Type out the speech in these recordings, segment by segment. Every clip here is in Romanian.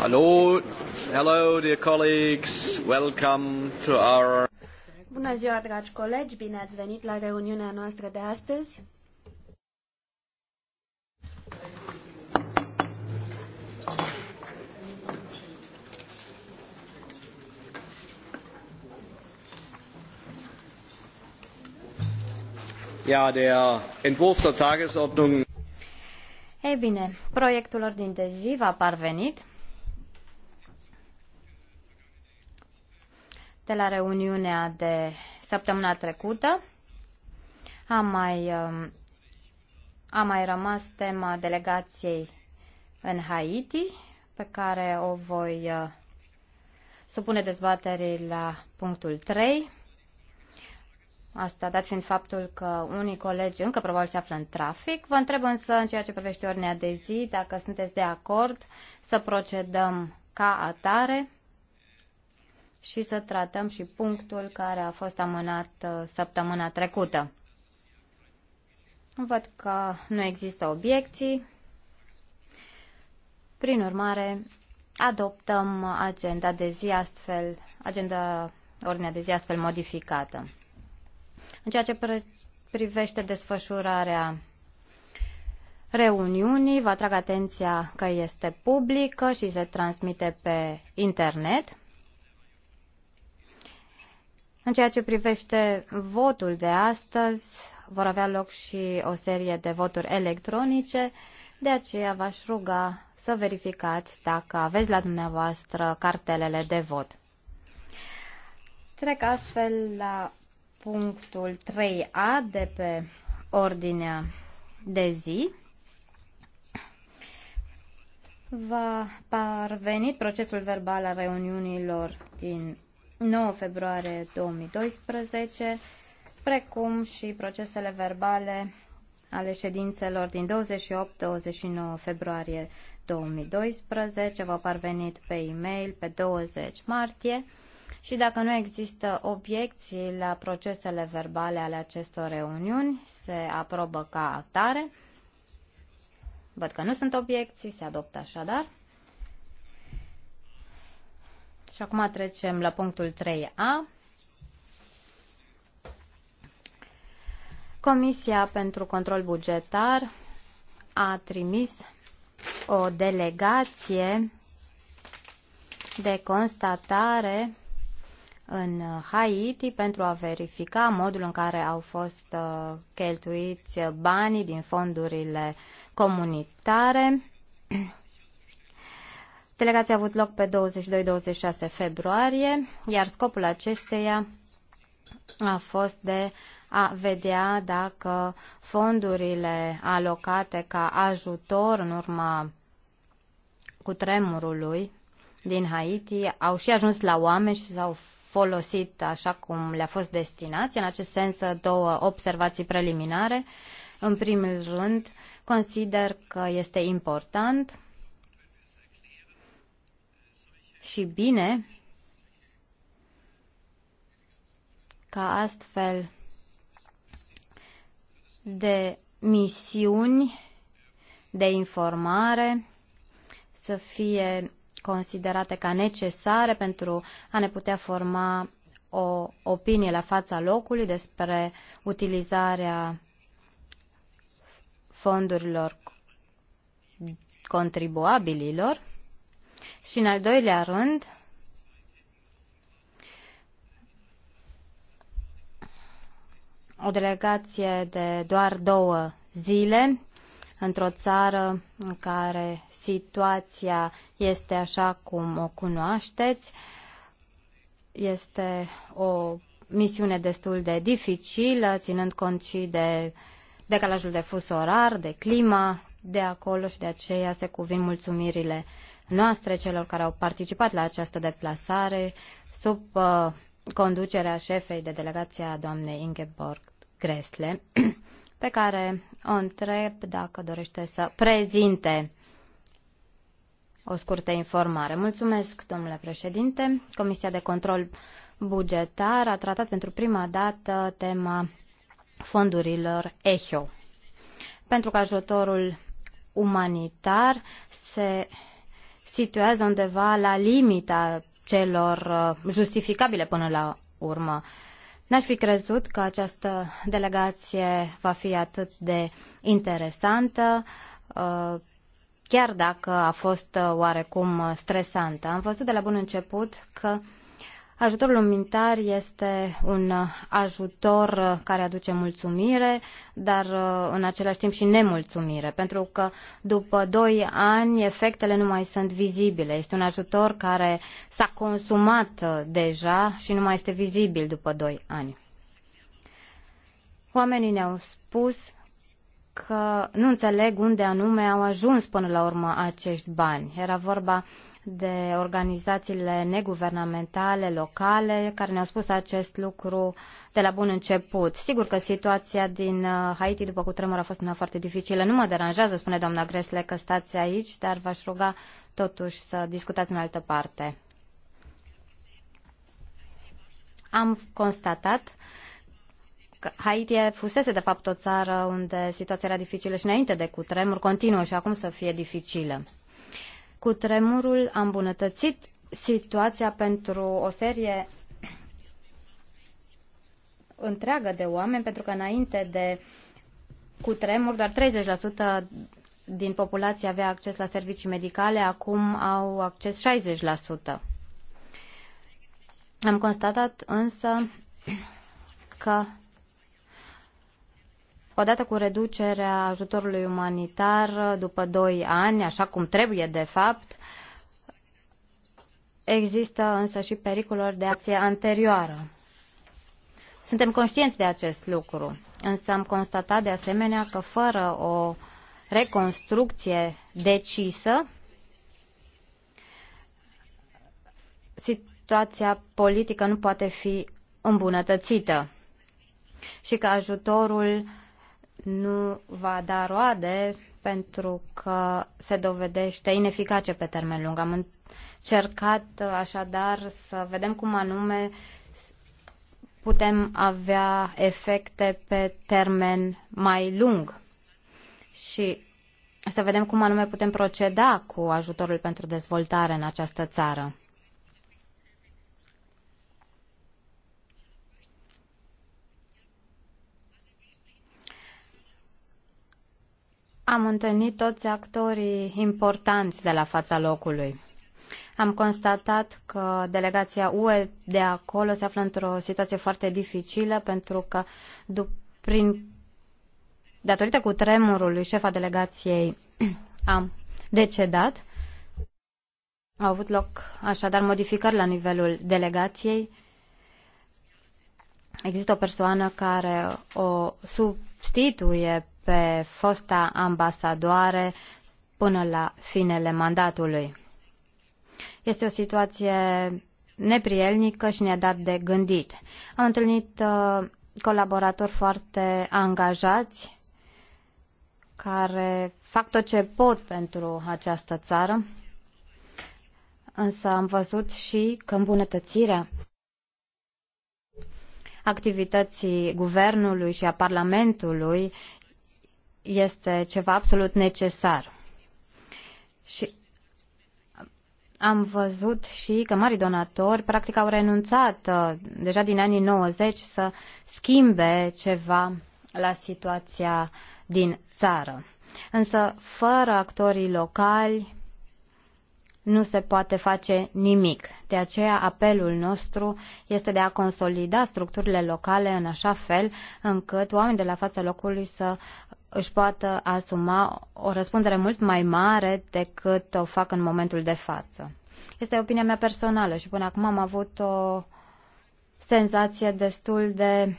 Hello, hello dear colleagues, welcome to our Bună ziua, dragi colegi, bine ați venit la reuniunea noastră de astăzi. Ja, der Entwurf der Tagesordnung ei bine, proiectul ordin de zi va parvenit de la reuniunea de săptămâna trecută. A mai, um, a mai rămas tema delegației în Haiti, pe care o voi uh, supune dezbaterii la punctul 3. Asta dat fiind faptul că unii colegi încă probabil se află în trafic. Vă întreb însă în ceea ce privește ordinea de zi, dacă sunteți de acord să procedăm ca atare și să tratăm și punctul care a fost amânat uh, săptămâna trecută. Văd că nu există obiecții. Prin urmare, adoptăm agenda de zi astfel, agenda, ordinea de zi astfel modificată. În ceea ce privește desfășurarea reuniunii, vă atrag atenția că este publică și se transmite pe internet. În ceea ce privește votul de astăzi, vor avea loc și o serie de voturi electronice, de aceea v-aș ruga să verificați dacă aveți la dumneavoastră cartelele de vot. Trec astfel la punctul 3A de pe ordinea de zi. Va parvenit procesul verbal al reuniunilor din 9 februarie 2012, precum și procesele verbale ale ședințelor din 28-29 februarie 2012. Va parvenit pe e-mail pe 20 martie. Și dacă nu există obiecții la procesele verbale ale acestor reuniuni, se aprobă ca atare. Văd că nu sunt obiecții, se adoptă așadar. Și acum trecem la punctul 3a. Comisia pentru control bugetar a trimis o delegație de constatare în Haiti pentru a verifica modul în care au fost uh, cheltuiți banii din fondurile comunitare. Delegația a avut loc pe 22-26 februarie, iar scopul acesteia a fost de a vedea dacă fondurile alocate ca ajutor în urma cutremurului din Haiti au și ajuns la oameni și s-au folosit așa cum le-a fost destinați. În acest sens, două observații preliminare. În primul rând, consider că este important și bine ca astfel de misiuni de informare să fie considerate ca necesare pentru a ne putea forma o opinie la fața locului despre utilizarea fondurilor contribuabililor și, în al doilea rând, o delegație de doar două zile într-o țară în care situația este așa cum o cunoașteți. Este o misiune destul de dificilă, ținând cont și de decalajul de fus orar, de clima de acolo și de aceea se cuvin mulțumirile noastre celor care au participat la această deplasare sub uh, conducerea șefei de delegația doamnei Ingeborg Gresle, pe care o întreb dacă dorește să prezinte o scurtă informare. Mulțumesc, domnule președinte. Comisia de control bugetar a tratat pentru prima dată tema fondurilor EHO. Pentru că ajutorul umanitar se situează undeva la limita celor uh, justificabile până la urmă. N-aș fi crezut că această delegație va fi atât de interesantă uh, chiar dacă a fost uh, oarecum uh, stresantă. Am văzut de la bun început că ajutorul umanitar este un uh, ajutor care aduce mulțumire, dar în același timp și nemulțumire, pentru că după doi ani efectele nu mai sunt vizibile. Este un ajutor care s-a consumat deja și nu mai este vizibil după doi ani. Oamenii ne-au spus că nu înțeleg unde anume au ajuns până la urmă acești bani. Era vorba de organizațiile neguvernamentale, locale, care ne-au spus acest lucru de la bun început. Sigur că situația din uh, Haiti după cutremur a fost una foarte dificilă. Nu mă deranjează, spune doamna Gresle, că stați aici, dar v-aș ruga totuși să discutați în altă parte. Am constatat Haiti fusese de fapt o țară unde situația era dificilă și înainte de cutremur continuă și acum să fie dificilă. Cutremurul a îmbunătățit situația pentru o serie întreagă de oameni, pentru că înainte de cutremur doar 30% din populație avea acces la servicii medicale, acum au acces 60%. Am constatat însă că odată cu reducerea ajutorului umanitar după 2 ani, așa cum trebuie de fapt, există însă și pericolul de acție anterioară. Suntem conștienți de acest lucru, însă am constatat de asemenea că fără o reconstrucție decisă, situația politică nu poate fi îmbunătățită și că ajutorul nu va da roade pentru că se dovedește ineficace pe termen lung. Am încercat așadar să vedem cum anume putem avea efecte pe termen mai lung și să vedem cum anume putem proceda cu ajutorul pentru dezvoltare în această țară. Am întâlnit toți actorii importanți de la fața locului. Am constatat că delegația UE de acolo se află într-o situație foarte dificilă pentru că prin, datorită cu tremurului șefa delegației a decedat. Au avut loc așadar modificări la nivelul delegației. Există o persoană care o substituie pe fosta ambasadoare până la finele mandatului. Este o situație neprielnică și ne-a dat de gândit. Am întâlnit uh, colaboratori foarte angajați care fac tot ce pot pentru această țară, însă am văzut și că îmbunătățirea activității guvernului și a Parlamentului este ceva absolut necesar. Și am văzut și că mari donatori practic au renunțat uh, deja din anii 90 să schimbe ceva la situația din țară. Însă, fără actorii locali, nu se poate face nimic. De aceea, apelul nostru este de a consolida structurile locale în așa fel încât oamenii de la fața locului să își poată asuma o răspundere mult mai mare decât o fac în momentul de față. Este opinia mea personală și până acum am avut o senzație destul de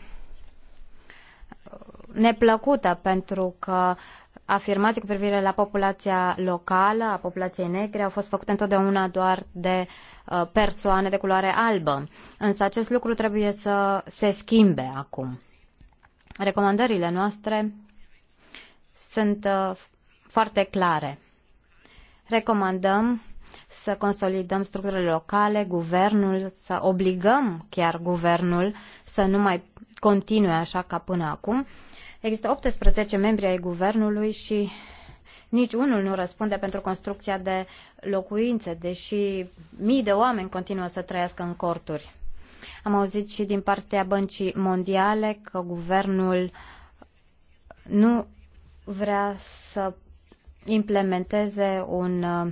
neplăcută pentru că afirmații cu privire la populația locală, a populației negre, au fost făcute întotdeauna doar de uh, persoane de culoare albă. Însă acest lucru trebuie să se schimbe acum. Recomandările noastre sunt uh, foarte clare. Recomandăm să consolidăm structurile locale, guvernul, să obligăm chiar guvernul să nu mai continue așa ca până acum. Există 18 membri ai guvernului și nici unul nu răspunde pentru construcția de locuințe, deși mii de oameni continuă să trăiască în corturi. Am auzit și din partea Băncii Mondiale că guvernul nu vrea să implementeze un uh,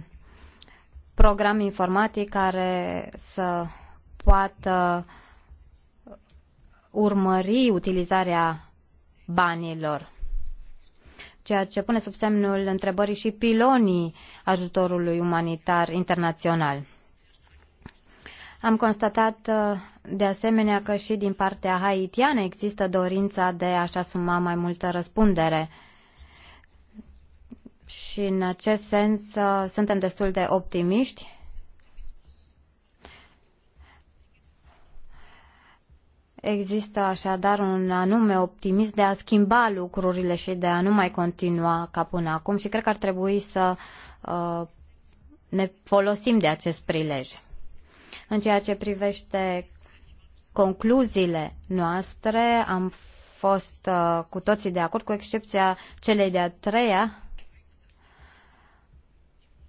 program informatic care să poată urmări utilizarea banilor, ceea ce pune sub semnul întrebării și pilonii ajutorului umanitar internațional. Am constatat uh, de asemenea că și din partea haitiană există dorința de a-și asuma mai multă răspundere și în acest sens uh, suntem destul de optimiști. Există așadar un anume optimist de a schimba lucrurile și de a nu mai continua ca până acum și cred că ar trebui să uh, ne folosim de acest prilej. În ceea ce privește concluziile noastre, am fost uh, cu toții de acord, cu excepția celei de-a treia,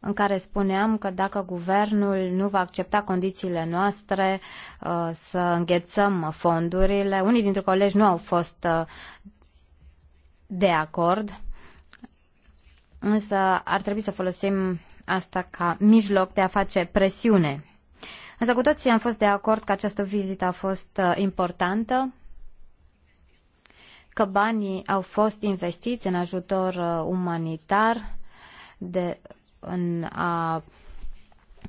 în care spuneam că dacă guvernul nu va accepta condițiile noastre uh, să înghețăm fondurile, unii dintre colegi nu au fost uh, de acord, însă ar trebui să folosim asta ca mijloc de a face presiune. Însă cu toții am fost de acord că această vizită a fost uh, importantă, că banii au fost investiți în ajutor umanitar de în a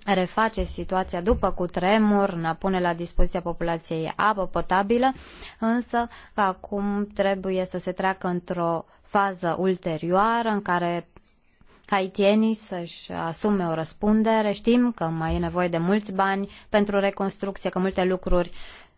reface situația după cutremur, în a pune la dispoziția populației apă potabilă, însă că acum trebuie să se treacă într-o fază ulterioară în care haitienii să-și asume o răspundere. Știm că mai e nevoie de mulți bani pentru reconstrucție, că multe lucruri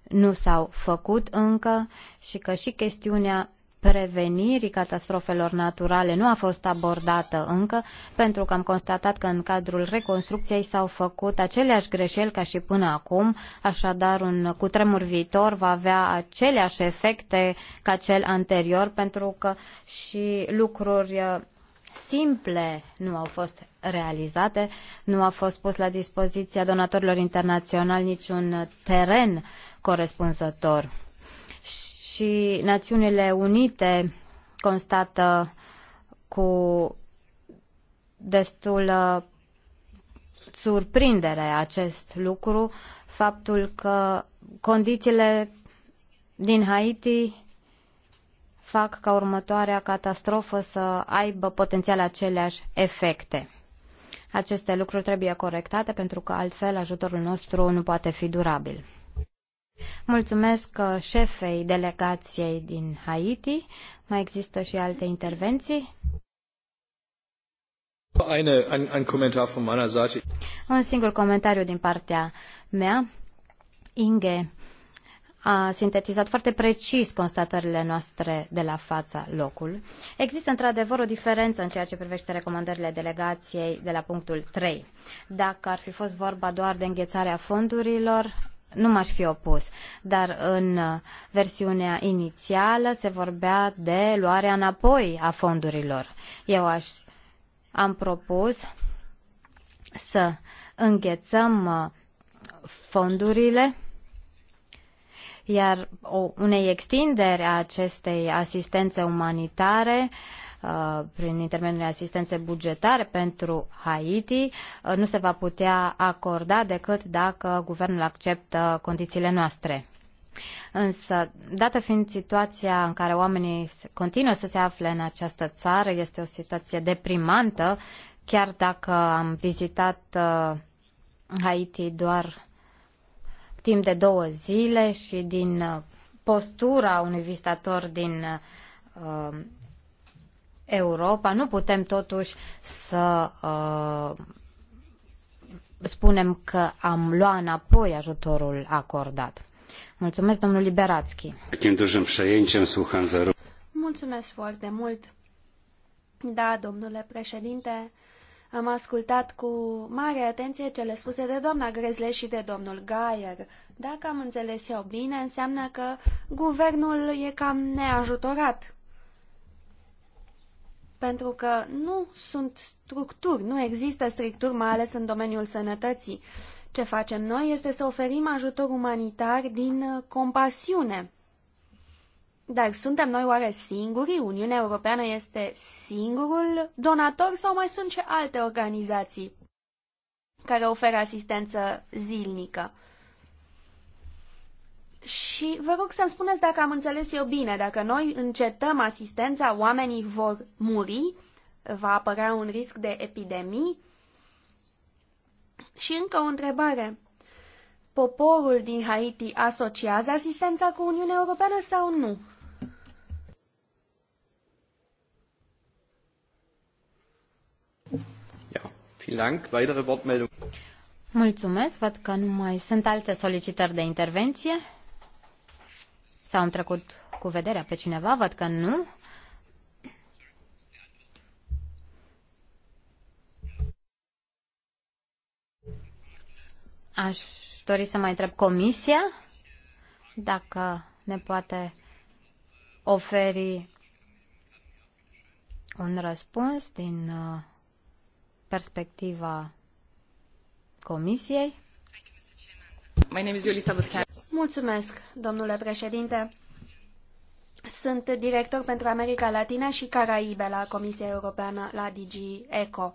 nu s-au făcut încă și că și chestiunea prevenirii catastrofelor naturale nu a fost abordată încă, pentru că am constatat că în cadrul reconstrucției s-au făcut aceleași greșeli ca și până acum, așadar un cutremur viitor va avea aceleași efecte ca cel anterior, pentru că și lucruri uh, simple nu au fost realizate, nu a fost pus la dispoziția donatorilor internaționali niciun teren corespunzător și Națiunile Unite constată cu destul uh, surprindere acest lucru, faptul că condițiile din Haiti fac ca următoarea catastrofă să aibă potențial aceleași efecte. Aceste lucruri trebuie corectate pentru că altfel ajutorul nostru nu poate fi durabil. Mulțumesc uh, șefei delegației din Haiti. Mai există și alte intervenții? Eine, ein, ein Kommentar von meiner Seite. Un singur comentariu din partea mea. Inge a sintetizat foarte precis constatările noastre de la fața locului. Există într-adevăr o diferență în ceea ce privește recomandările delegației de la punctul 3. Dacă ar fi fost vorba doar de înghețarea fondurilor, nu m-aș fi opus, dar în uh, versiunea inițială se vorbea de luarea înapoi a fondurilor. Eu aș, am propus să înghețăm uh, fondurile iar o, unei extinderi a acestei asistențe umanitare uh, Uh, prin intermediul asistenței bugetare pentru Haiti uh, nu se va putea acorda decât dacă guvernul acceptă condițiile noastre. Însă, dată fiind situația în care oamenii continuă să se afle în această țară, este o situație deprimantă, chiar dacă am vizitat uh, Haiti doar timp de două zile și din postura unui vizitator din Europa, nu putem totuși să uh, spunem că am luat înapoi ajutorul acordat. Mulțumesc, domnul Liberațchi. Mulțumesc foarte mult. Da, domnule președinte, am ascultat cu mare atenție cele spuse de doamna Grezle și de domnul Gaier. Dacă am înțeles eu bine, înseamnă că guvernul e cam neajutorat pentru că nu sunt structuri, nu există structuri, mai ales în domeniul sănătății. Ce facem noi este să oferim ajutor umanitar din uh, compasiune. Dar suntem noi oare singuri? Uniunea Europeană este singurul donator sau mai sunt și alte organizații care oferă asistență zilnică? Și vă rog să-mi spuneți dacă am înțeles eu bine, dacă noi încetăm asistența, oamenii vor muri, va apărea un risc de epidemii. Și încă o întrebare. Poporul din Haiti asociază asistența cu Uniunea Europeană sau nu? Mulțumesc, văd că nu mai sunt alte solicitări de intervenție sau am trecut cu vederea pe cineva, văd că nu. Aș dori să mai întreb comisia dacă ne poate oferi un răspuns din uh, perspectiva comisiei. My name is Yolita Butkan. Mulțumesc, domnule președinte. Sunt director pentru America Latina și Caraibe la Comisia Europeană la DG ECO.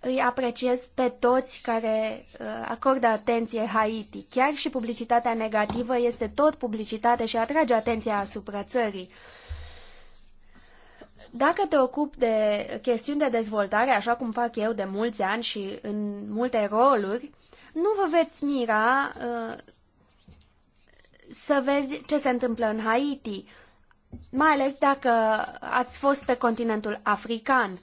Îi apreciez pe toți care uh, acordă atenție Haiti. Chiar și publicitatea negativă este tot publicitate și atrage atenția asupra țării. Dacă te ocupi de chestiuni de dezvoltare, așa cum fac eu de mulți ani și în multe roluri, nu vă veți mira uh, să vezi ce se întâmplă în Haiti, mai ales dacă ați fost pe continentul african.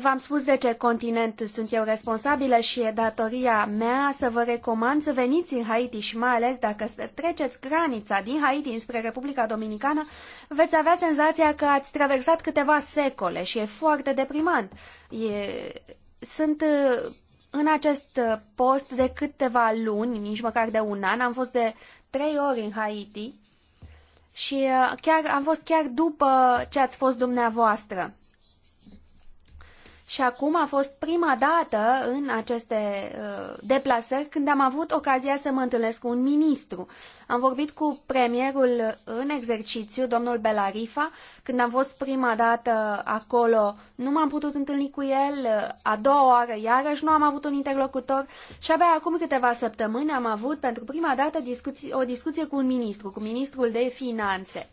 V-am spus de ce continent sunt eu responsabilă și e datoria mea să vă recomand să veniți în Haiti și mai ales dacă treceți granița din Haiti înspre Republica Dominicană, veți avea senzația că ați traversat câteva secole și e foarte deprimant. E... Sunt în acest uh, post de câteva luni, nici măcar de un an, am fost de trei ori în Haiti și uh, chiar, am fost chiar după ce ați fost dumneavoastră. Și acum a fost prima dată în aceste uh, deplasări când am avut ocazia să mă întâlnesc cu un ministru. Am vorbit cu premierul în exercițiu, domnul Belarifa. Când am fost prima dată acolo, nu m-am putut întâlni cu el. A doua oară, iarăși, nu am avut un interlocutor. Și abia acum câteva săptămâni am avut pentru prima dată discuții, o discuție cu un ministru, cu ministrul de finanțe.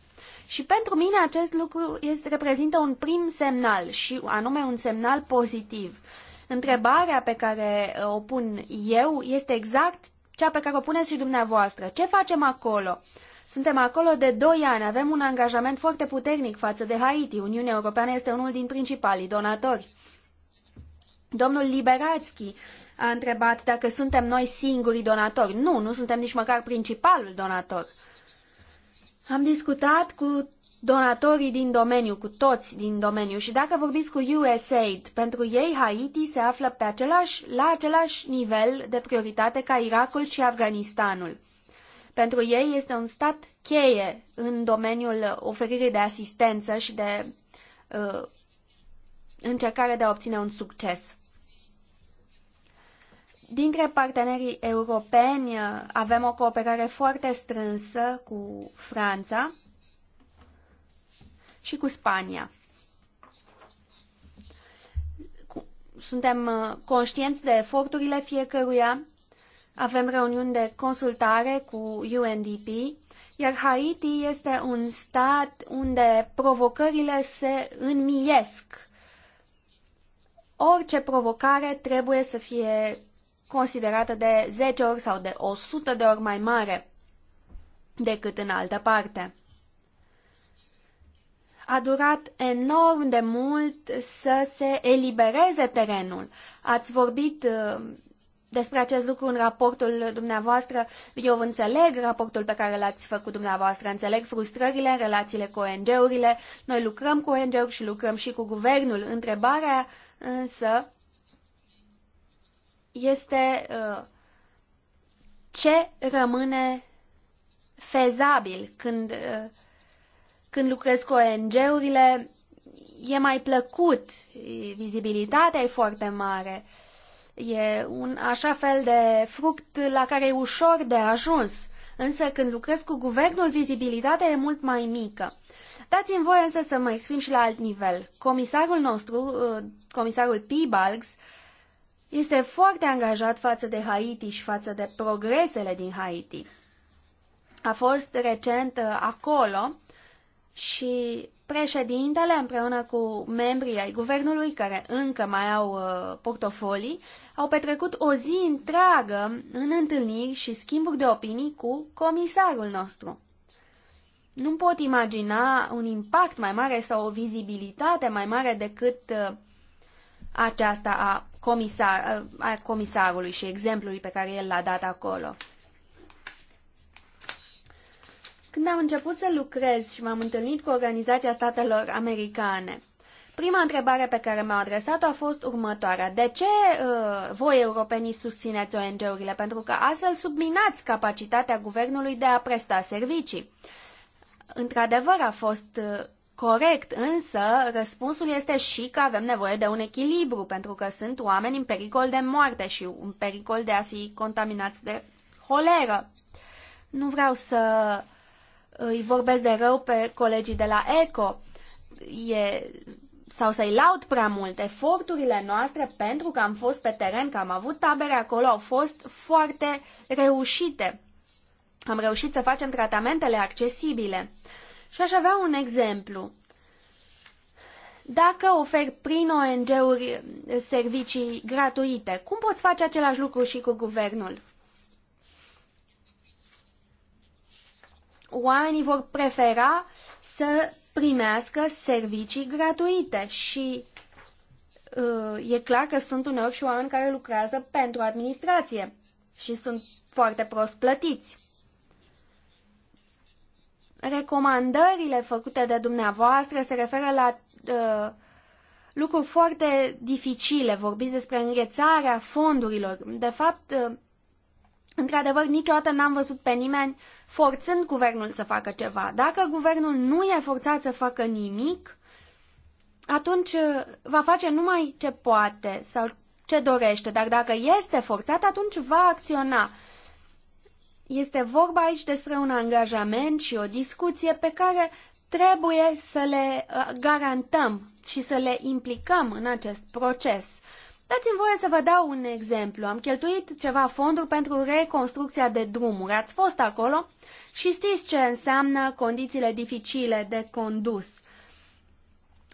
Și pentru mine acest lucru este, reprezintă un prim semnal și anume un semnal pozitiv. Întrebarea pe care uh, o pun eu este exact cea pe care o puneți și dumneavoastră. Ce facem acolo? Suntem acolo de doi ani, avem un angajament foarte puternic față de Haiti. Uniunea Europeană este unul din principalii donatori. Domnul Liberațchi a întrebat dacă suntem noi singurii donatori. Nu, nu suntem nici măcar principalul donator. Am discutat cu donatorii din domeniu, cu toți din domeniu și dacă vorbiți cu USAID, pentru ei Haiti se află pe același, la același nivel de prioritate ca Irakul și Afganistanul. Pentru ei este un stat cheie în domeniul oferirii de asistență și de uh, încercare de a obține un succes. Dintre partenerii europeni uh, avem o cooperare foarte strânsă cu Franța și cu Spania. Suntem uh, conștienți de eforturile fiecăruia, avem reuniuni de consultare cu UNDP, iar Haiti este un stat unde provocările se înmiesc. Orice provocare trebuie să fie considerată de 10 ori sau de 100 de ori mai mare decât în altă parte. A durat enorm de mult să se elibereze terenul. Ați vorbit uh, despre acest lucru în raportul dumneavoastră. Eu înțeleg raportul pe care l-ați făcut dumneavoastră, înțeleg frustrările în relațiile cu ONG-urile. Noi lucrăm cu ONG-uri și lucrăm și cu guvernul. Întrebarea însă este uh, ce rămâne fezabil când, uh, când lucrez cu ONG-urile. E mai plăcut, vizibilitatea e foarte mare. E un așa fel de fruct la care e ușor de ajuns. Însă când lucrez cu guvernul, vizibilitatea e mult mai mică. Dați-mi voie însă să mă exprim și la alt nivel. Comisarul nostru, uh, comisarul P. Balgs, este foarte angajat față de Haiti și față de progresele din Haiti. A fost recent uh, acolo și președintele împreună cu membrii ai guvernului care încă mai au uh, portofolii au petrecut o zi întreagă în întâlniri și schimburi de opinii cu comisarul nostru. Nu pot imagina un impact mai mare sau o vizibilitate mai mare decât uh, aceasta a, comisar, a comisarului și exemplului pe care el l-a dat acolo. Când am început să lucrez și m-am întâlnit cu Organizația Statelor Americane, prima întrebare pe care mi-au adresat-o a fost următoarea. De ce uh, voi europenii susțineți ONG-urile? Pentru că astfel subminați capacitatea guvernului de a presta servicii. Într-adevăr, a fost uh, corect, însă răspunsul este și că avem nevoie de un echilibru, pentru că sunt oameni în pericol de moarte și în pericol de a fi contaminați de holeră. Nu vreau să îi vorbesc de rău pe colegii de la ECO e, sau să-i laud prea mult. Eforturile noastre, pentru că am fost pe teren, că am avut tabere acolo, au fost foarte reușite. Am reușit să facem tratamentele accesibile. Uh, și aș avea un exemplu. Dacă ofer prin ONG-uri servicii gratuite, cum poți face același lucru și cu guvernul? Oamenii vor prefera să primească servicii gratuite și uh, e clar că sunt uneori și oameni care lucrează pentru administrație și sunt foarte prost plătiți recomandările făcute de dumneavoastră se referă la uh, lucruri foarte dificile. Vorbiți despre înghețarea fondurilor. De fapt, uh, într-adevăr, niciodată n-am văzut pe nimeni forțând guvernul să facă ceva. Dacă guvernul nu e forțat să facă nimic, atunci uh, va face numai ce poate sau ce dorește, dar dacă este forțat, atunci va acționa. Este vorba aici despre un angajament și o discuție pe care trebuie să le uh, garantăm și să le implicăm în acest proces. Dați-mi voie să vă dau un exemplu. Am cheltuit ceva fonduri pentru reconstrucția de drumuri. Ați fost acolo și știți ce înseamnă condițiile dificile de condus.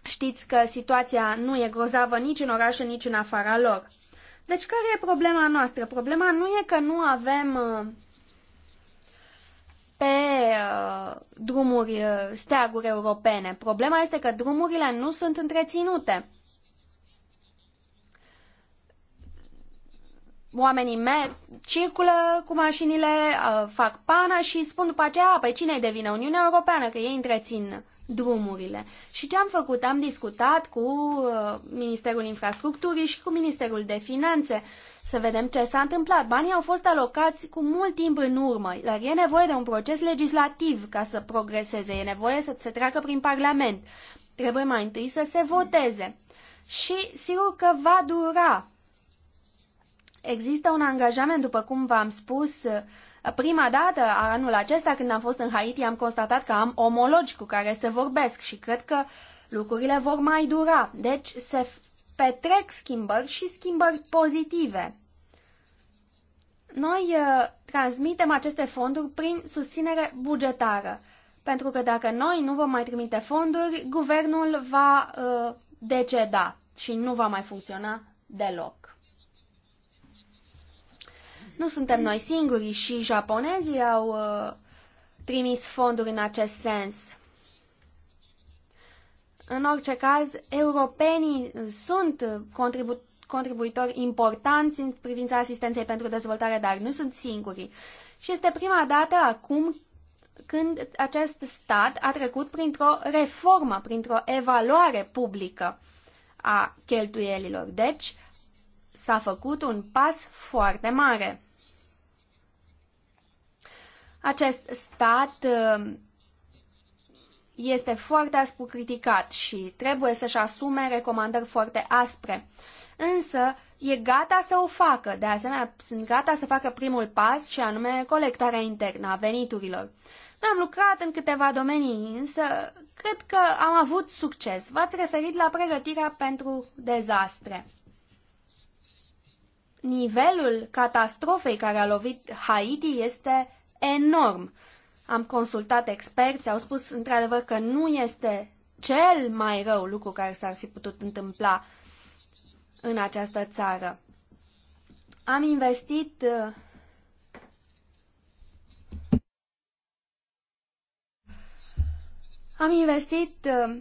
Știți că situația nu e grozavă nici în oraș, nici în afara lor. Deci care e problema noastră? Problema nu e că nu avem uh, pe uh, drumuri uh, steaguri europene. Problema este că drumurile nu sunt întreținute. Oamenii merg, circulă cu mașinile, uh, fac pana și spun după aceea, pe păi cine-i devine Uniunea Europeană, că ei întrețin drumurile. Și ce am făcut? Am discutat cu Ministerul Infrastructurii și cu Ministerul de Finanțe. Uh, să vedem ce s-a întâmplat. Banii au fost alocați cu mult timp în urmă, dar e nevoie de un proces legislativ ca să progreseze, e nevoie să se treacă prin Parlament. Trebuie mai întâi să se voteze. Și sigur că va dura. Există un angajament, după cum v-am spus, prima dată anul acesta când am fost în Haiti am constatat că am omologi cu care se vorbesc și cred că lucrurile vor mai dura. Deci se petrec schimbări și schimbări pozitive. Noi uh, transmitem aceste fonduri prin susținere bugetară, pentru că dacă noi nu vom mai trimite fonduri, guvernul va uh, deceda și nu va mai funcționa deloc. Nu suntem noi singuri și japonezii au uh, trimis fonduri în acest sens. În orice caz, europenii sunt contribu- contribuitori importanți în privința asistenței pentru dezvoltare, dar nu sunt singurii. Și este prima dată acum când acest stat a trecut printr-o reformă, printr-o evaluare publică a cheltuielilor. Deci, s-a făcut un pas foarte mare. Acest stat uh, este foarte aspru criticat și trebuie să-și asume recomandări foarte aspre. Însă, e gata să o facă, de asemenea, sunt gata să facă primul pas și anume colectarea internă a veniturilor. Noi am lucrat în câteva domenii, însă cred că am avut succes. V-ați referit la pregătirea pentru dezastre. Nivelul catastrofei care a lovit Haiti este enorm am consultat experți, au spus într-adevăr că nu este cel mai rău lucru care s-ar fi putut întâmpla în această țară. Am investit uh, Am investit uh,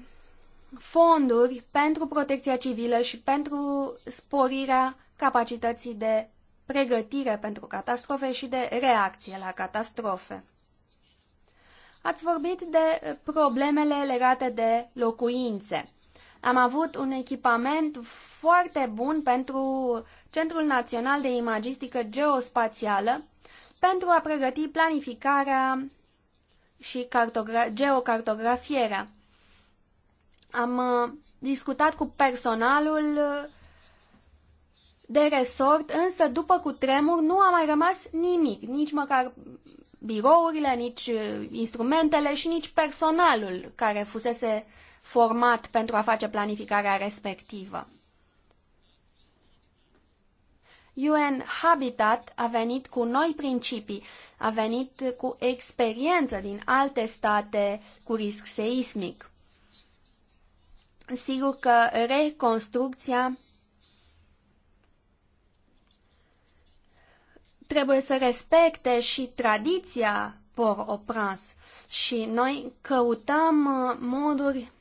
fonduri pentru protecția civilă și pentru sporirea capacității de pregătire pentru catastrofe și de reacție la catastrofe. Ați vorbit de eh, problemele legate de locuințe. Am avut un echipament foarte bun pentru Centrul Național de Imagistică Geospațială pentru a pregăti planificarea și geocartografierea. Am eh, discutat cu personalul eh, de resort, însă după cutremur nu a mai rămas nimic, nici măcar birourile, nici uh, instrumentele și nici personalul care fusese format pentru a face planificarea respectivă. UN Habitat a venit cu noi principii, a venit cu experiență din alte state cu risc seismic. Sigur că reconstrucția trebuie să respecte și tradiția Port-au-Prince și noi căutăm uh, moduri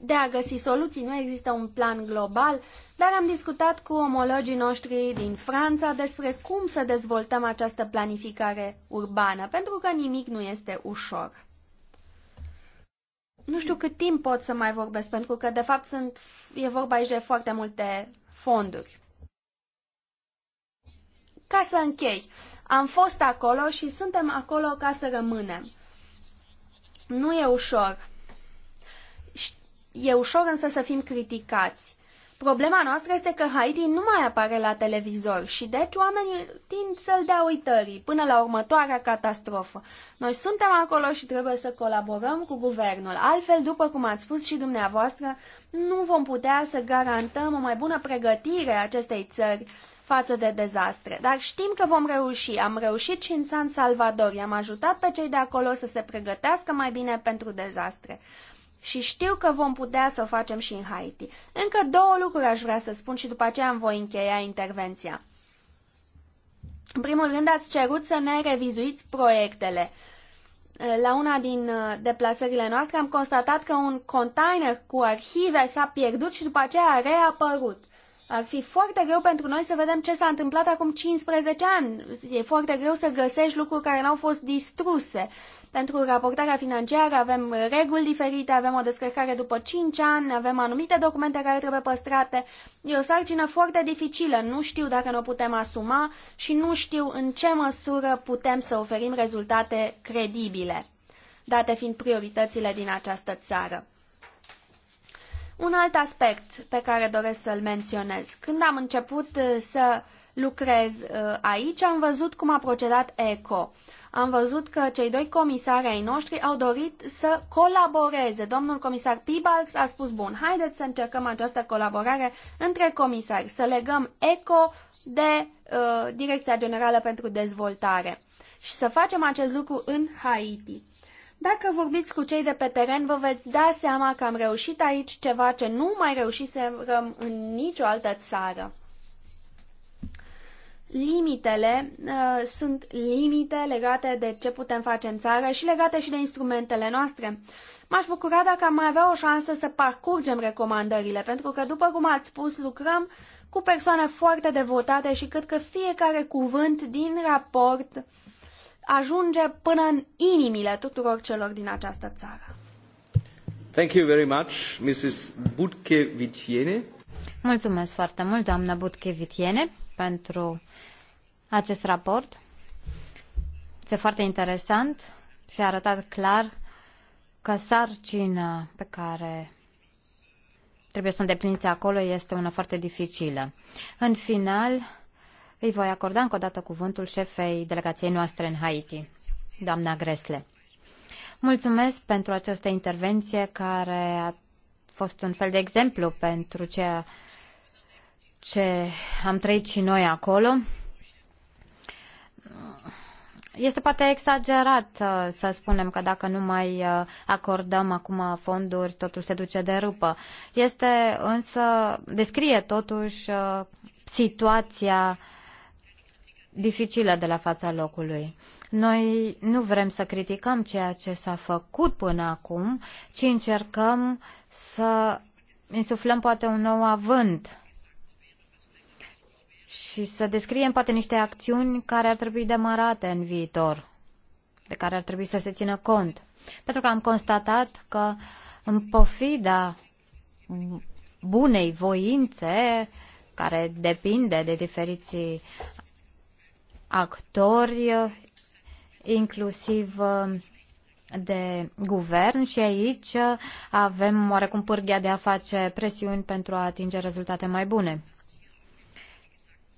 de a găsi soluții. Nu există un plan global, dar am discutat cu omologii noștri din Franța despre cum să dezvoltăm această planificare urbană, pentru că nimic nu este ușor. Nu știu cât timp pot să mai vorbesc, pentru că, de fapt, sunt, e vorba aici de foarte multe fonduri. Ca să închei, am fost acolo și suntem acolo ca să rămânem. Nu e ușor. E ușor însă să fim criticați. Problema noastră este că Haiti nu mai apare la televizor și deci oamenii tind să-l dea uitării până la următoarea catastrofă. Noi suntem acolo și trebuie să colaborăm cu guvernul. Altfel, după cum ați spus și dumneavoastră, nu vom putea să garantăm o mai bună pregătire a acestei țări față de dezastre. Dar știm că vom reuși. Am reușit și în San Salvador. I-am ajutat pe cei de acolo să se pregătească mai bine pentru dezastre. Și știu că vom putea să o facem și în Haiti. Încă două lucruri aș vrea să spun și după aceea îmi voi încheia intervenția. În primul rând, ați cerut să ne revizuiți proiectele. La una din uh, deplasările noastre am constatat că un container cu arhive s-a pierdut și după aceea a reapărut. Ar fi foarte greu pentru noi să vedem ce s-a întâmplat acum 15 ani. E foarte greu să găsești lucruri care n-au fost distruse. Pentru raportarea financiară avem reguli diferite, avem o descărcare după 5 ani, avem anumite documente care trebuie păstrate. E o sarcină foarte dificilă, nu știu dacă ne o putem asuma și nu știu în ce măsură putem să oferim rezultate credibile, date fiind prioritățile din această țară. Un alt aspect pe care doresc să-l menționez. Când am început uh, să lucrez uh, aici, am văzut cum a procedat ECO. Am văzut că cei doi comisari ai noștri au dorit să colaboreze. Domnul comisar Piebalgs a spus, bun, haideți să încercăm această colaborare între comisari, să legăm ECO de uh, Direcția Generală pentru Dezvoltare și să facem acest lucru în Haiti. Dacă vorbiți cu cei de pe teren, vă veți da seama că am reușit aici ceva ce nu mai reușiserăm în nicio altă țară. Limitele uh, sunt limite legate de ce putem face în țară și legate și de instrumentele noastre. M-aș bucura dacă am mai avea o șansă să parcurgem recomandările, pentru că, după cum ați spus, lucrăm cu persoane foarte devotate și cred că fiecare cuvânt din raport ajunge până în inimile tuturor celor din această țară. Thank you very much, Mrs. Butkevitiene. Mulțumesc foarte mult, doamna Butkevitiene, pentru acest raport. Este foarte interesant și a arătat clar că sarcina pe care trebuie să o îndepliniți acolo este una foarte dificilă. În final, îi voi acorda încă o dată cuvântul șefei delegației noastre în Haiti, doamna Gresle. Mulțumesc pentru această intervenție care a fost un fel de exemplu pentru ceea ce am trăit și noi acolo. Este poate exagerat uh, să spunem că dacă nu mai uh, acordăm acum fonduri, totul se duce de râpă. Este însă, descrie totuși uh, situația dificilă de la fața locului. Noi nu vrem să criticăm ceea ce s-a făcut până acum, ci încercăm să insuflăm poate un nou avânt și să descriem poate niște acțiuni care ar trebui demarate în viitor, de care ar trebui să se țină cont. Pentru că am constatat că în pofida bunei voințe, care depinde de diferiții actori, inclusiv de guvern și aici avem oarecum pârghia de a face presiuni pentru a atinge rezultate mai bune.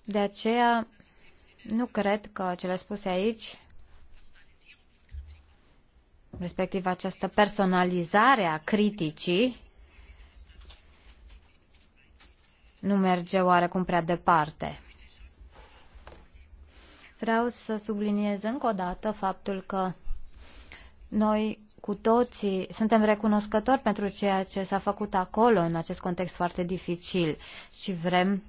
De aceea nu cred că cele spuse aici, respectiv această personalizare a criticii, nu merge oarecum prea departe. Vreau să subliniez încă o dată faptul că noi cu toții suntem recunoscători pentru ceea ce s-a făcut acolo în acest context foarte dificil și vrem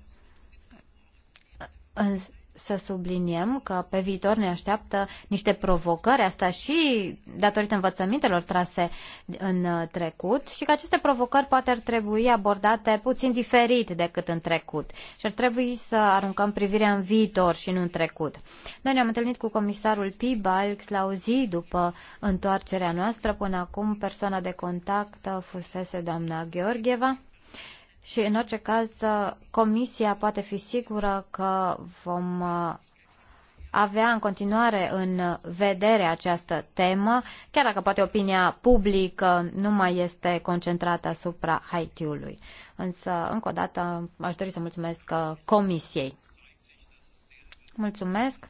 să subliniem că pe viitor ne așteaptă niște provocări, asta și datorită învățămintelor trase în uh, trecut și că aceste provocări poate ar trebui abordate puțin diferit decât în trecut și ar trebui să aruncăm privirea în viitor și nu în trecut. Noi ne-am întâlnit cu comisarul Pibalx la o zi după întoarcerea noastră, până acum persoana de contact fusese doamna Gheorgheva și în orice caz, comisia poate fi sigură că vom uh, avea în continuare în vedere această temă, chiar dacă poate opinia publică nu mai este concentrată asupra Haitiului. Însă, încă o dată, aș dori să mulțumesc uh, Comisiei. Mulțumesc.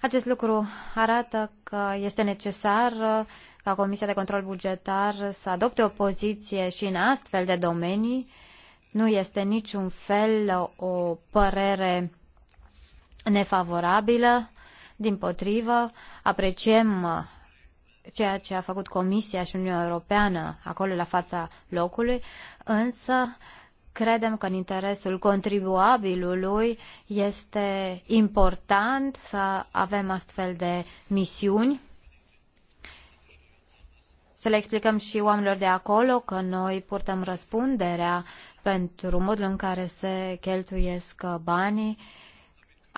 Acest lucru arată că este necesar uh, ca Comisia de Control Bugetar să adopte o poziție și în astfel de domenii. Nu este niciun fel uh, o părere nefavorabilă. Din potrivă, apreciem uh, ceea ce a făcut Comisia și Uniunea Europeană acolo la fața locului, însă Credem că în interesul contribuabilului este important să avem astfel de misiuni, să le explicăm și oamenilor de acolo că noi purtăm răspunderea pentru modul în care se cheltuiesc banii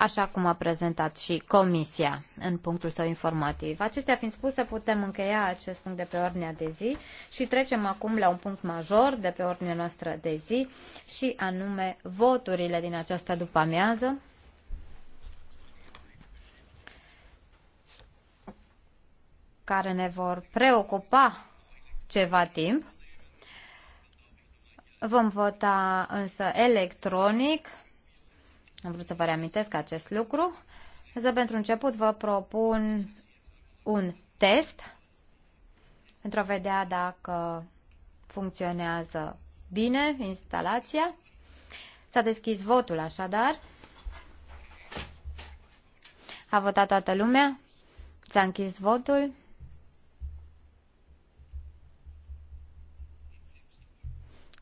așa cum a prezentat și Comisia în punctul său informativ. Acestea fiind spuse, putem încheia acest punct de pe ordinea de zi și trecem acum la un punct major de pe ordinea noastră de zi și anume voturile din această după-amiază. care ne vor preocupa ceva timp. Vom vota însă electronic am vrut să vă reamintesc acest lucru. Însă, pentru început, vă propun un test pentru a vedea dacă funcționează bine instalația. S-a deschis votul, așadar. A votat toată lumea. S-a închis votul.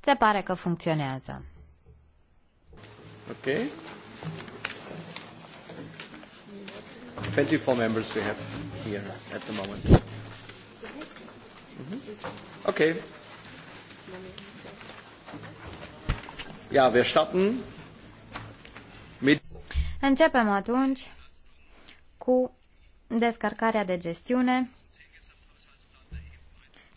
Se pare că funcționează. Okay. 24 members we have here at the moment. Mm -hmm. Okay. Ja, wir starten mit Începem atunci cu descărcarea de gestiune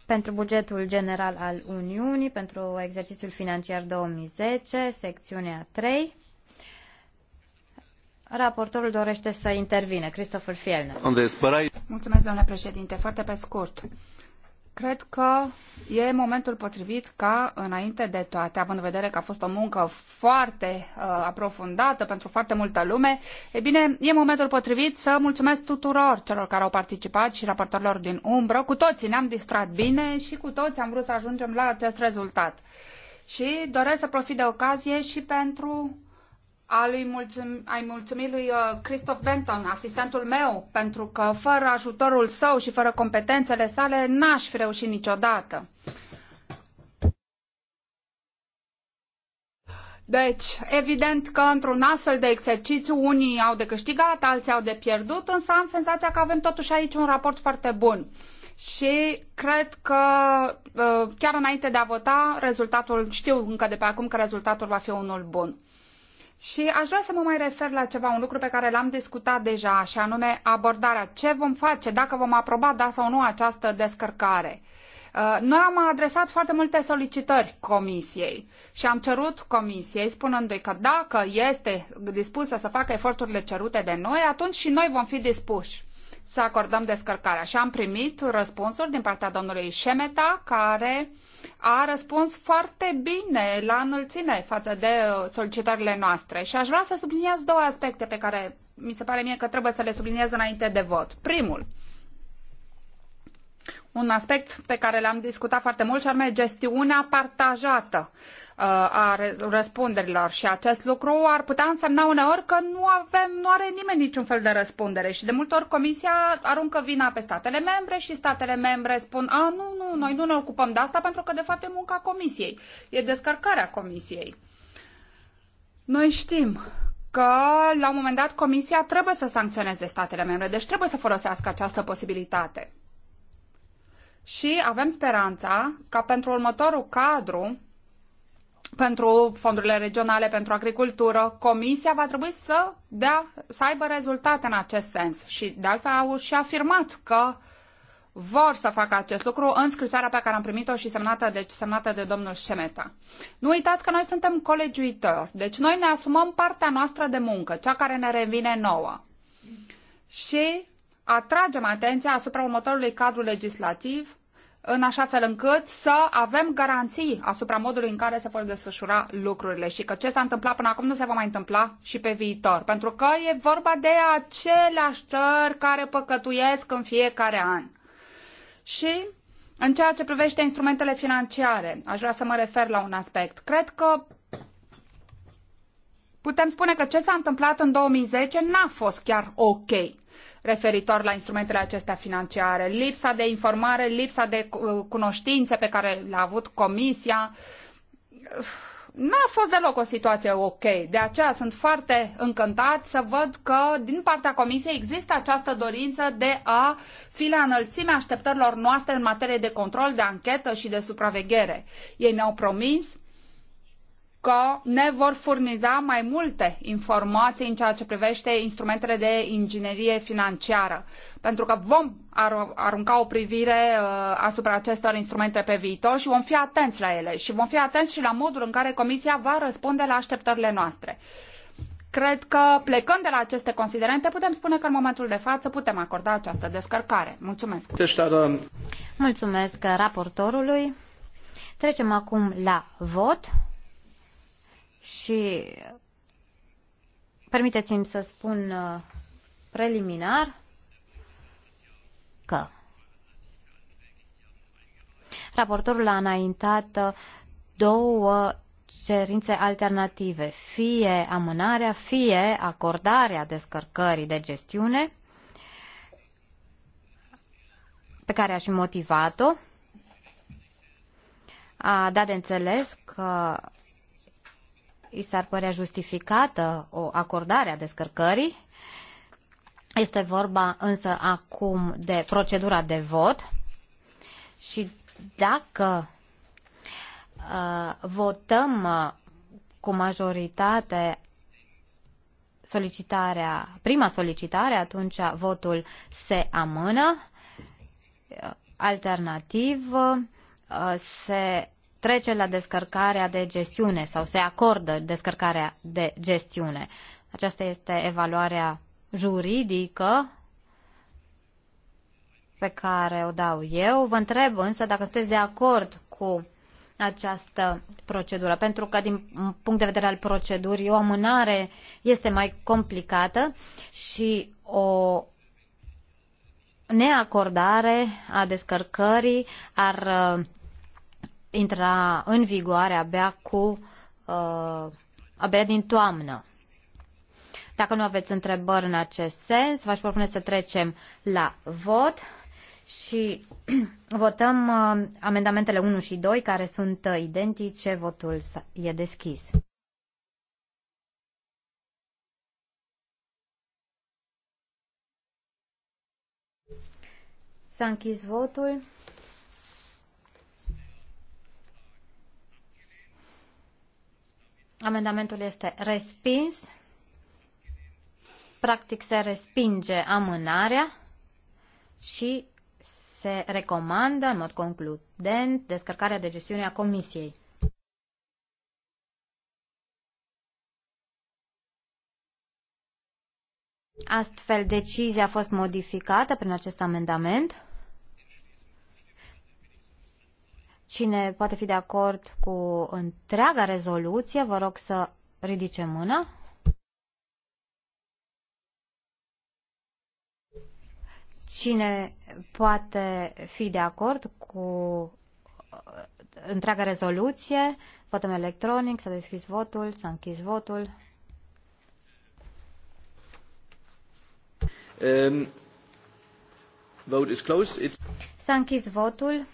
pentru bugetul general al Uniunii pentru exercițiul financiar 2010, secțiunea 3. Raportorul dorește să intervine. Christopher Fielner. Mulțumesc, domnule președinte. Foarte pe scurt. Cred că e momentul potrivit ca, înainte de toate, având în vedere că a fost o muncă foarte uh, aprofundată pentru foarte multă lume, e bine, e momentul potrivit să mulțumesc tuturor celor care au participat și raportorilor din umbră. Cu toții ne-am distrat bine și cu toți am vrut să ajungem la acest rezultat. Și doresc să profit de ocazie și pentru a lui mulțum, ai mulțumit lui uh, Christoph Benton, asistentul meu, pentru că fără ajutorul său și fără competențele sale n-aș fi reușit niciodată. Deci, evident că într-un astfel de exercițiu unii au de câștigat, alții au de pierdut, însă am senzația că avem totuși aici un raport foarte bun. Și cred că uh, chiar înainte de a vota, rezultatul, știu încă de pe acum că rezultatul va fi unul bun. Și aș vrea să mă mai refer la ceva, un lucru pe care l-am discutat deja, și anume abordarea. Ce vom face dacă vom aproba, da sau nu, această descărcare? Uh, noi am adresat foarte multe solicitări comisiei și am cerut comisiei spunându-i că dacă este dispusă să facă eforturile cerute de noi, atunci și noi vom fi dispuși să acordăm descărcarea. Și am primit răspunsul din partea domnului Șemeta, care a răspuns foarte bine la înălțime față de uh, solicitările noastre. Și aș vrea să subliniez două aspecte pe care mi se pare mie că trebuie să le subliniez înainte de vot. Primul, un aspect pe care l-am discutat foarte mult și anume gestiunea partajată uh, a răspunderilor și acest lucru ar putea însemna uneori că nu avem, nu are nimeni niciun fel de răspundere și de multe ori comisia aruncă vina pe statele membre și statele membre spun a, nu, nu, noi nu ne ocupăm de asta pentru că de fapt e munca comisiei, e descărcarea comisiei. Noi știm că la un moment dat comisia trebuie să sancționeze statele membre, deci trebuie să folosească această posibilitate și avem speranța ca pentru următorul cadru, pentru fondurile regionale, pentru agricultură, Comisia va trebui să, dea, să aibă rezultate în acest sens. Și de altfel au și afirmat că vor să facă acest lucru în scrisoarea pe care am primit-o și semnată, deci, semnată de domnul Șemeta. Nu uitați că noi suntem colegiuitori, deci noi ne asumăm partea noastră de muncă, cea care ne revine nouă. Și atragem atenția asupra următorului cadru legislativ, în așa fel încât să avem garanții asupra modului în care se vor desfășura lucrurile și că ce s-a întâmplat până acum nu se va mai întâmpla și pe viitor. Pentru că e vorba de aceleași țări care păcătuiesc în fiecare an. Și în ceea ce privește instrumentele financiare, aș vrea să mă refer la un aspect. Cred că putem spune că ce s-a întâmplat în 2010 n-a fost chiar ok referitor la instrumentele acestea financiare, lipsa de informare, lipsa de cunoștințe pe care le-a avut Comisia. N-a fost deloc o situație ok. De aceea sunt foarte încântat să văd că din partea Comisiei există această dorință de a fi la înălțimea așteptărilor noastre în materie de control, de anchetă și de supraveghere. Ei ne-au promis că ne vor furniza mai multe informații în ceea ce privește instrumentele de inginerie financiară, pentru că vom arunca o privire uh, asupra acestor instrumente pe viitor și vom fi atenți la ele și vom fi atenți și la modul în care Comisia va răspunde la așteptările noastre. Cred că, plecând de la aceste considerente, putem spune că în momentul de față putem acorda această descărcare. Mulțumesc! Mulțumesc raportorului. Trecem acum la vot. Și permiteți-mi să spun uh, preliminar că raportorul a înaintat uh, două cerințe alternative, fie amânarea, fie acordarea descărcării de gestiune, pe care a și motivat-o. A dat de înțeles că i s-ar părea justificată o acordare a descărcării. Este vorba însă acum de procedura de vot și dacă uh, votăm uh, cu majoritate solicitarea, prima solicitare, atunci votul se amână. Alternativ, uh, se trece la descărcarea de gestiune sau se acordă descărcarea de gestiune. Aceasta este evaluarea juridică pe care o dau eu. Vă întreb însă dacă sunteți de acord cu această procedură, pentru că din punct de vedere al procedurii o amânare este mai complicată și o neacordare a descărcării ar intra în vigoare abia cu uh, abia din toamnă. Dacă nu aveți întrebări în acest sens, v-aș propune să trecem la vot și votăm uh, amendamentele 1 și 2 care sunt uh, identice, votul e deschis. S-a închis votul. Amendamentul este respins. Practic se respinge amânarea și se recomandă în mod concludent descărcarea de gestiune a Comisiei. Astfel, decizia a fost modificată prin acest amendament. Cine poate fi de acord cu întreaga rezoluție, vă rog să ridice mâna. Cine poate fi de acord cu uh, întreaga rezoluție, votăm electronic, s-a deschis votul, s-a închis votul. Um, vote is closed. It's... S-a închis votul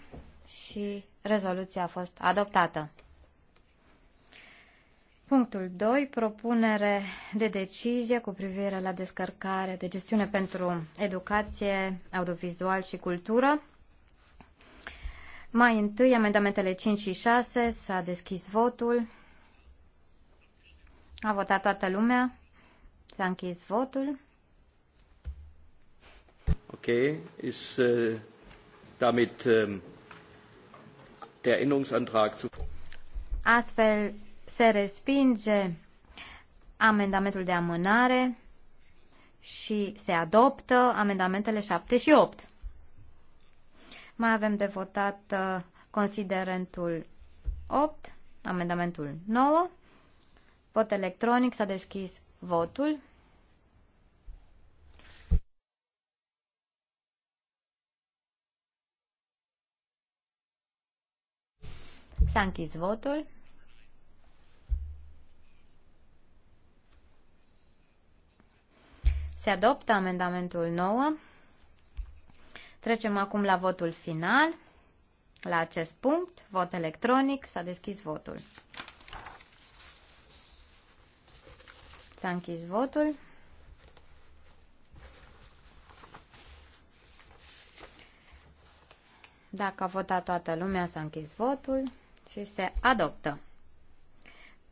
și rezoluția a fost adoptată. Punctul 2. Propunere de decizie cu privire la descărcare de gestiune pentru educație, audiovizual și cultură. Mai întâi, amendamentele 5 și 6. S-a deschis votul. A votat toată lumea. S-a închis votul. Ok. Is, uh, damit uh... Der Änderungsantrag zu Astfel se respinge amendamentul de amânare și se adoptă amendamentele 7 și 8. Mai avem de votat uh, considerentul 8, amendamentul 9. Vot electronic, s-a deschis votul. S-a închis votul. Se adoptă amendamentul 9. Trecem acum la votul final. La acest punct, vot electronic, s-a deschis votul. S-a închis votul. Dacă a votat toată lumea, s-a închis votul și se adoptă.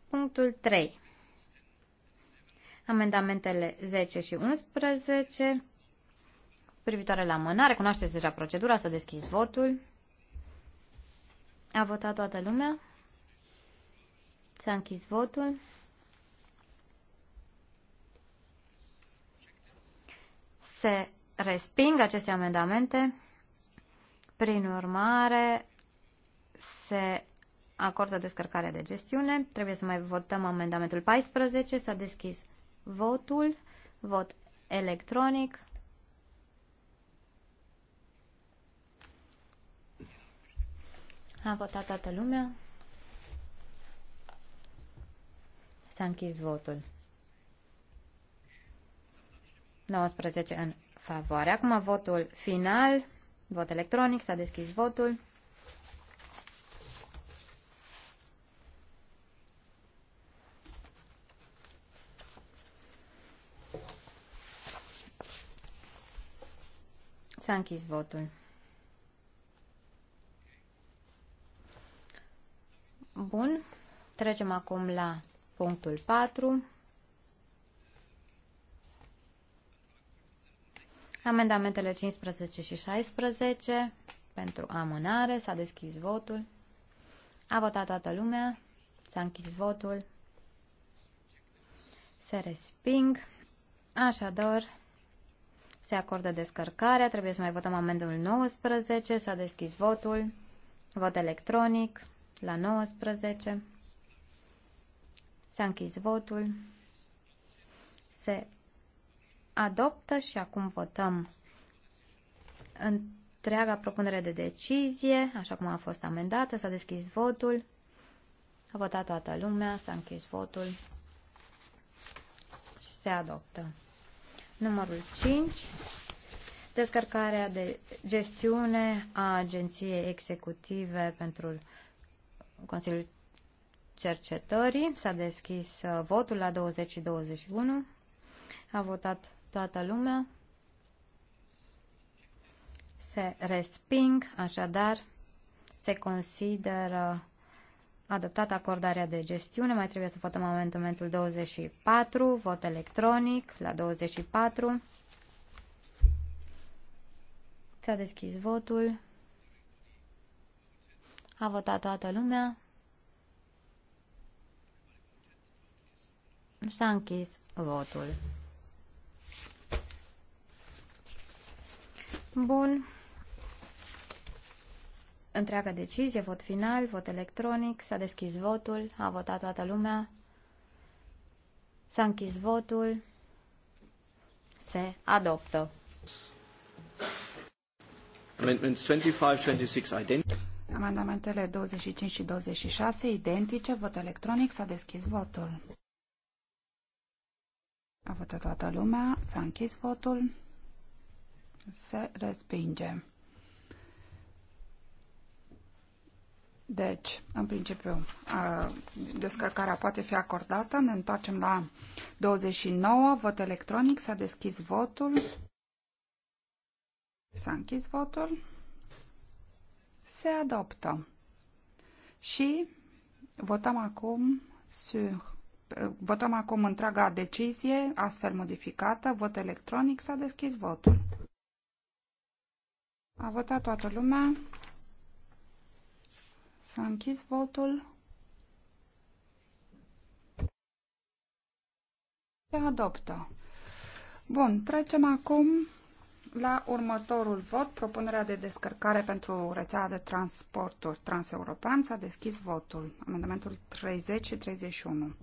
Punctul 3. Amendamentele 10 și 11 privitoare la mână. Recunoașteți deja procedura, să deschizi votul. A votat toată lumea. S-a închis votul. Se resping aceste amendamente. Prin urmare, se acordă descărcarea de gestiune. Trebuie să mai votăm amendamentul 14. S-a deschis votul. Vot electronic. A votat toată lumea. S-a închis votul. 19 în favoare. Acum votul final. Vot electronic. S-a deschis votul. S-a închis votul. Bun. Trecem acum la punctul 4. Amendamentele 15 și 16 pentru amânare. S-a deschis votul. A votat toată lumea. S-a închis votul. Se resping. Așadar, se acordă descărcarea. Trebuie să mai votăm amendul 19. S-a deschis votul. Vot electronic la 19. S-a închis votul. Se adoptă și acum votăm întreaga propunere de decizie, așa cum a fost amendată. S-a deschis votul. A votat toată lumea, s-a închis votul și se adoptă. Numărul 5. Descărcarea de gestiune a Agenției Executive pentru Consiliul Cercetării. S-a deschis uh, votul la 20 21. A votat toată lumea. Se resping, așadar, se consideră adoptat acordarea de gestiune. Mai trebuie să votăm amendamentul 24, vot electronic la 24. S-a deschis votul. A votat toată lumea. S-a închis votul. Bun întreaga decizie, vot final, vot electronic, s-a deschis votul, a votat toată lumea, s-a închis votul, se adoptă. Amendments 25-26 identice. Amendamentele 25 și 26 identice, vot electronic, s-a deschis votul. A votat toată lumea, s-a închis votul, se respinge. Deci, în principiu, descărcarea poate fi acordată. Ne întoarcem la 29, vot electronic, s-a deschis votul. S-a închis votul. Se adoptă. Și votăm acum sur Votăm acum întreaga decizie, astfel modificată, vot electronic, s-a deschis votul. A votat toată lumea, S-a închis votul. Se adoptă. Bun, trecem acum la următorul vot, propunerea de descărcare pentru rețea de transporturi transeuropean. S-a deschis votul, amendamentul 30 și 31.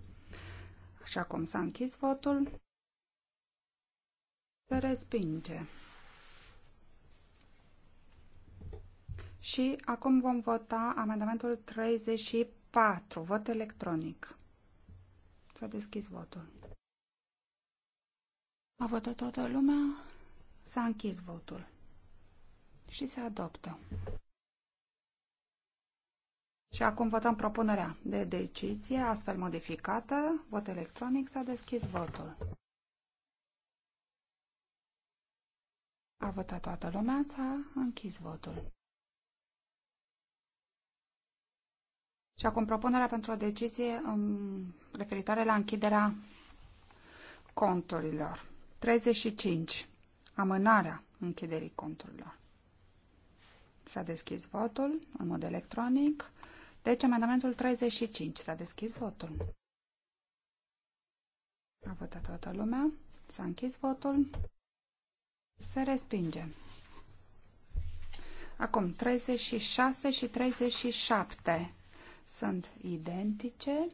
Așa cum s-a închis votul, se respinge. Și acum vom vota amendamentul 34, vot electronic. S-a deschis votul. A votat toată lumea, s-a închis votul și se adoptă. Și acum votăm propunerea de decizie astfel modificată. Vot electronic s-a deschis votul. A votat toată lumea, s-a închis votul. Și acum propunerea pentru o decizie um, referitoare la închiderea conturilor. 35. Amânarea închiderii conturilor. S-a deschis votul în mod electronic. Deci, amendamentul 35. S-a deschis votul. A votat toată lumea. S-a închis votul. Se respinge. Acum, 36 și 37 sunt identice.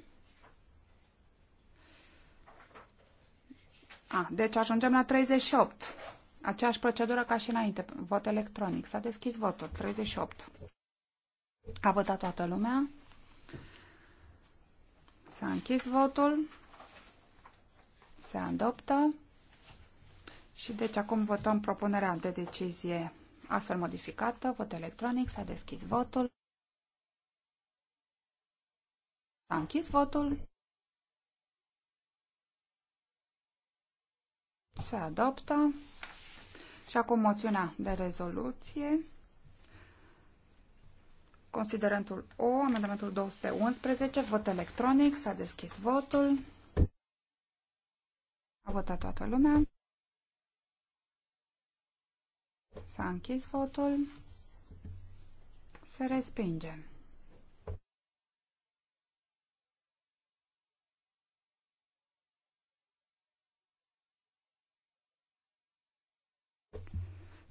A, deci ajungem la 38. Aceeași procedură ca și înainte. Vot electronic. S-a deschis votul. 38. A votat toată lumea. S-a închis votul. Se adoptă. Și deci acum votăm propunerea de decizie astfel modificată. Vot electronic. S-a deschis votul. S-a închis votul. Se adoptă. Și acum moțiunea de rezoluție. Considerentul O, amendamentul 211, vot electronic, s-a deschis votul. A votat toată lumea. S-a închis votul. Se respinge.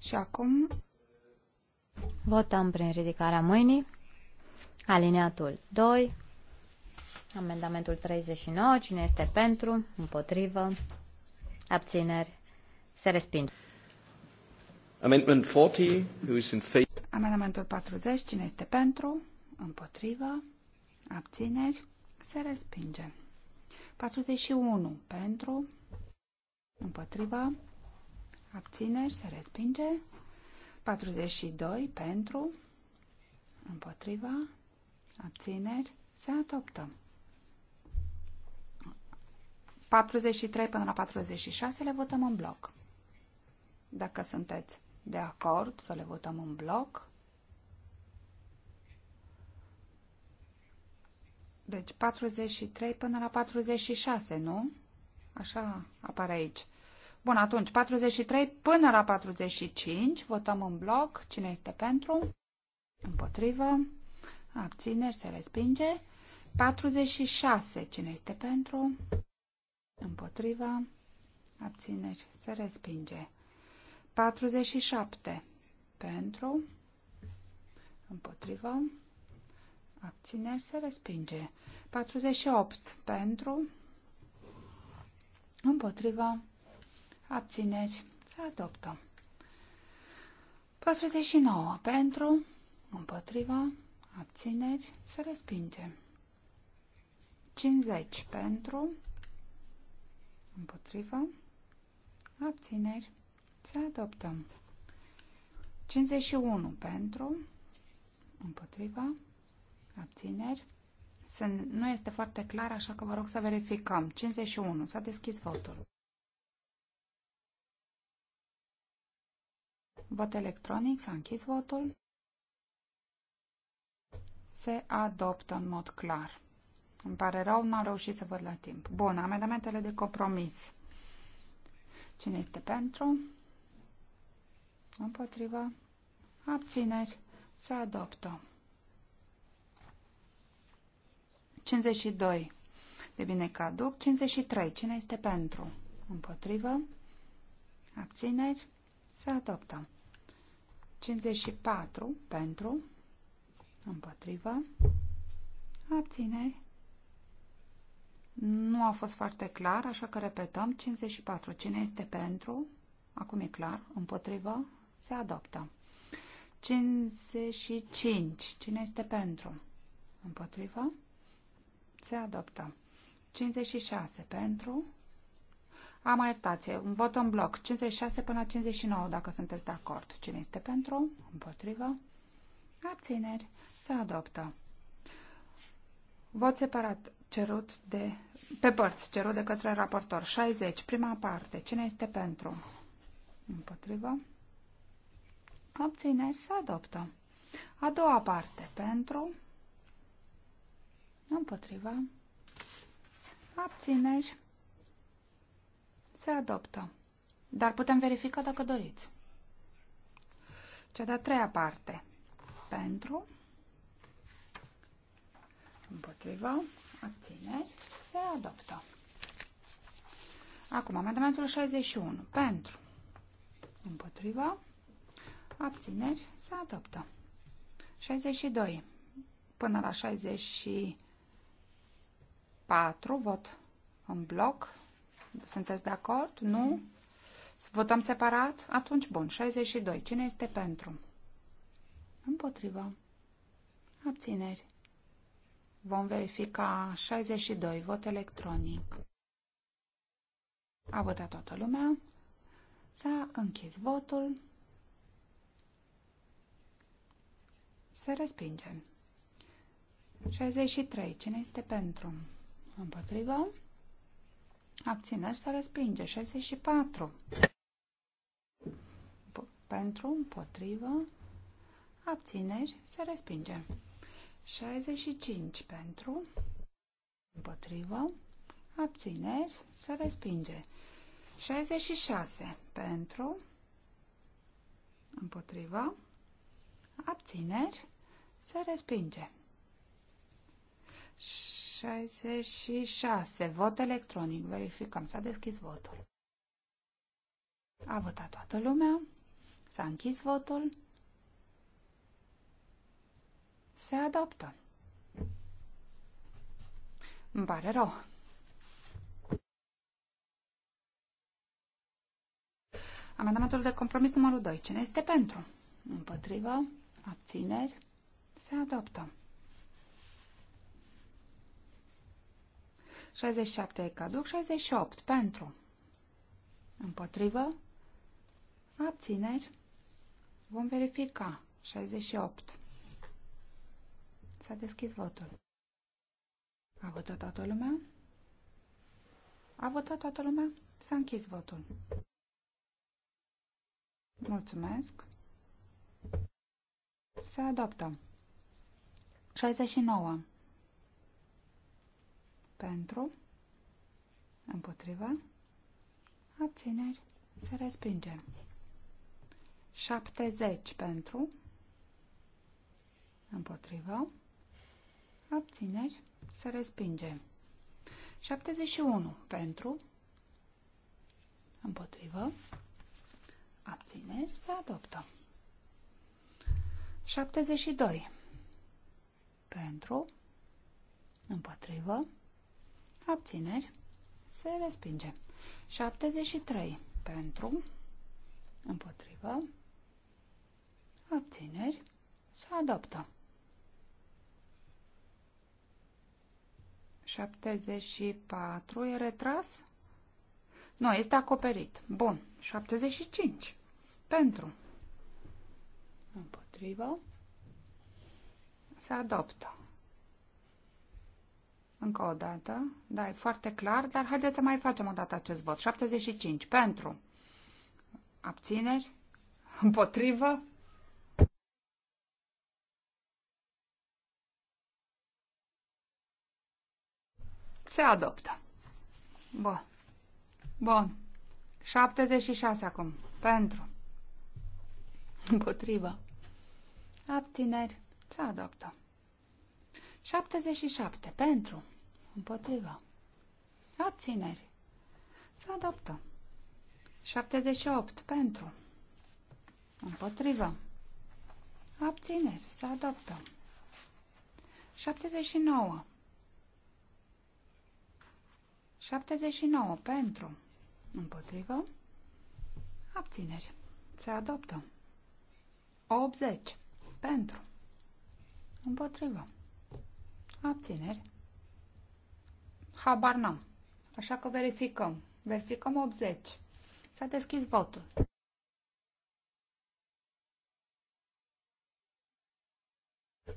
Și acum votăm prin ridicarea mâinii alineatul 2, amendamentul 39, cine este pentru, împotrivă, abțineri, se respinge. Amendment 40, who is in favor? Amendamentul 40, cine este pentru, împotrivă, abțineri, se respinge. 41 pentru, împotrivă, abțineri, se respinge. 42 pentru, împotriva, abțineri, se adoptă. 43 până la 46 le votăm în bloc. Dacă sunteți de acord să le votăm în bloc. Deci 43 până la 46, nu? Așa apare aici. Bun, atunci 43 până la 45. Votăm în bloc. Cine este pentru? Împotrivă. Abțineri. Se respinge. 46. Cine este pentru? Împotrivă. Abțineri. Se respinge. 47. Pentru. Împotrivă. Abțineri. Se respinge. 48. Pentru. Împotrivă abțineri, să adoptăm. 49 pentru, împotriva, abțineri, să respinge. 50 pentru, împotriva, abțineri, să adoptăm. 51 pentru, împotriva, abțineri, nu este foarte clar, așa că vă rog să verificăm. 51, s-a deschis votul. Vot electronic. S-a închis votul. Se adoptă în mod clar. Îmi pare rău, n-am reușit să văd la timp. Bun, amendamentele de compromis. Cine este pentru? Împotriva? Abțineri? Se adoptă. 52. Devine caduc. 53. Cine este pentru? Împotrivă? Abțineri? Se adoptă. 54 pentru, împotrivă, abțineri. Nu a fost foarte clar, așa că repetăm. 54. Cine este pentru? Acum e clar. Împotrivă? Se adoptă. 55. Cine este pentru? Împotrivă? Se adoptă. 56. Pentru? Am mai iertați, un vot în bloc, 56 până la 59, dacă sunteți de acord. Cine este pentru? Împotrivă? Abțineri? Se adoptă. Vot separat cerut de, pe părți, cerut de către raportor. 60, prima parte. Cine este pentru? Împotrivă? Abțineri? Se adoptă. A doua parte, pentru? Împotriva? Abțineri? Se adoptă. Dar putem verifica dacă doriți. Cea de-a treia parte. Pentru. Împotriva. Abțineri. Se adoptă. Acum, amendamentul 61. Pentru. Împotriva. Abțineri. Se adoptă. 62. Până la 64. Vot în bloc sunteți de acord? Nu? Votăm separat? Atunci, bun. 62. Cine este pentru? Împotriva. Abțineri. Vom verifica 62. Vot electronic. A votat toată lumea. S-a închis votul. Se respinge. 63. Cine este pentru? Împotriva. Abțineri se respinge. 64. Pentru, împotrivă. Abțineri se respinge. 65 pentru, împotrivă, abțineri, se respinge. 66 pentru, împotrivă, abțineri, se respinge. 66. Vot electronic. Verificăm. S-a deschis votul. A votat toată lumea. S-a închis votul. Se adoptă. Îmi pare rău. Amendamentul de compromis numărul 2. Cine este pentru? Împotrivă? Abțineri? Se adoptă. 67 e caduc, 68 pentru, împotrivă, abțineri, vom verifica, 68. S-a deschis votul. A votat toată lumea? A votat toată lumea? S-a închis votul. Mulțumesc. Se adoptă. 69 pentru, împotriva, abțineri, se respinge. 70 pentru, împotriva, abțineri, se respinge. 71 pentru, împotrivă, abțineri, se adoptă. 72 pentru, împotrivă, Abțineri. Se respinge. 73 pentru. Împotrivă. Abțineri. Se adoptă. 74 e retras? Nu, este acoperit. Bun. 75. Pentru. Împotrivă. Se adoptă. Încă o dată. Da, e foarte clar, dar haideți să mai facem o dată acest vot. 75 pentru. Abțineri? Împotrivă? Se adoptă. Bun. Bun. 76 acum. Pentru. Împotrivă. Abțineri. Se adoptă. 77. Pentru. Împotriva. Abțineri. Să adoptă. 78. Pentru. Împotriva. Abțineri. Să adoptă. 79. 79. Pentru. Împotrivă. Abțineri. Se adoptă. 80. Pentru. Împotrivă. Abțineri. Habar n-am. Așa că verificăm. Verificăm 80. S-a deschis votul.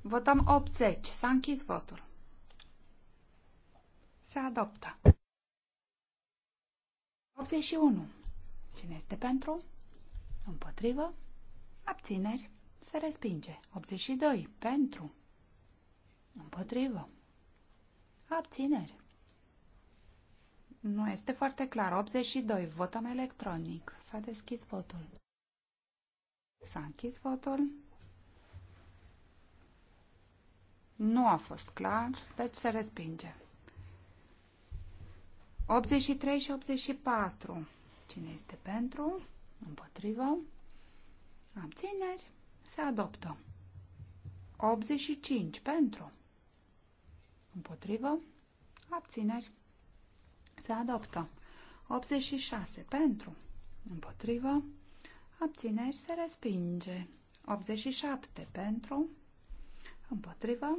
Votăm 80. S-a închis votul. Se adoptă. 81. Cine este pentru? Împotrivă? Abțineri? Se respinge. 82. Pentru? Împotrivă? Abțineri? Nu este foarte clar. 82. Votăm electronic. S-a deschis votul. S-a închis votul. Nu a fost clar, deci se respinge. 83 și 84. Cine este pentru? Împotrivă. Abțineri. Se adoptă. 85 pentru. Împotrivă. Abțineri se adoptă. 86 pentru, împotrivă, abțineri se respinge. 87 pentru, împotrivă,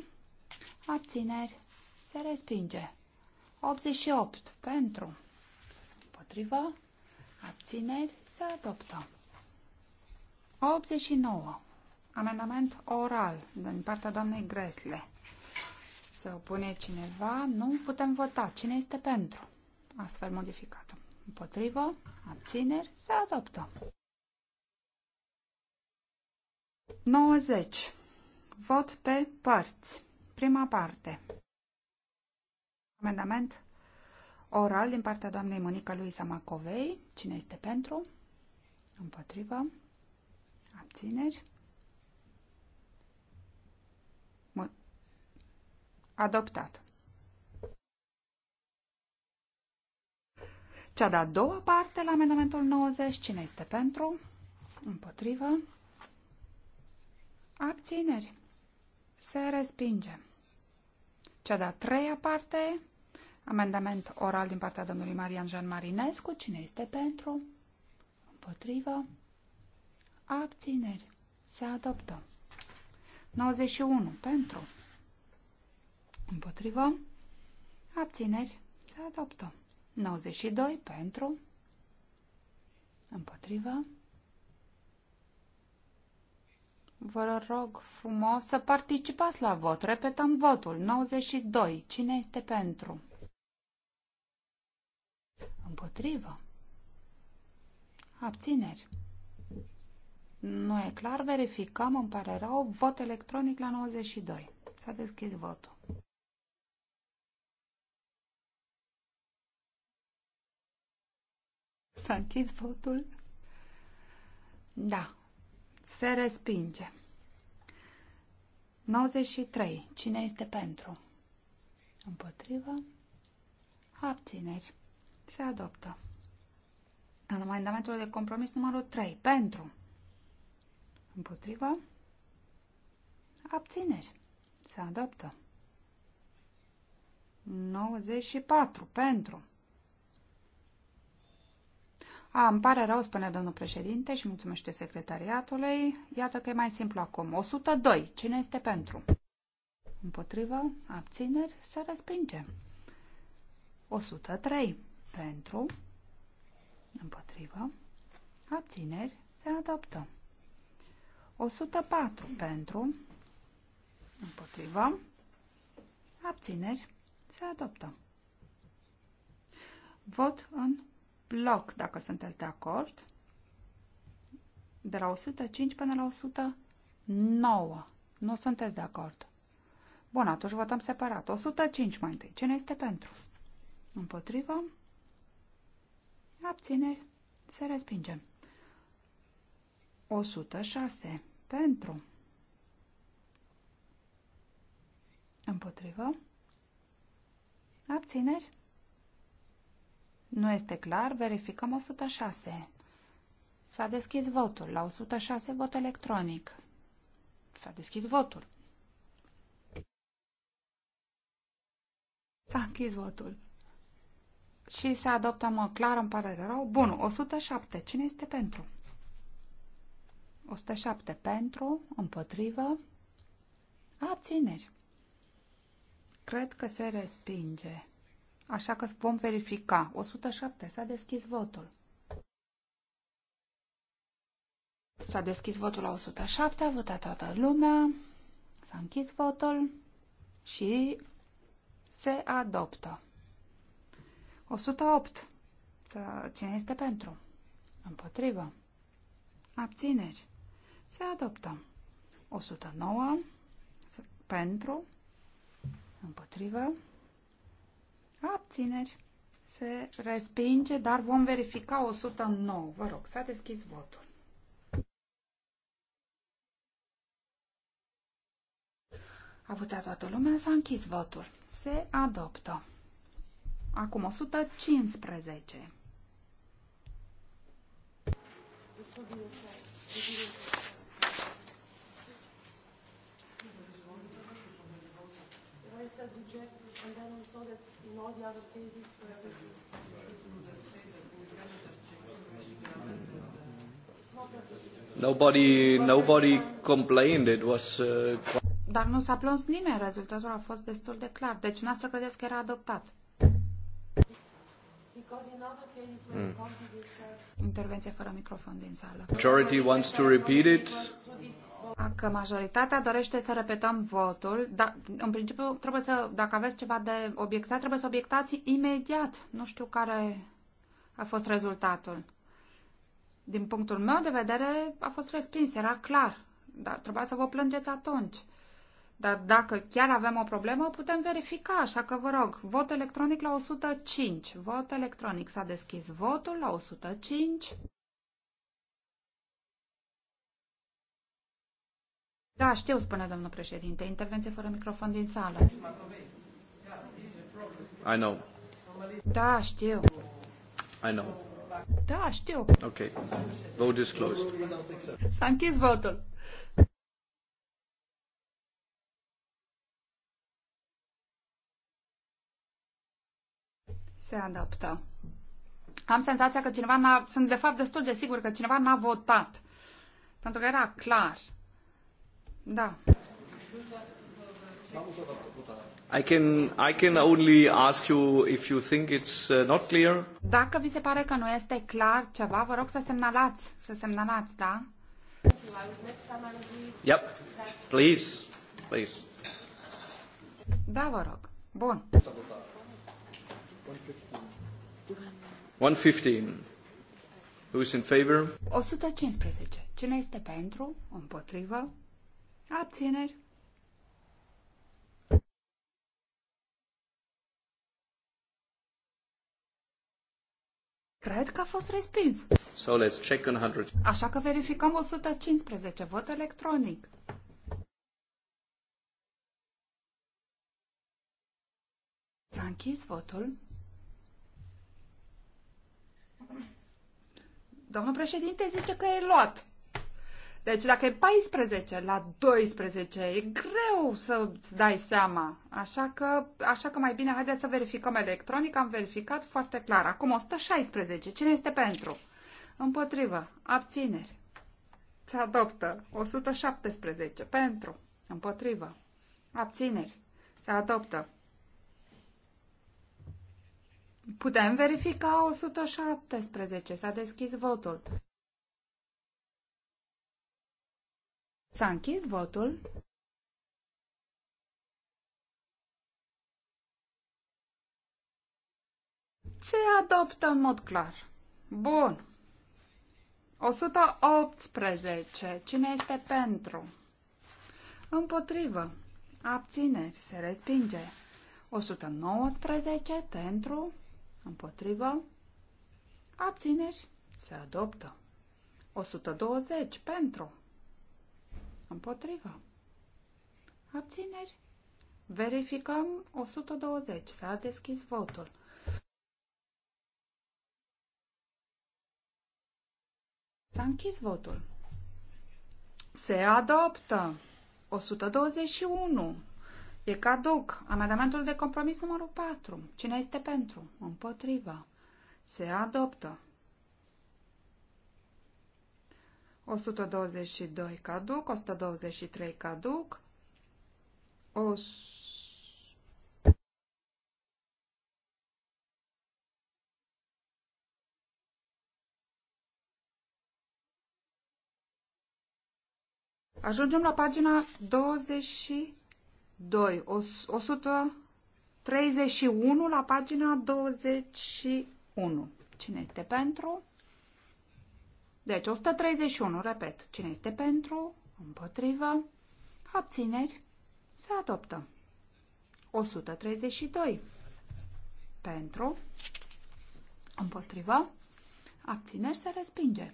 abțineri se respinge. 88 pentru, împotrivă, abțineri se adoptă. 89. Amendament oral din partea doamnei Gresle. Să opune cineva, nu putem vota. Cine este pentru? astfel modificată. Împotrivă, abțineri, se adoptă. 90. Vot pe părți. Prima parte. Amendament oral din partea doamnei Monica Luisa Macovei. Cine este pentru? Împotrivă. Abțineri. Adoptat. Cea de-a doua parte la amendamentul 90, cine este pentru? Împotrivă. Abțineri. Se respinge. Cea de-a treia parte, amendament oral din partea domnului Marian Jean Marinescu, cine este pentru? Împotrivă. Abțineri. Se adoptă. 91 pentru. Împotrivă. Abțineri. Se adoptă. 92 pentru, împotrivă. Vă rog frumos să participați la vot. Repetăm votul. 92. Cine este pentru? Împotrivă. Abțineri. Nu e clar, verificăm, îmi pare rău, vot electronic la 92. S-a deschis votul. S-a închis votul. Da. Se respinge. 93. Cine este pentru? Împotrivă. Abțineri. Se adoptă. Amendamentul de compromis numărul 3. Pentru. Împotrivă. Abțineri. Se adoptă. 94. Pentru. A, îmi pare rău, spune domnul președinte și mulțumește secretariatului. Iată că e mai simplu acum. 102. Cine este pentru? Împotrivă, abțineri, se respinge. 103. Pentru, împotrivă, abțineri, se adoptă. 104. Pentru, împotrivă, abțineri, se adoptă. Vot în bloc, dacă sunteți de acord, de la 105 până la 109. Nu sunteți de acord. Bun, atunci votăm separat. 105 mai întâi. Cine este pentru? Împotrivă? Abține. Se respinge. 106. Pentru. Împotrivă. Abțineri. Nu este clar. Verificăm 106. S-a deschis votul. La 106 vot electronic. S-a deschis votul. S-a închis votul. Și se adoptă, mă, clar, îmi pare rău. Bun, 107. Cine este pentru? 107 pentru, împotrivă, abțineri. Cred că se respinge. Așa că vom verifica. 107. S-a deschis votul. S-a deschis votul la 107, a votat toată lumea, s-a închis votul și se adoptă. 108. Cine este pentru? Împotrivă. Abțineri. Se adoptă. 109. Pentru. Împotrivă. Abțineri. Se respinge, dar vom verifica 109. Vă rog, s-a deschis votul. A votat toată lumea, s-a închis votul. Se adoptă. Acum 115. Să vă mulțumesc and then we saw that in all the other cases for everything. Nobody, nobody complained. It was. Uh... Dar nu s-a plâns nimeni. Rezultatul a fost destul de clar. Deci, noastră credeți că era adoptat? Mm. Intervenție fără microfon din sală. Majority wants to repeat it. Dacă majoritatea dorește să repetăm votul, da, în principiu trebuie să, dacă aveți ceva de obiectat, trebuie să obiectați imediat. Nu știu care a fost rezultatul. Din punctul meu de vedere, a fost respins, era clar. Dar trebuia să vă plângeți atunci. Dar dacă chiar avem o problemă, putem verifica, așa că vă rog, vot electronic la 105. Vot electronic s-a deschis votul la 105. Da, știu, spune domnul președinte. Intervenție fără microfon din sală. I know. Da, știu. I know. Da, știu. Ok. Vote is closed. S-a închis votul. Se adaptă. Am senzația că cineva n-a... Sunt de fapt destul de sigur că cineva n-a votat. Pentru că era clar. Da. I can, I can only ask you if you think it's uh, not clear. Dacă vi se pare că nu este clar ceva, vă rog să semnalați, să semnalați, da? Yep. Please. Please. Da, vă rog. Bun. 115. is in favor? 115. Cine este pentru? Împotrivă? Abțineri. Cred că a fost respins. So let's check 100. Așa că verificăm 115. Vot electronic. S-a închis votul. Domnul președinte zice că e luat. Deci dacă e 14 la 12, e greu să-ți dai seama. Așa că, așa că mai bine haideți să verificăm electronic. Am verificat foarte clar. Acum 116. Cine este pentru? Împotrivă. Abțineri. Se adoptă. 117. Pentru. Împotrivă. Abțineri. Se adoptă. Putem verifica 117. S-a deschis votul. S-a închis votul. Se adoptă în mod clar. Bun. 118. Cine este pentru? Împotrivă. Abțineri. Se respinge. 119 pentru. Împotrivă. Abțineri. Se adoptă. 120 pentru. Împotrivă. Abțineri. Verificăm 120. S-a deschis votul. S-a închis votul. Se adoptă. 121. E caduc. Amendamentul de compromis numărul 4. Cine este pentru? Împotriva. Se adoptă. 122 caduc, 123 caduc, 100 Ajungem la pagina 22, 131 la pagina 21. Cine este pentru? Deci 131, repet, cine este pentru, împotrivă, abțineri, se adoptă. 132, pentru, împotrivă, abțineri, se respinge.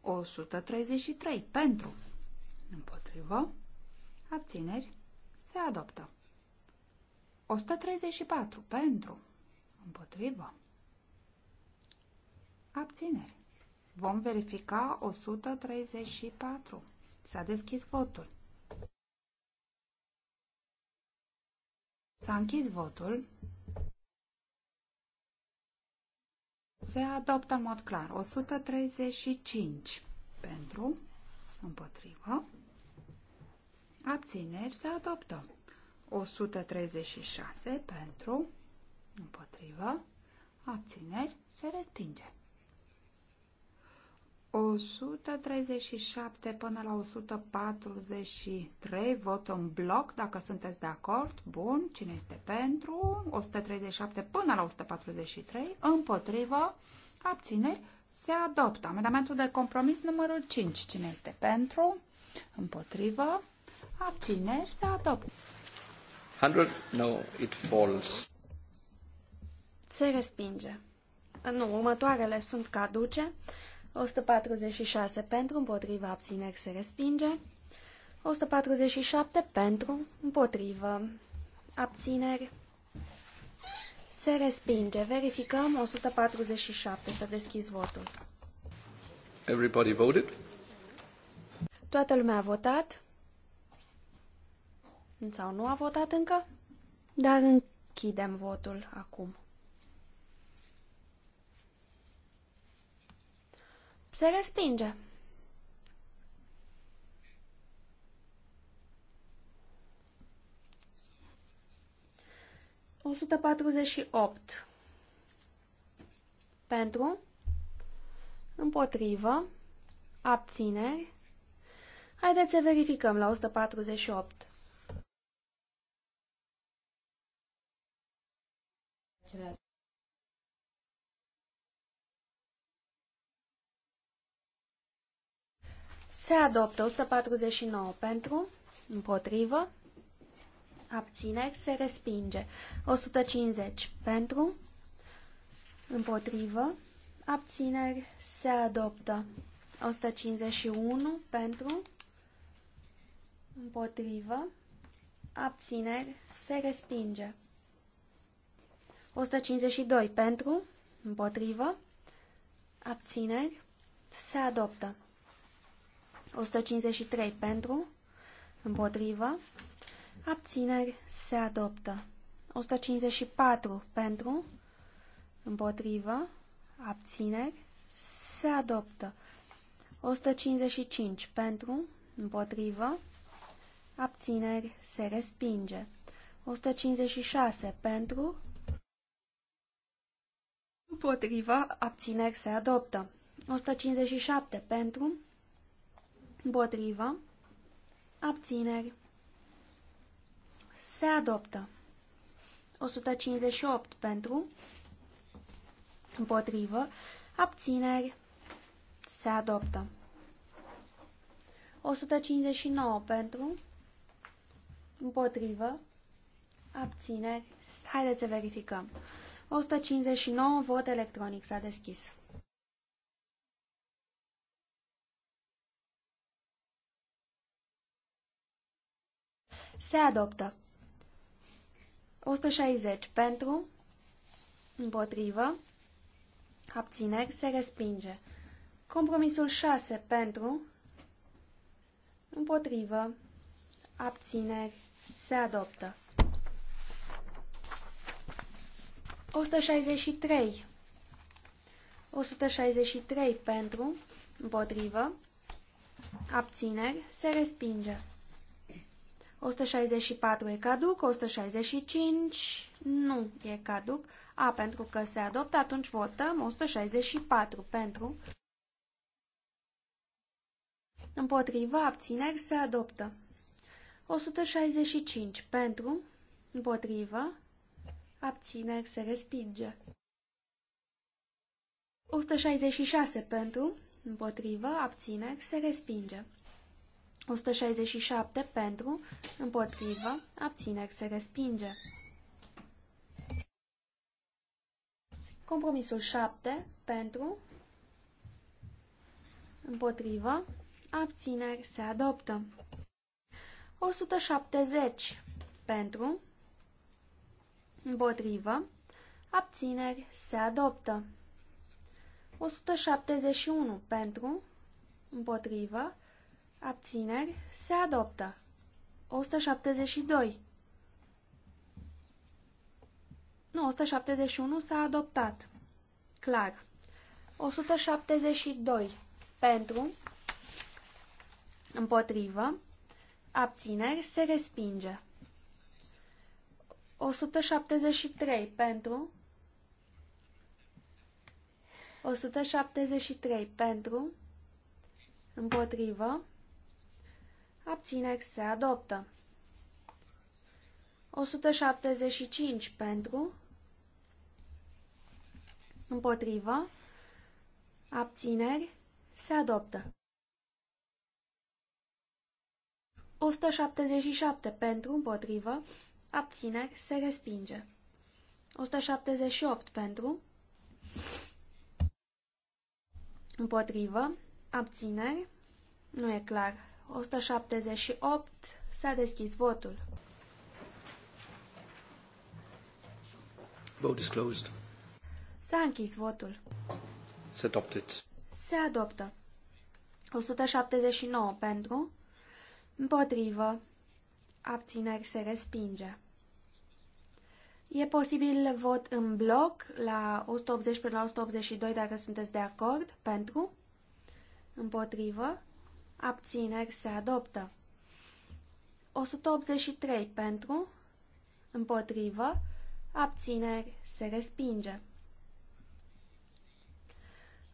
133, pentru, împotrivă, abțineri, se adoptă. 134, pentru, împotrivă, abțineri. Vom verifica 134. S-a deschis votul. S-a închis votul. Se adoptă în mod clar 135 pentru, împotrivă, abțineri se adoptă 136 pentru, împotrivă, abțineri se respinge. 137 până la 143 vot în bloc, dacă sunteți de acord. Bun, cine este pentru? 137 până la 143, împotrivă, abțineri, se adoptă. Amendamentul de compromis numărul 5. Cine este pentru? Împotrivă, abțineri, se adoptă. 100? No, it falls. Se respinge. Nu, următoarele sunt caduce. 146 pentru, împotriva abțineri se respinge. 147 pentru, împotrivă, abțineri se respinge. Verificăm 147, să deschis votul. Everybody voted? Toată lumea a votat? Sau nu a votat încă? Dar închidem votul acum. Se respinge. O sută patruzeci și opt pentru, împotrivă, abțineri. Haideți să verificăm la 148. Se adoptă 149 pentru, împotrivă, abțineri, se respinge. 150 pentru, împotrivă, abțineri, se adoptă. 151 pentru, împotrivă, abțineri, se respinge. 152 pentru, împotrivă, abțineri, se adoptă. 153 pentru, împotrivă, abțineri se adoptă. 154 pentru, împotrivă, abțineri se adoptă. 155 pentru, împotrivă, abțineri se respinge. 156 pentru, împotrivă, abțineri se adoptă. 157 pentru, Împotrivă. Abțineri. Se adoptă. 158 pentru. Împotrivă. Abțineri. Se adoptă. 159 pentru. Împotrivă. Abțineri. Haideți să verificăm. 159 vot electronic s-a deschis. Se adoptă. 160 pentru, împotrivă, abțineri, se respinge. Compromisul 6 pentru, împotrivă, abțineri, se adoptă. 163 163 pentru, împotrivă, abțineri, se respinge. 164 e caduc, 165 nu e caduc. A, pentru că se adoptă, atunci votăm 164 pentru. Împotrivă, abțineri, se adoptă. 165 pentru, împotrivă, abțineri, se respinge. 166 pentru, împotrivă, abțineri, se respinge. 167 pentru, împotrivă, abțineri se respinge. Compromisul 7 pentru, împotrivă, abțineri se adoptă. 170 pentru, împotrivă, abțineri se adoptă. 171 pentru, împotrivă, Abțineri. Se adoptă. 172. Nu, 171 s-a adoptat. Clar. 172. Pentru. Împotrivă. Abțineri. Se respinge. 173. Pentru. 173. Pentru. Împotrivă. Abțineri se adoptă. 175 pentru, împotrivă, abțineri, se adoptă. 177 pentru, împotrivă, abțineri, se respinge. 178 pentru, împotrivă, abțineri, nu e clar, 178. S-a deschis votul. Vote is closed. S-a închis votul. Se adoptat. Se adoptă. 179 pentru, împotrivă, abțineri se respinge. E posibil vot în bloc la 180 până la 182 dacă sunteți de acord, pentru, împotrivă, abțineri se adoptă. 183 pentru, împotrivă, abțineri se respinge.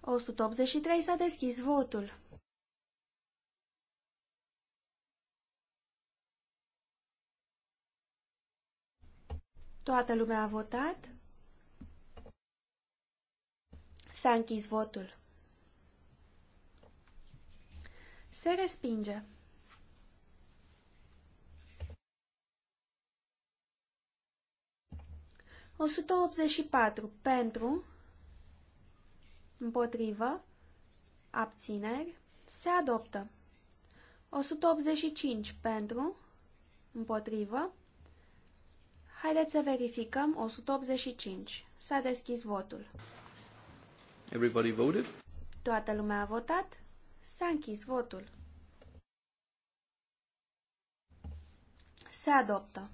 183 s-a deschis votul. Toată lumea a votat? S-a închis votul. Se respinge. O patru pentru, împotrivă, abțineri, se adoptă. 185 pentru, împotrivă. Haideți să verificăm 185. S-a deschis votul. Everybody voted? Toată lumea a votat? S-a închis votul. Se adoptă.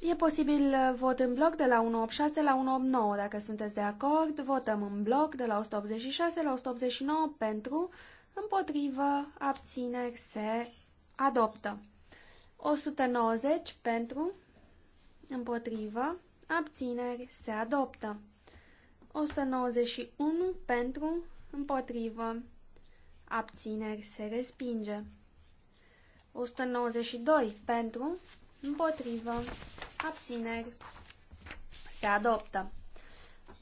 E posibil uh, vot în bloc de la 186 la 189, dacă sunteți de acord. Votăm în bloc de la 186 la 189 pentru, împotrivă, abțineri, se adoptă. 190 pentru, împotrivă, abțineri, se adoptă. 191 pentru, împotrivă, abțineri se respinge. 192 pentru, împotrivă, abțineri se adoptă.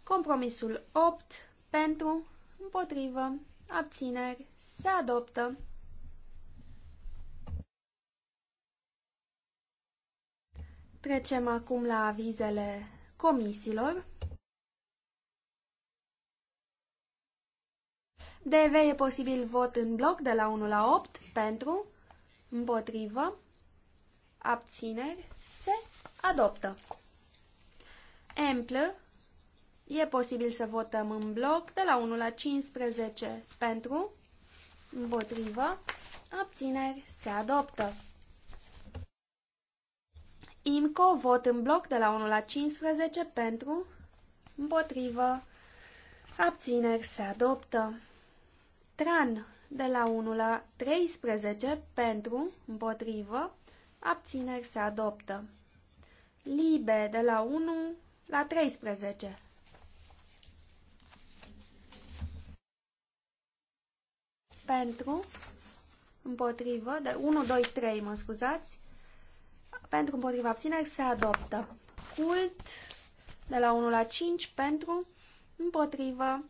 Compromisul 8 pentru, împotrivă, abțineri se adoptă. Trecem acum la avizele comisiilor. DV e posibil vot în bloc de la 1 la 8 pentru, împotrivă, abțineri, se adoptă. Emplă, e posibil să votăm în bloc de la 1 la 15 pentru, împotrivă, abțineri, se adoptă. IMCO vot în bloc de la 1 la 15 pentru, împotrivă, abțineri, se adoptă. Tran de la 1 la 13 pentru, împotrivă, abțineri se adoptă. Libe de la 1 la 13. Pentru, împotrivă, de 1, 2, 3, mă scuzați, pentru împotrivă, abțineri se adoptă. Cult de la 1 la 5 pentru, împotrivă,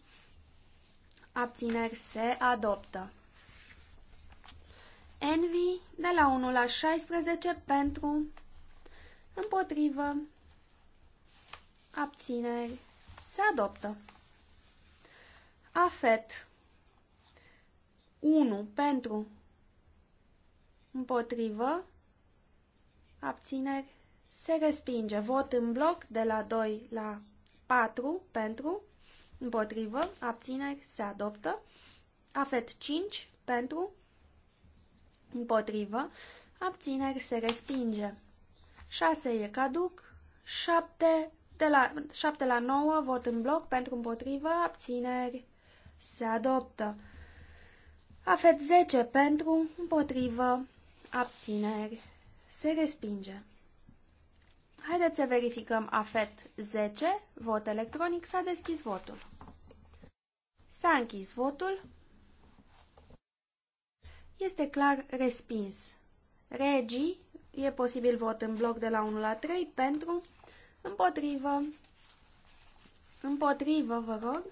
abțineri se adoptă. Envy de la 1 la 16 pentru, împotrivă, abțineri se adoptă. Afet 1 pentru, împotrivă, abțineri se respinge. Vot în bloc de la 2 la 4 pentru, împotrivă, abțineri, se adoptă. Afet 5, pentru, împotrivă, abțineri, se respinge. 6 e caduc, 7 de la, 7 la 9, vot în bloc, pentru, împotrivă, abțineri, se adoptă. Afet 10, pentru, împotrivă, abțineri, se respinge. Haideți să verificăm AFET 10, vot electronic, s-a deschis votul. S-a închis votul. Este clar respins. Regii, e posibil vot în bloc de la 1 la 3 pentru, împotrivă, împotrivă, vă rog,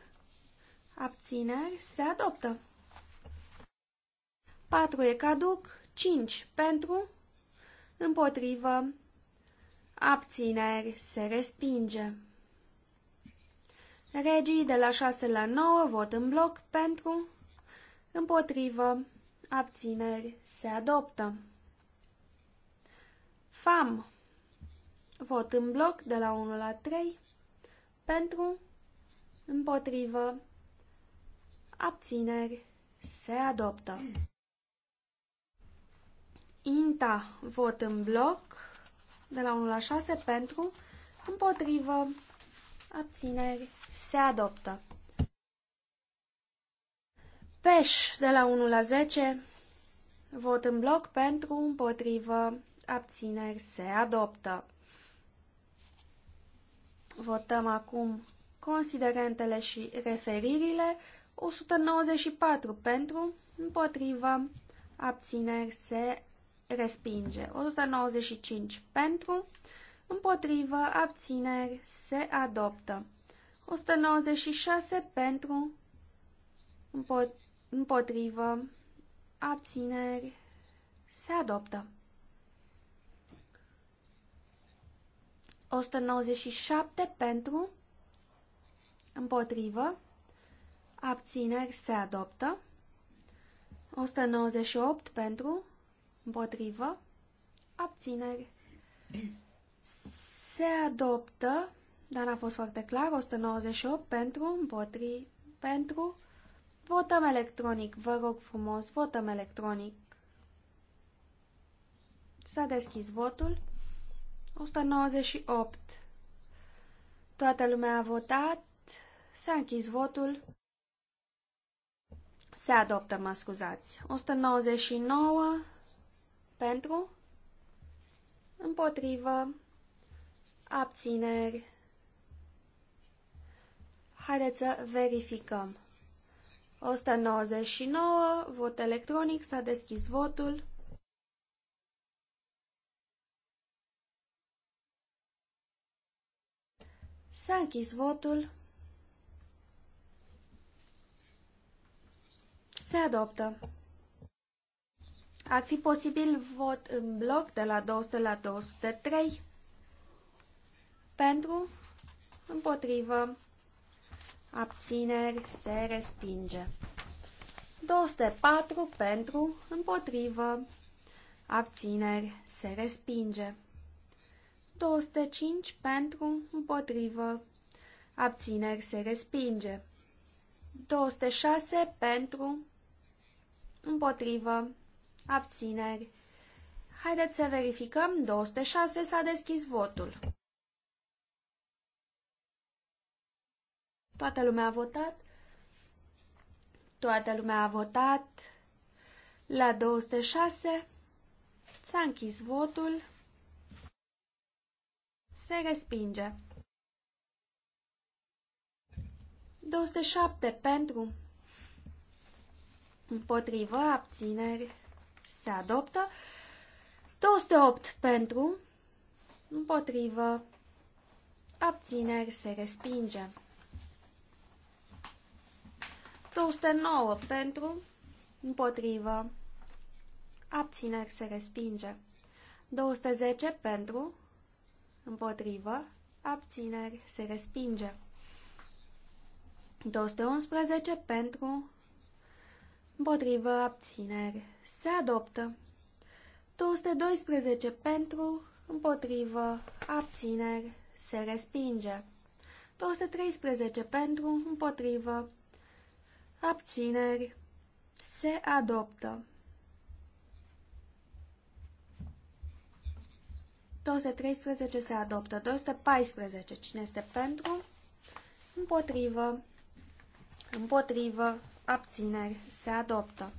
abțineri, se adoptă. 4 e caduc, 5 pentru, împotrivă, abțineri, se respinge. Regii de la 6 la 9 vot în bloc pentru, împotrivă, abțineri se adoptă. FAM vot în bloc de la 1 la 3 pentru, împotrivă, abțineri se adoptă. INTA vot în bloc de la 1 la 6 pentru, împotrivă, abțineri se adoptă. Peș de la 1 la 10. Vot în bloc pentru, împotrivă, abțineri. Se adoptă. Votăm acum considerentele și referirile. 194 pentru, împotrivă, abțineri se respinge. 195 pentru, împotrivă, abțineri se adoptă. 196 pentru, împotrivă, abțineri, se adoptă. 197 pentru, împotrivă, abțineri, se adoptă. 198 pentru, împotrivă, abțineri, se adoptă. Dan a fost foarte clar, 198 pentru, împotri, pentru. Votăm electronic, vă rog frumos, votăm electronic. S-a deschis votul. 198. Toată lumea a votat. S-a închis votul. Se adoptă, mă scuzați. 199 pentru, împotrivă, abțineri, Haideți să verificăm. 199, vot electronic, s-a deschis votul. S-a închis votul. Se adoptă. Ar fi posibil vot în bloc de la 200 la 203 pentru, împotrivă, abțineri, se respinge. 204 pentru, împotrivă, abțineri, se respinge. 205 pentru, împotrivă, abțineri, se respinge. 206 pentru, împotrivă, abțineri. Haideți să verificăm, 206 s-a deschis votul. Toată lumea a votat? Toată lumea a votat. La 206 s-a închis votul. Se respinge. 207 pentru. Împotrivă, abțineri, se adoptă. 208 pentru. Împotrivă, abțineri, se respinge. 209 pentru, împotrivă, abțineri se respinge. 210 pentru, împotrivă, abțineri se respinge. 211 pentru, împotrivă, abțineri se adoptă. 212 pentru, împotrivă, abțineri se respinge. 213 pentru, împotrivă, abțineri, se adoptă. 213 se adoptă, 214 cine este pentru, împotrivă, împotrivă, abțineri, se adoptă.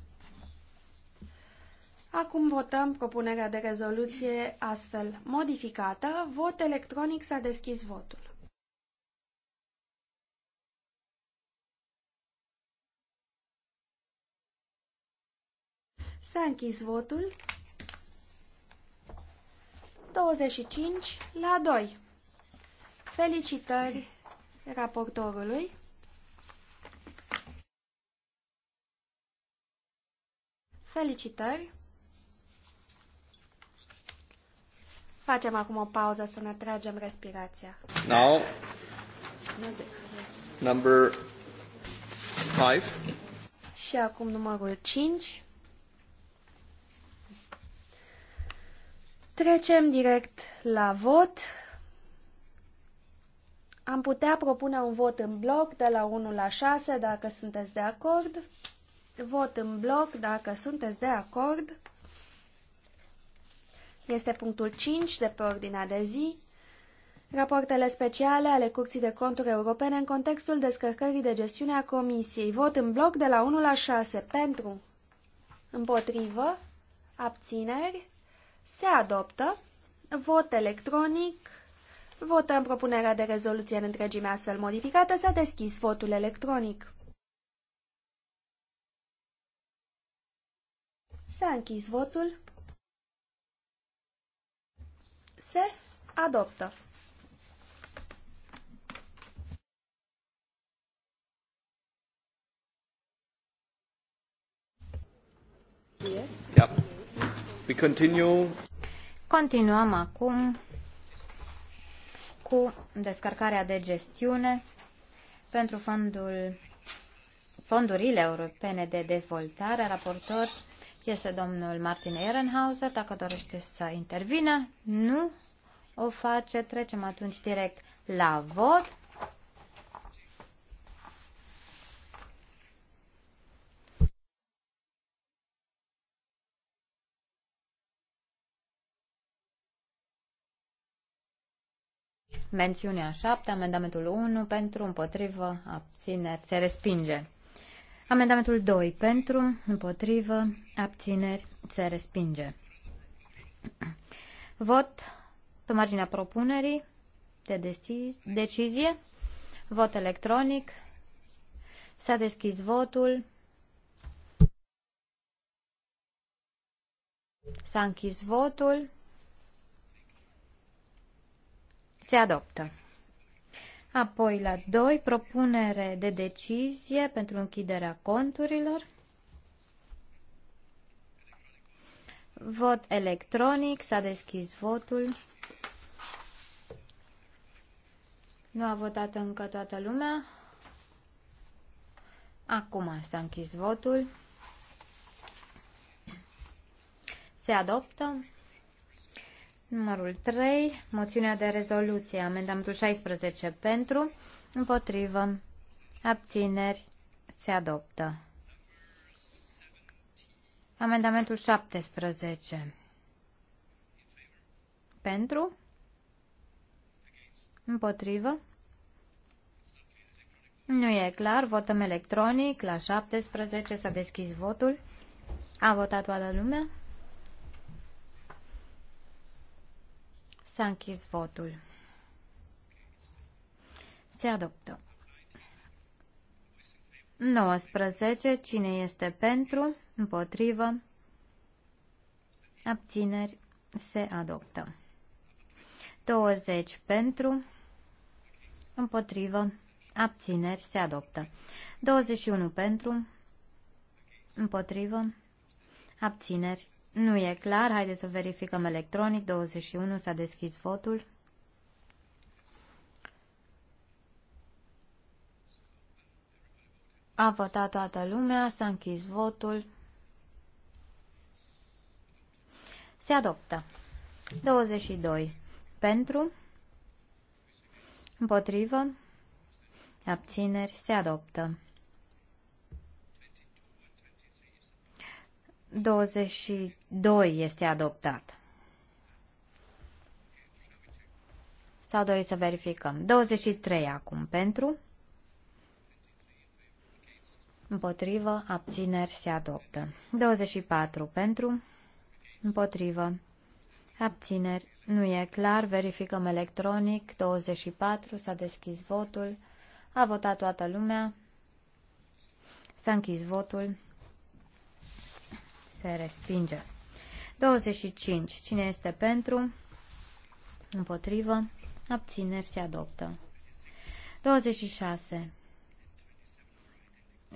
Acum votăm propunerea de rezoluție astfel modificată. Vot electronic s-a deschis votul. S-a închis votul. 25 la 2. Felicitări raportorului. Felicitări. Facem acum o pauză să ne tragem respirația. Now, number five. Și acum numărul 5. Trecem direct la vot. Am putea propune un vot în bloc de la 1 la 6 dacă sunteți de acord. Vot în bloc dacă sunteți de acord. Este punctul 5 de pe ordinea de zi. Rapoartele speciale ale Curții de Conturi Europene în contextul descărcării de gestiune a Comisiei. Vot în bloc de la 1 la 6. Pentru. Împotrivă. Abțineri. Se adoptă. Vot electronic. Votăm propunerea de rezoluție în întregime astfel modificată. S-a deschis votul electronic. S-a închis votul. Se adoptă. Yes. Yep. We continue. Continuăm acum cu descărcarea de gestiune pentru fondul, fondurile europene de dezvoltare. Raportor este domnul Martin Ehrenhauser. Dacă dorește să intervină, nu o face. Trecem atunci direct la vot. Mențiunea 7, amendamentul 1 pentru, împotrivă, abțineri, se respinge. Amendamentul 2 pentru, împotrivă, abțineri, se respinge. Vot pe marginea propunerii de decizie. Vot electronic. S-a deschis votul. S-a închis votul. Se adoptă. Apoi, la 2, propunere de decizie pentru închiderea conturilor. Vot electronic. S-a deschis votul. Nu a votat încă toată lumea. Acum s-a închis votul. Se adoptă. Numărul 3, moțiunea de rezoluție, amendamentul 16 pentru, împotrivă, abțineri, se adoptă. Amendamentul 17. Pentru? Împotrivă? Nu e clar. Votăm electronic. La 17 s-a deschis votul. A votat toată lumea? S-a închis votul. Se adoptă. 19. Cine este pentru? Împotrivă? Abțineri? Se adoptă. 20 pentru, împotrivă, abțineri, se adoptă. 21 pentru, împotrivă, abțineri, nu e clar, haideți să verificăm electronic. 21 s-a deschis votul. A votat toată lumea, s-a închis votul. Se adoptă. 22. Pentru. Împotrivă. Abțineri. Se adoptă. 22 2 este adoptat. Sau doriți să verificăm? 23 acum pentru. Împotrivă, abțineri se adoptă. 24 pentru. Împotrivă, abțineri. Nu e clar, verificăm electronic. 24, s-a deschis votul. A votat toată lumea. S-a închis votul. Se respinge. 25. Cine este pentru? Împotrivă. Abțineri se adoptă. 26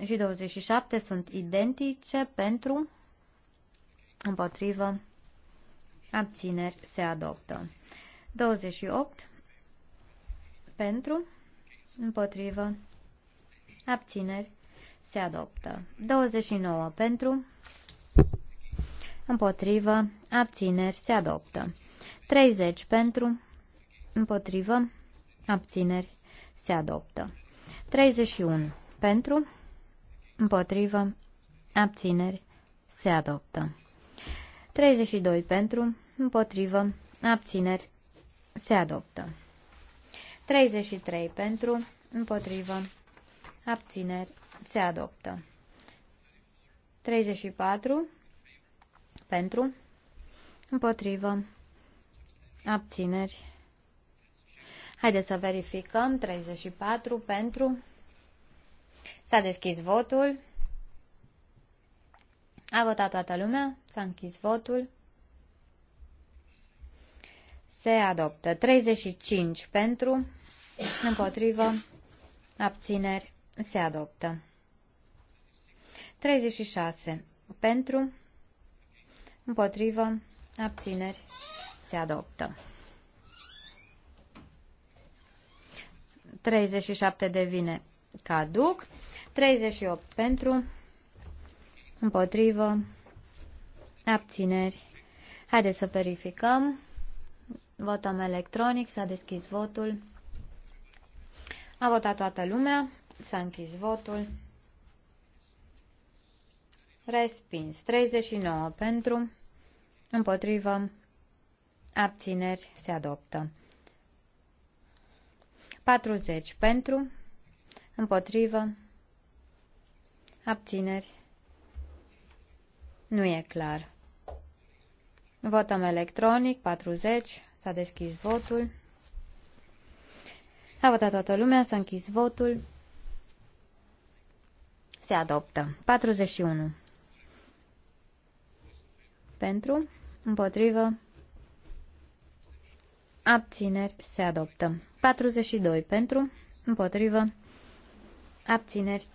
și 27 sunt identice pentru, împotrivă, abțineri se adoptă. 28 pentru, împotrivă, abțineri se adoptă. 29 pentru, împotrivă, abțineri, se adoptă. 30 pentru, împotrivă, abțineri, se adoptă. 31 pentru, împotrivă, abțineri, se adoptă. 32 pentru, împotrivă, abțineri, se adoptă. 33 pentru, împotrivă, abțineri, se adoptă. 34 pentru. Împotrivă. Abțineri. Haideți să verificăm. 34 pentru. S-a deschis votul. A votat toată lumea. S-a închis votul. Se adoptă. 35 pentru. Împotrivă. Abțineri. Se adoptă. 36 pentru. Împotrivă. Abțineri. Se adoptă. 37 devine caduc. 38 pentru. Împotrivă. Abțineri. Haideți să verificăm. Votăm electronic. S-a deschis votul. A votat toată lumea. S-a închis votul. Respins. 39 pentru. Împotrivă. Abțineri. Se adoptă. 40 pentru. Împotrivă. Abțineri. Nu e clar. Votăm electronic. 40. S-a deschis votul. A votat toată lumea. S-a închis votul. Se adoptă. 41 pentru, împotrivă, abțineri, se adoptă. 42 pentru, împotrivă, abțineri,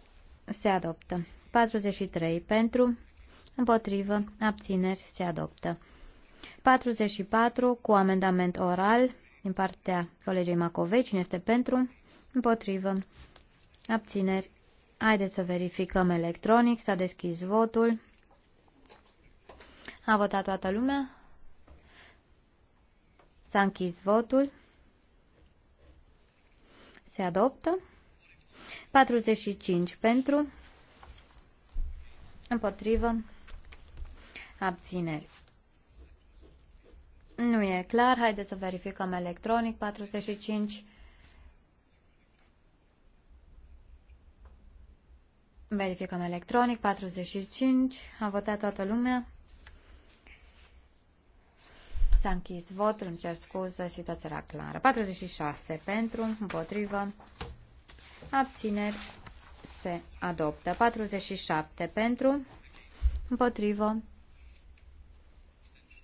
se adoptă. 43 pentru, împotrivă, abțineri, se adoptă. 44 cu amendament oral din partea colegei Macovei. Cine este pentru? Împotrivă. Abțineri. Haideți să verificăm electronic. S-a deschis votul. A votat toată lumea? S-a închis votul. Se adoptă. 45 pentru. Împotrivă. Abțineri. Nu e clar. Haideți să verificăm electronic. 45. Verificăm electronic. 45. A votat toată lumea. S-a închis votul, îmi cer scuză, situația era clară. 46 pentru, împotrivă, abțineri, se adoptă. 47 pentru, împotrivă,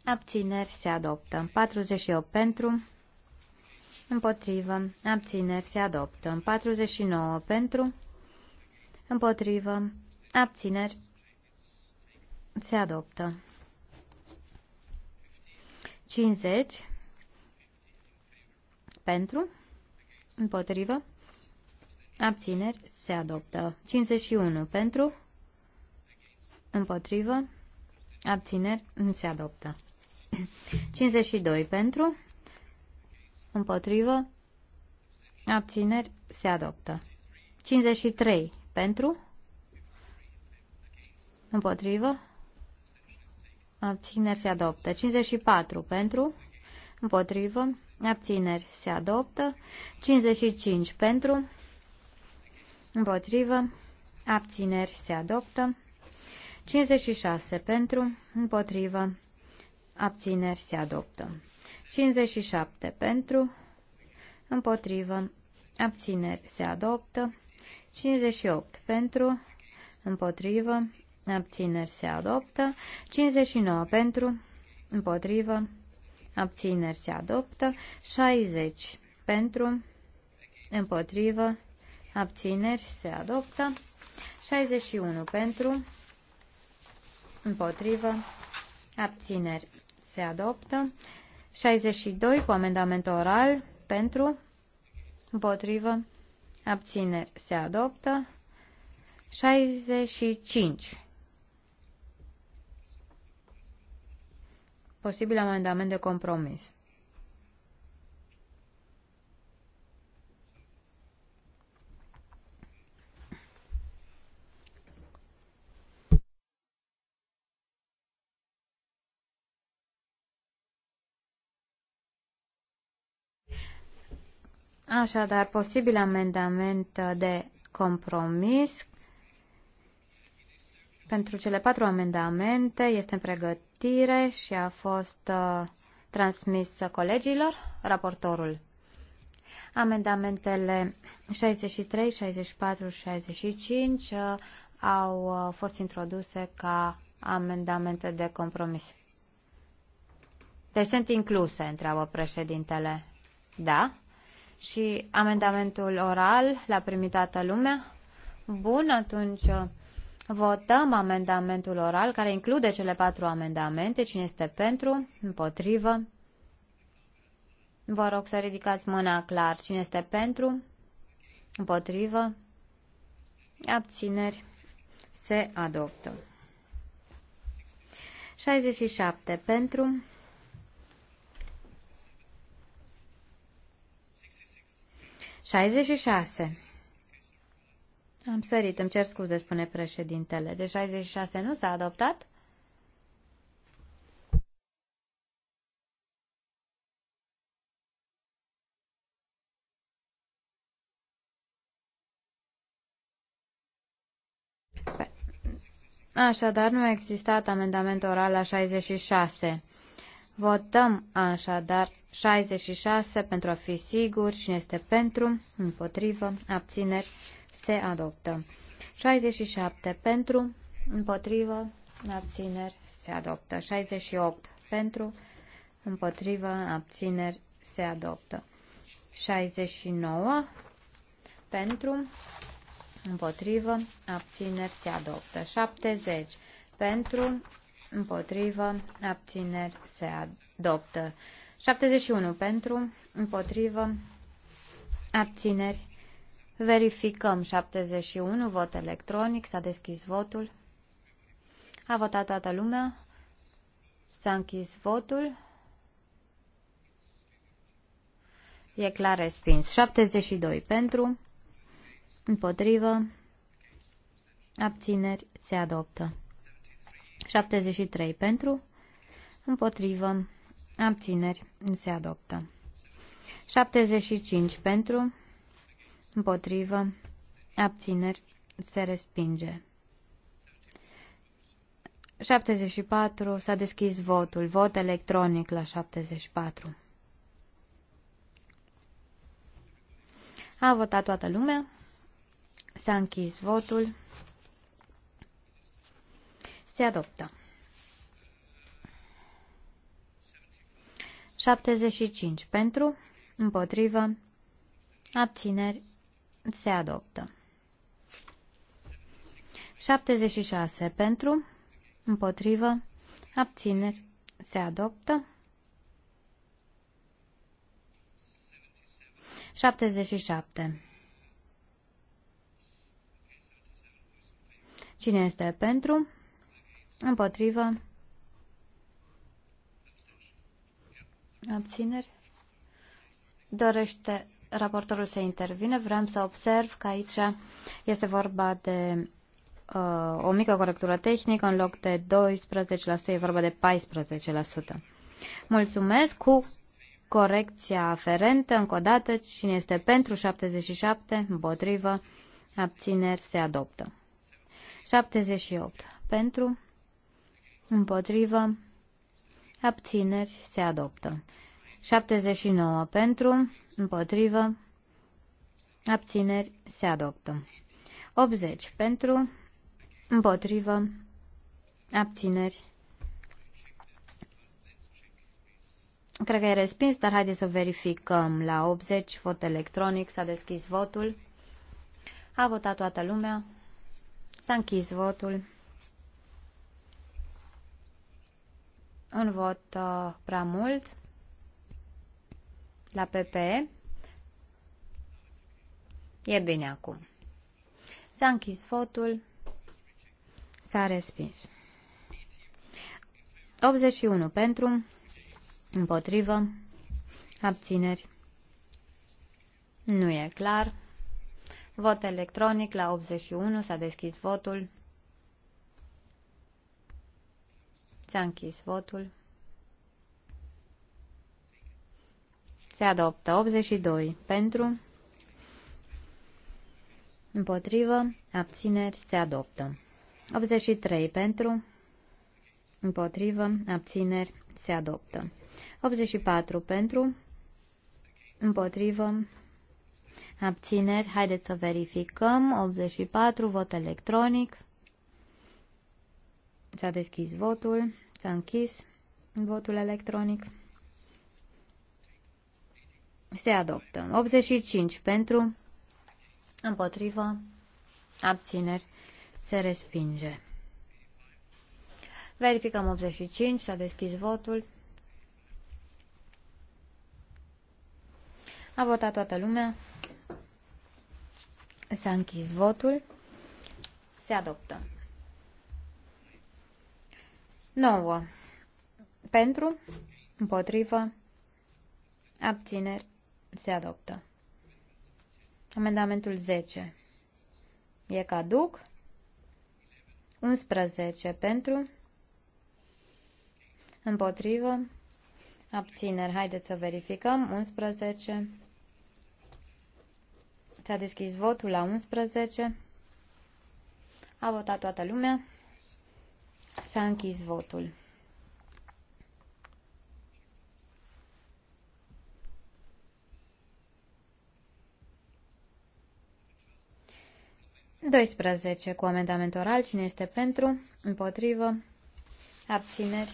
abțineri, se adoptă. 48 pentru, împotrivă, abțineri, se adoptă. 49 pentru, împotrivă, abțineri, se adoptă. 50 pentru, împotrivă, abțineri, se adoptă. 51 pentru, împotrivă, abțineri, se adoptă. 52 pentru, împotrivă, abțineri, se adoptă. 53 pentru, împotrivă, abțineri se adoptă. 54 pentru, împotrivă, abțineri se adoptă. 55 pentru, împotrivă, abțineri se adoptă. 56 pentru, împotrivă, abțineri se adoptă. 57 pentru, împotrivă, abțineri se adoptă. 58 pentru, împotrivă, abțineri se adoptă, 59 pentru, împotrivă, abțineri se adoptă, 60 pentru, împotrivă, abțineri se adoptă, 61 pentru, împotrivă, abțineri se adoptă, 62 cu amendament oral pentru, împotrivă, abțineri se adoptă, 65 posibil amendament de compromis. Așadar, posibil amendament de compromis pentru cele patru amendamente este în pregătire și a fost uh, transmis colegilor, raportorul. Amendamentele 63, 64, 65 uh, au uh, fost introduse ca amendamente de compromis. Deci sunt incluse, întreabă președintele. Da? Și amendamentul oral l-a primit toată lumea? Bun, atunci uh, Votăm amendamentul oral care include cele patru amendamente. Cine este pentru? Împotrivă? Vă rog să ridicați mâna clar. Cine este pentru? Împotrivă? Abțineri? Se adoptă. 67 pentru. 66. Am sărit, îmi cer scuze, spune președintele. De deci 66 nu s-a adoptat? Așadar, nu a existat amendament oral la 66. Votăm așadar 66 pentru a fi siguri cine este pentru, împotrivă, abțineri, se adoptă. 67 pentru, împotrivă, abțineri, se adoptă. 68 pentru, împotrivă, abțineri, se adoptă. 69 pentru, împotrivă, abțineri, se adoptă. 70 pentru, împotrivă, abțineri, se adoptă. 71 pentru, împotrivă, abțineri, Verificăm 71, vot electronic, s-a deschis votul. A votat toată lumea. S-a închis votul. E clar respins. 72 pentru, împotrivă, abțineri, se adoptă. 73 pentru, împotrivă, abțineri, se adoptă. 75 pentru, împotrivă, abțineri, se respinge. 74. S-a deschis votul. Vot electronic la 74. A votat toată lumea. S-a închis votul. Se adoptă. 75. Pentru, împotrivă, abțineri, se adoptă. 76 pentru, împotrivă, abțineri, se adoptă. 77. Cine este pentru? Împotrivă? Abțineri? Dorește raportorul să intervine. Vreau să observ că aici este vorba de uh, o mică corectură tehnică. În loc de 12% e vorba de 14%. Mulțumesc cu corecția aferentă. Încă o dată, cine este pentru 77, împotrivă, abțineri, se adoptă. 78. Pentru, împotrivă, abțineri, se adoptă. 79 pentru, împotrivă, abțineri, se adoptă. 80 pentru, împotrivă, abțineri. Cred că e respins, dar haideți să verificăm. La 80, vot electronic, s-a deschis votul. A votat toată lumea. S-a închis votul. Un vot uh, prea mult la PPE. E bine acum. S-a închis votul. S-a respins. 81 pentru, împotrivă, abțineri. Nu e clar. Vot electronic la 81. S-a deschis votul. S-a închis votul. Se adoptă. 82. Pentru. Împotrivă. Abțineri. Se adoptă. 83. Pentru. Împotrivă. Abțineri. Se adoptă. 84. Pentru. Împotrivă. Abțineri. Haideți să verificăm. 84. Vot electronic. S-a deschis votul. S-a închis votul electronic. Se adoptă. 85 pentru, împotrivă, abțineri, se respinge. Verificăm 85, s-a deschis votul. A votat toată lumea. S-a închis votul. Se adoptă. 9. Pentru, împotrivă, abțineri, se adoptă. Amendamentul 10. E caduc. 11 pentru. Împotrivă. Abțineri. Haideți să verificăm. 11. S-a deschis votul la 11. A votat toată lumea. S-a închis votul. 12 cu amendament oral. Cine este pentru? Împotrivă? Abțineri?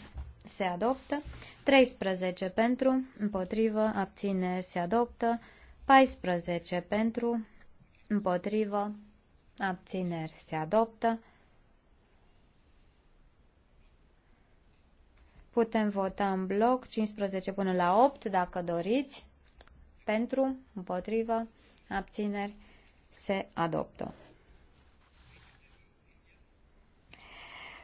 Se adoptă. 13 pentru? Împotrivă? Abțineri? Se adoptă. 14 pentru? Împotrivă? Abțineri? Se adoptă. Putem vota în bloc 15 până la 8 dacă doriți. Pentru, împotrivă, abțineri se adoptă.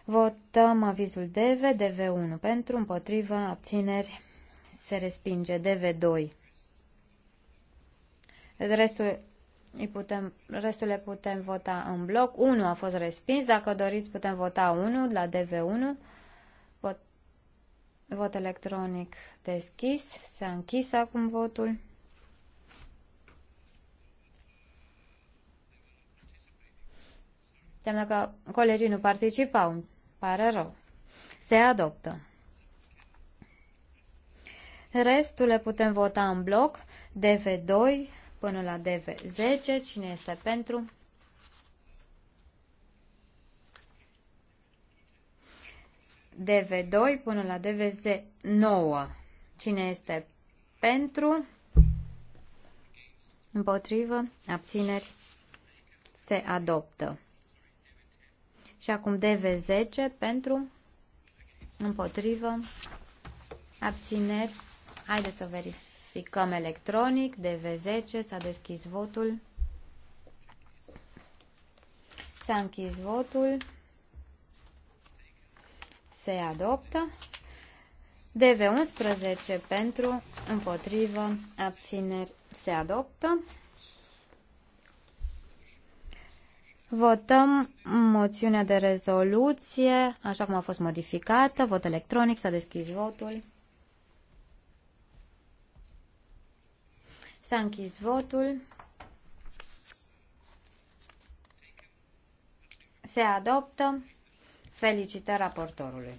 Votăm avizul DV, DV1 pentru, împotrivă, abțineri, se respinge, DV2. Restul, îi putem, restul le putem vota în bloc. 1 a fost respins, dacă doriți putem vota 1 la DV1. Vot, vot electronic deschis, s-a închis acum votul. Înseamnă că colegii nu participau pare rău. Se adoptă. Restul le putem vota în bloc, DV2 până la DV10. Cine este pentru? DV2 până la DV9. Cine este pentru? Împotrivă? Abțineri? Se adoptă. Și acum DV10 pentru, împotrivă, abțineri. Haideți să verificăm electronic. DV10 s-a deschis votul. S-a închis votul. Se adoptă. DV11 pentru, împotrivă, abțineri se adoptă. Votăm moțiunea de rezoluție, așa cum a fost modificată. Vot electronic, s-a deschis votul. S-a închis votul. Se adoptă. Felicitări raportorului.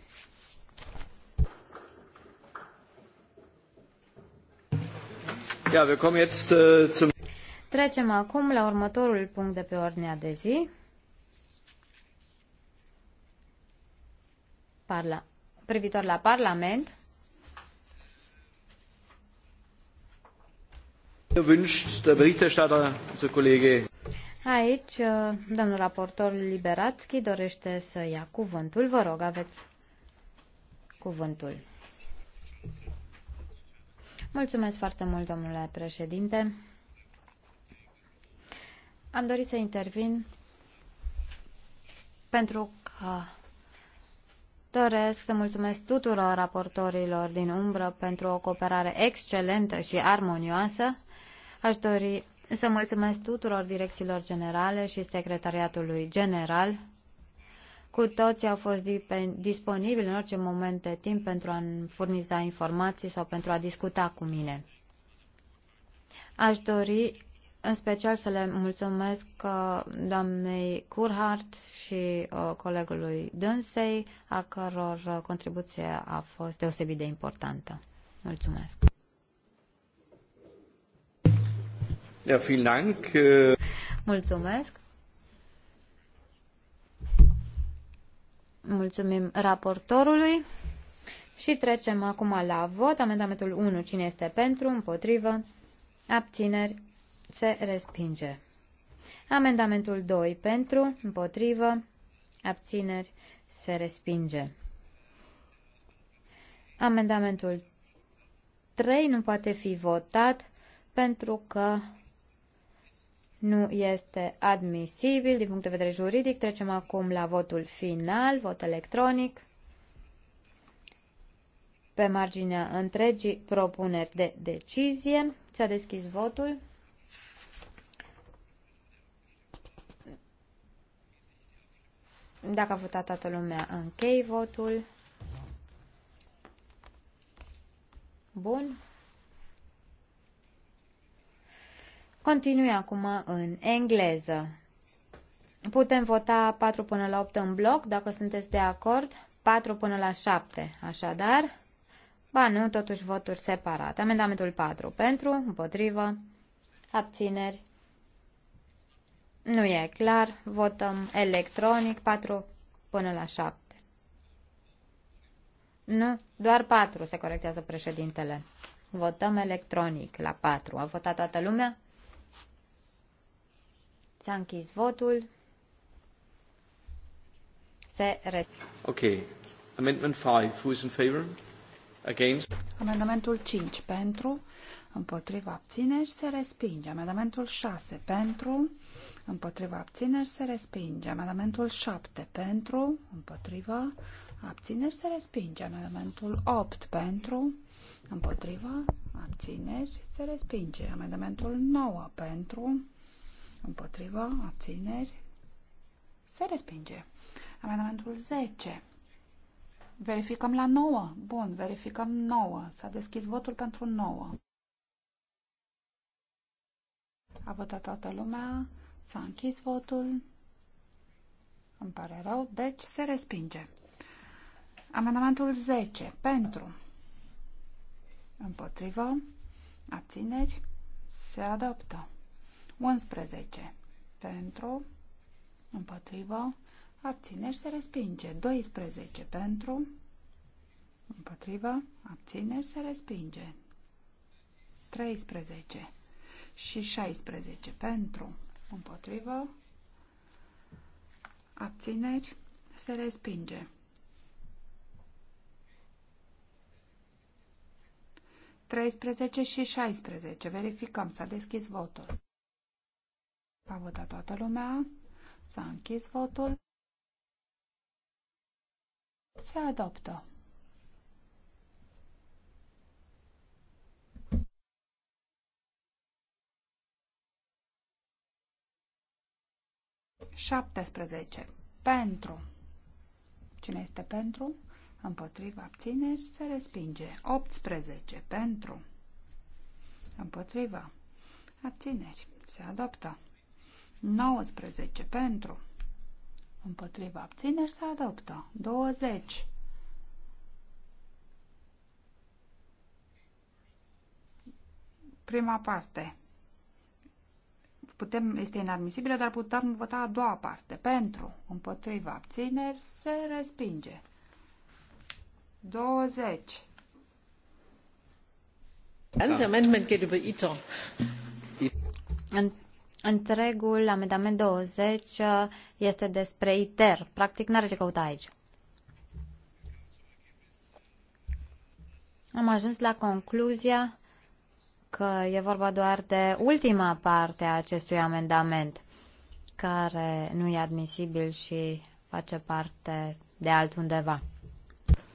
Ja, wir kommen jetzt äh, zum Trecem acum la următorul punct de pe ordinea de zi. Parla. Privitor la Parlament. Aici, uh, domnul raportor Liberatski dorește să ia cuvântul. Vă rog, aveți cuvântul. Mulțumesc foarte mult, domnule președinte. Am dorit să intervin pentru că doresc să mulțumesc tuturor raportorilor din umbră pentru o cooperare excelentă și armonioasă. Aș dori să mulțumesc tuturor direcțiilor generale și secretariatului general. Cu toții au fost disponibili în orice moment de timp pentru a furniza informații sau pentru a discuta cu mine. Aș dori în special să le mulțumesc uh, doamnei Curhart și uh, colegului Dânsei, a căror uh, contribuție a fost deosebit de importantă. Mulțumesc! Ja, vielen Dank. Mulțumesc! Mulțumim raportorului și trecem acum la vot. Amendamentul 1. Cine este pentru? Împotrivă? Abțineri? se respinge. Amendamentul 2 pentru, împotrivă, abțineri, se respinge. Amendamentul 3 nu poate fi votat pentru că nu este admisibil din punct de vedere juridic. Trecem acum la votul final, vot electronic, pe marginea întregii propuneri de decizie. S-a deschis votul. Dacă a votat toată lumea, închei votul. Bun. Continui acum în engleză. Putem vota 4 până la 8 în bloc, dacă sunteți de acord. 4 până la 7, așadar. Ba nu, totuși voturi separate. Amendamentul 4 pentru, împotrivă, abțineri, nu e clar. Votăm electronic 4 până la 7. Nu, doar 4 se corectează președintele. Votăm electronic la 4. A votat toată lumea? S-a închis votul. Se rest... Ok. Amendment 5. Who is in favor? Against? Amendamentul 5 pentru, împotriva abțineri se respinge. Amendamentul 6 pentru, împotriva abțineri se respinge. Amendamentul 7 pentru, împotriva abțineri se respinge. Amendamentul 8 pentru, împotriva abțineri se respinge. Amendamentul 9 pentru, împotriva abțineri se respinge. Amendamentul 10 Verificăm la 9. Bun, verificăm 9. S-a deschis votul pentru 9. A votat toată lumea. S-a închis votul. Îmi pare rău. Deci se respinge. Amendamentul 10. Pentru. Împotrivă. Abțineri. Se adoptă. 11. Pentru. Împotrivă. Abțineri. Se respinge. 12. Pentru. Împotrivă. Abțineri. Se respinge. 13 și 16 pentru, împotrivă, abțineri, se respinge. Treisprezece și 16. Verificăm. S-a deschis votul. A votat toată lumea. S-a închis votul. Se adoptă. 17. Pentru. Cine este pentru? Împotriva abțineri se respinge. 18. Pentru. Împotriva. Abțineri. Se adoptă. 19. Pentru. Împotriva abțineri se adoptă. 20. Prima parte putem, este inadmisibilă, dar putem vota a doua parte. Pentru, împotriva, abțineri, se respinge. 20. Ganze da. Amendment Întregul amendament 20 uh, este despre ITER. Practic n-are ce căuta aici. Am ajuns la concluzia că e vorba doar de ultima parte a acestui amendament care nu e admisibil și face parte de altundeva.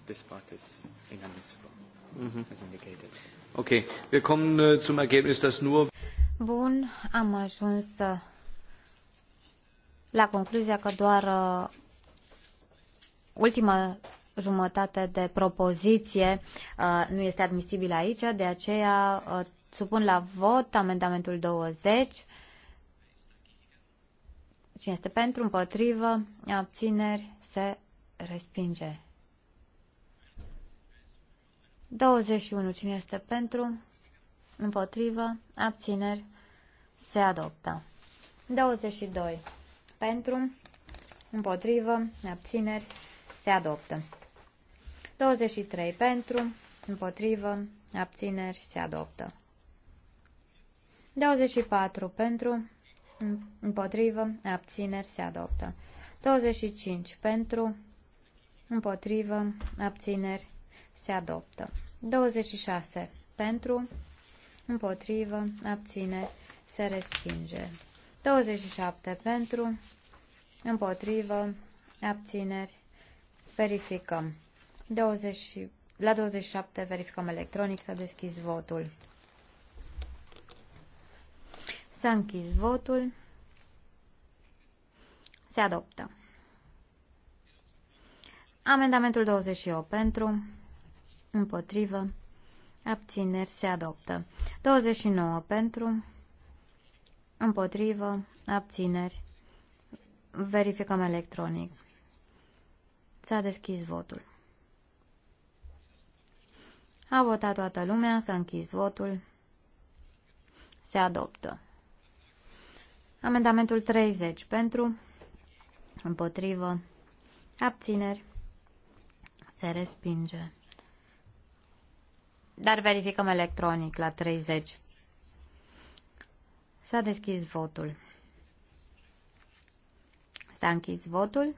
This part is inadmissible, mm-hmm. as indicated. Ok, wir kommen äh, zum Ergebnis, dass nur... Bun, am ajuns uh, la concluzia că doar uh, ultima jumătate de propoziție uh, nu este admisibilă aici, de aceea Supun la vot amendamentul 20. Cine este pentru, împotrivă, abțineri, se respinge. 21. Cine este pentru, împotrivă, abțineri, se adoptă. 22. Pentru, împotrivă, abțineri, se adoptă. 23. Pentru, împotrivă, abțineri, se adoptă. 24 pentru, împotrivă, abțineri se adoptă. 25 pentru, împotrivă, abțineri se adoptă. 26 pentru, împotrivă, abțineri se respinge. 27 pentru, împotrivă, abțineri, verificăm. 20, la 27 verificăm electronic, să deschizi votul. S-a închis votul. Se adoptă. Amendamentul 28 pentru, împotrivă, abțineri se adoptă. 29 pentru, împotrivă, abțineri. Verificăm electronic. S-a deschis votul. A votat toată lumea, s-a închis votul. Se adoptă. Amendamentul 30 pentru, împotrivă, abțineri, se respinge. Dar verificăm electronic la 30. S-a deschis votul. S-a închis votul.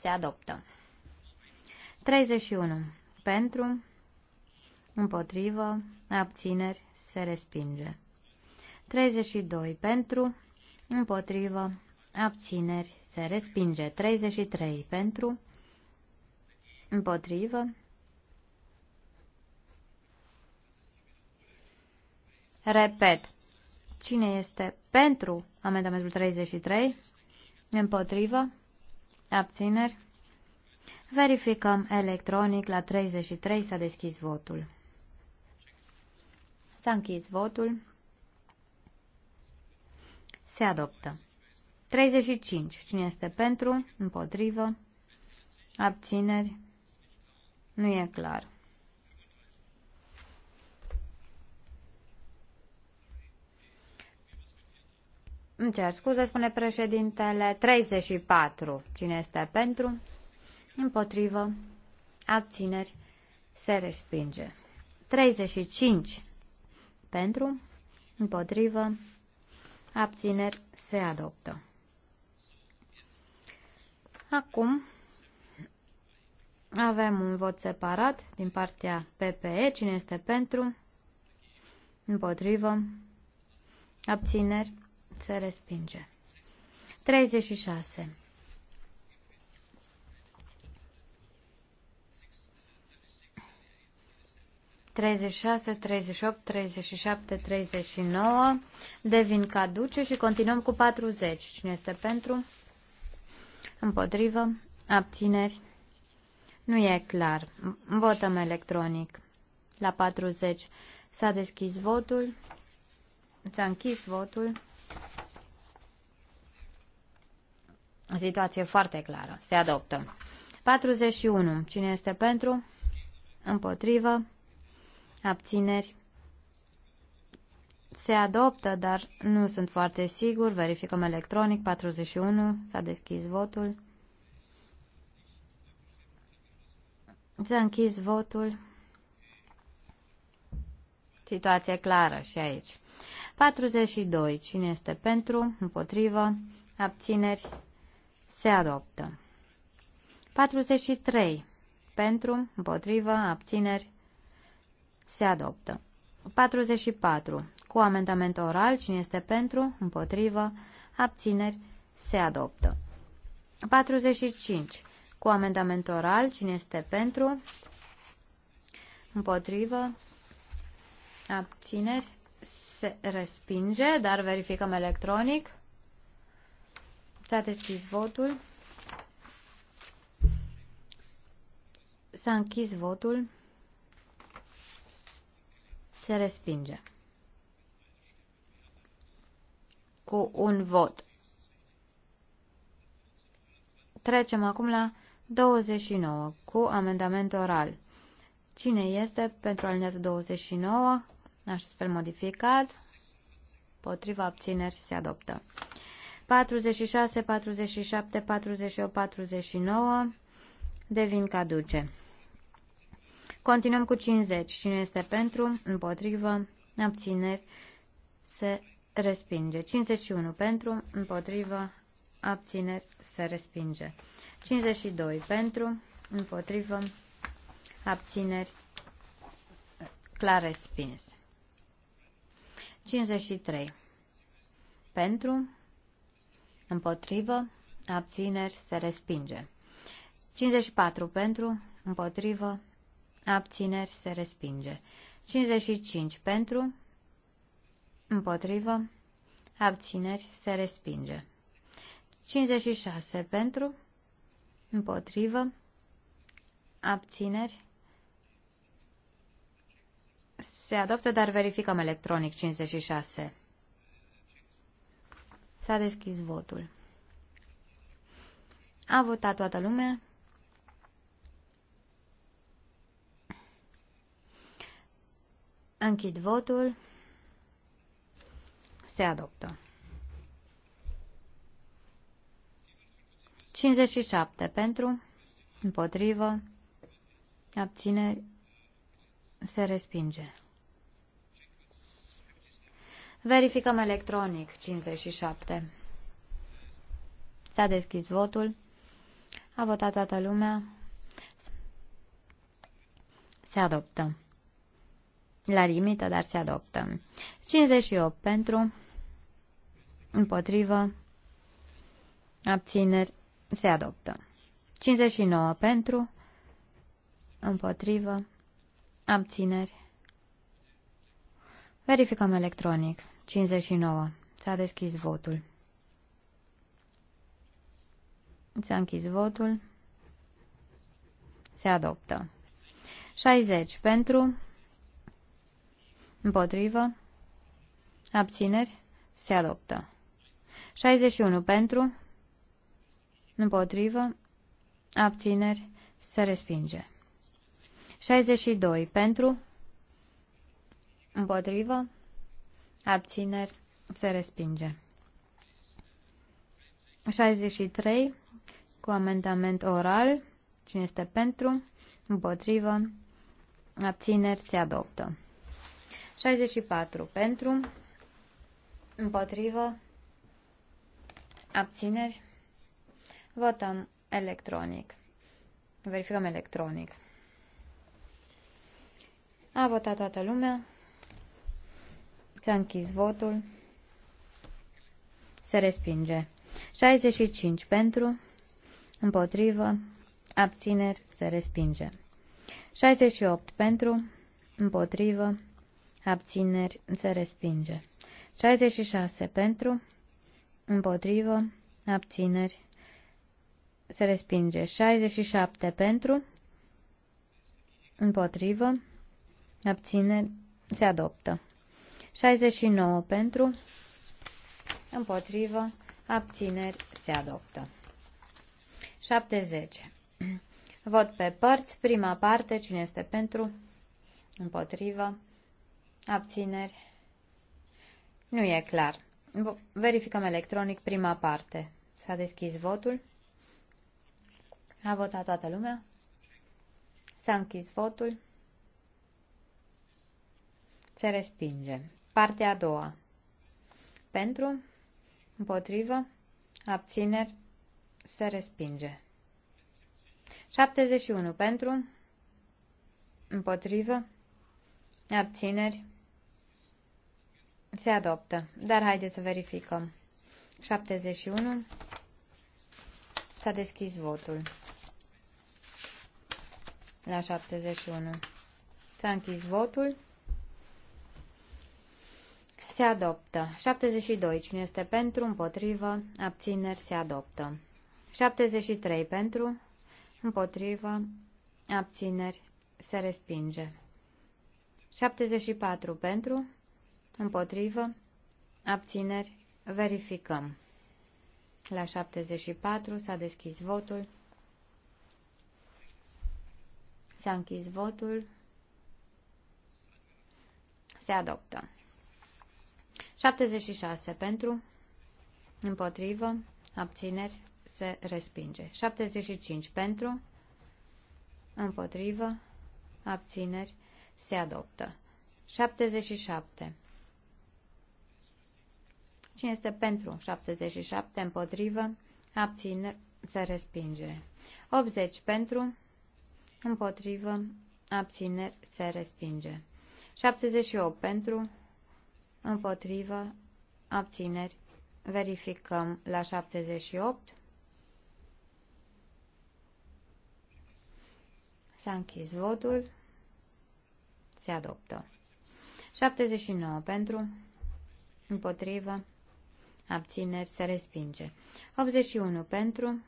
Se adoptă. 31. Pentru, împotrivă, abțineri, se respinge. 32 pentru, împotrivă, abțineri, se respinge. 33 pentru, împotrivă, Repet, cine este pentru amendamentul 33? Împotrivă? Abțineri? Verificăm electronic la 33 s-a deschis votul. S-a închis votul. Se adoptă. 35. Cine este pentru? Împotrivă? Abțineri? Nu e clar. Îmi cer scuze, spune președintele. 34. Cine este pentru? Împotrivă. Abțineri. Se respinge. 35. Pentru. Împotrivă abțineri, se adoptă. Acum avem un vot separat din partea PPE. Cine este pentru? Împotrivă. Abțineri. Se respinge. 36. 36, 38, 37, 39 devin caduce și continuăm cu 40. Cine este pentru? Împotrivă? Abțineri? Nu e clar. Votăm electronic. La 40 s-a deschis votul. S-a închis votul. Situație foarte clară. Se adoptă. 41. Cine este pentru? Împotrivă? abțineri, se adoptă, dar nu sunt foarte sigur. Verificăm electronic. 41. S-a deschis votul. S-a închis votul. Situație clară și aici. 42. Cine este pentru? Împotrivă? Abțineri? Se adoptă. 43. Pentru? Împotrivă? Abțineri? Se adoptă. 44. Cu amendament oral, cine este pentru, împotrivă, abțineri, se adoptă. 45. Cu amendament oral, cine este pentru, împotrivă, abțineri, se respinge, dar verificăm electronic. S-a deschis votul. S-a închis votul. Se respinge. Cu un vot. Trecem acum la 29 cu amendament oral. Cine este pentru alineatul 29, astfel modificat, potriva abțineri se adoptă. 46, 47, 48, 49 devin caduce. Continuăm cu 50. Cine este pentru? Împotrivă. Abțineri. Se respinge. 51 pentru. Împotrivă. Abțineri. Se respinge. 52 pentru. Împotrivă. Abțineri. Clar respins. 53. Pentru. Împotrivă. Abțineri. Se respinge. 54 pentru. Împotrivă abțineri se respinge. 55 pentru, împotrivă, abțineri se respinge. 56 pentru, împotrivă, abțineri se adoptă, dar verificăm electronic 56. S-a deschis votul. A votat toată lumea. Închid votul. Se adoptă. 57 pentru, împotrivă, abține, se respinge. Verificăm electronic 57. S-a deschis votul. A votat toată lumea. Se adoptă la limită, dar se adoptă. 58 pentru, împotrivă, abțineri, se adoptă. 59 pentru, împotrivă, abțineri. Verificăm electronic. 59. S-a deschis votul. S-a închis votul. Se adoptă. 60 pentru, Împotrivă. Abțineri. Se adoptă. 61 pentru. Împotrivă. Abțineri. Se respinge. 62 pentru. Împotrivă. Abțineri. Se respinge. 63 cu amendament oral. Cine este pentru? Împotrivă. Abțineri se adoptă. 64 pentru, împotrivă, abțineri, votăm electronic. Verificăm electronic. A votat toată lumea. S-a închis votul. Se respinge. 65 pentru, împotrivă, abțineri, se respinge. 68 pentru, împotrivă, abțineri, se respinge. 66 pentru, împotrivă, abțineri, se respinge. 67 pentru, împotrivă, abțineri, se adoptă. 69 pentru, împotrivă, abțineri, se adoptă. 70. Vot pe părți, prima parte, cine este pentru, împotrivă, Abțineri. Nu e clar. Verificăm electronic prima parte. S-a deschis votul. A votat toată lumea. S-a închis votul. Se respinge. Partea a doua. Pentru, împotrivă, abțineri, se respinge. 71 pentru, împotrivă, abțineri, se adoptă. Dar haideți să verificăm. 71. S-a deschis votul. La 71. S-a închis votul. Se adoptă. 72. Cine este pentru, împotrivă, abțineri, se adoptă. 73. Pentru, împotrivă, abțineri, se respinge. 74. Pentru, împotrivă, abțineri, verificăm. La 74 s-a deschis votul. S-a închis votul. Se adoptă. 76 pentru, împotrivă, abțineri, se respinge. 75 pentru, împotrivă, abțineri, se adoptă. 77 Cine este pentru? 77 împotrivă. Abține se respinge. 80 pentru. Împotrivă. Abțineri se respinge. 78 pentru. Împotrivă. Abțineri. Verificăm la 78. S-a închis votul. Se adoptă. 79 pentru. Împotrivă abțineri, se respinge. 81 pentru,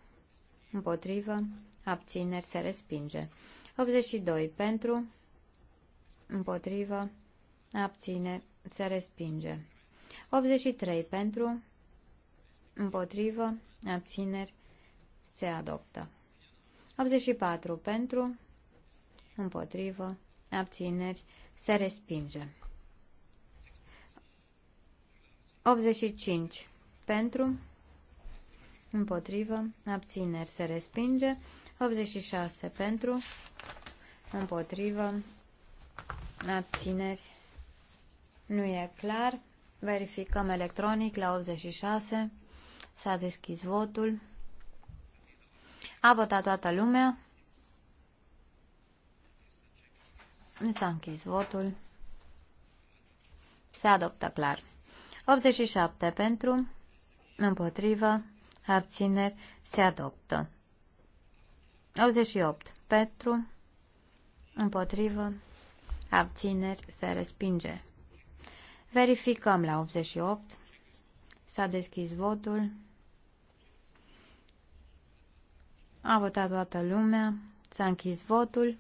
împotrivă, abțineri, se respinge. 82 pentru, împotrivă, abține, se respinge. 83 pentru, împotrivă, abțineri, se adoptă. 84 pentru, împotrivă, abțineri, se respinge. 85 pentru, împotrivă, abțineri se respinge, 86 pentru, împotrivă, abțineri, nu e clar, verificăm electronic la 86, s-a deschis votul, a votat toată lumea, s-a închis votul, se adoptă clar. 87 pentru, împotrivă, abțineri, se adoptă. 88. Pentru, împotrivă, abțineri, se respinge. Verificăm la 88. S-a deschis votul. A votat toată lumea. S-a închis votul.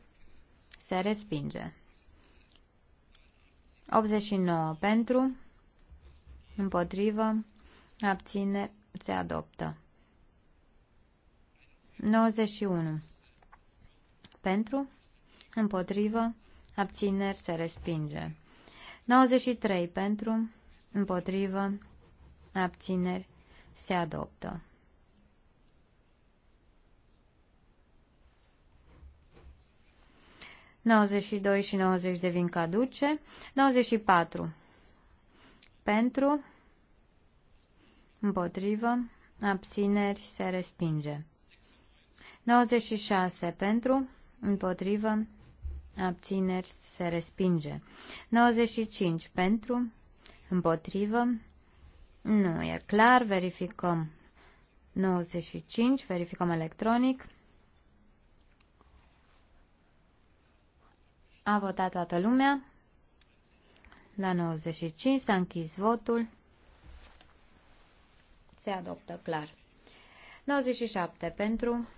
Se respinge. 89 pentru, împotrivă, Abține. Se adoptă. 91. Pentru. Împotrivă. Abțineri. Se respinge. 93. Pentru. Împotrivă. Abțineri. Se adoptă. 92 și 90 devin caduce. 94. Pentru împotrivă, abțineri, se respinge. 96 pentru, împotrivă, abțineri, se respinge. 95 pentru, împotrivă, nu e clar, verificăm. 95, verificăm electronic. A votat toată lumea. La 95 s-a închis votul se adoptă clar. 97 pentru,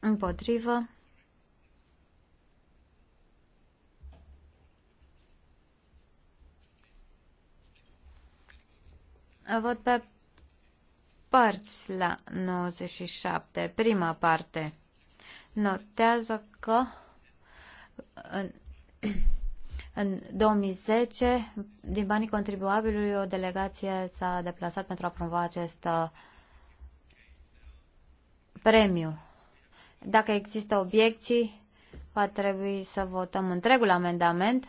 împotrivă, Văd pe părți la 97, prima parte. Notează că în în 2010, din banii contribuabilului, o delegație s-a deplasat pentru a promova acest uh, premiu. Dacă există obiecții, va trebui să votăm întregul amendament.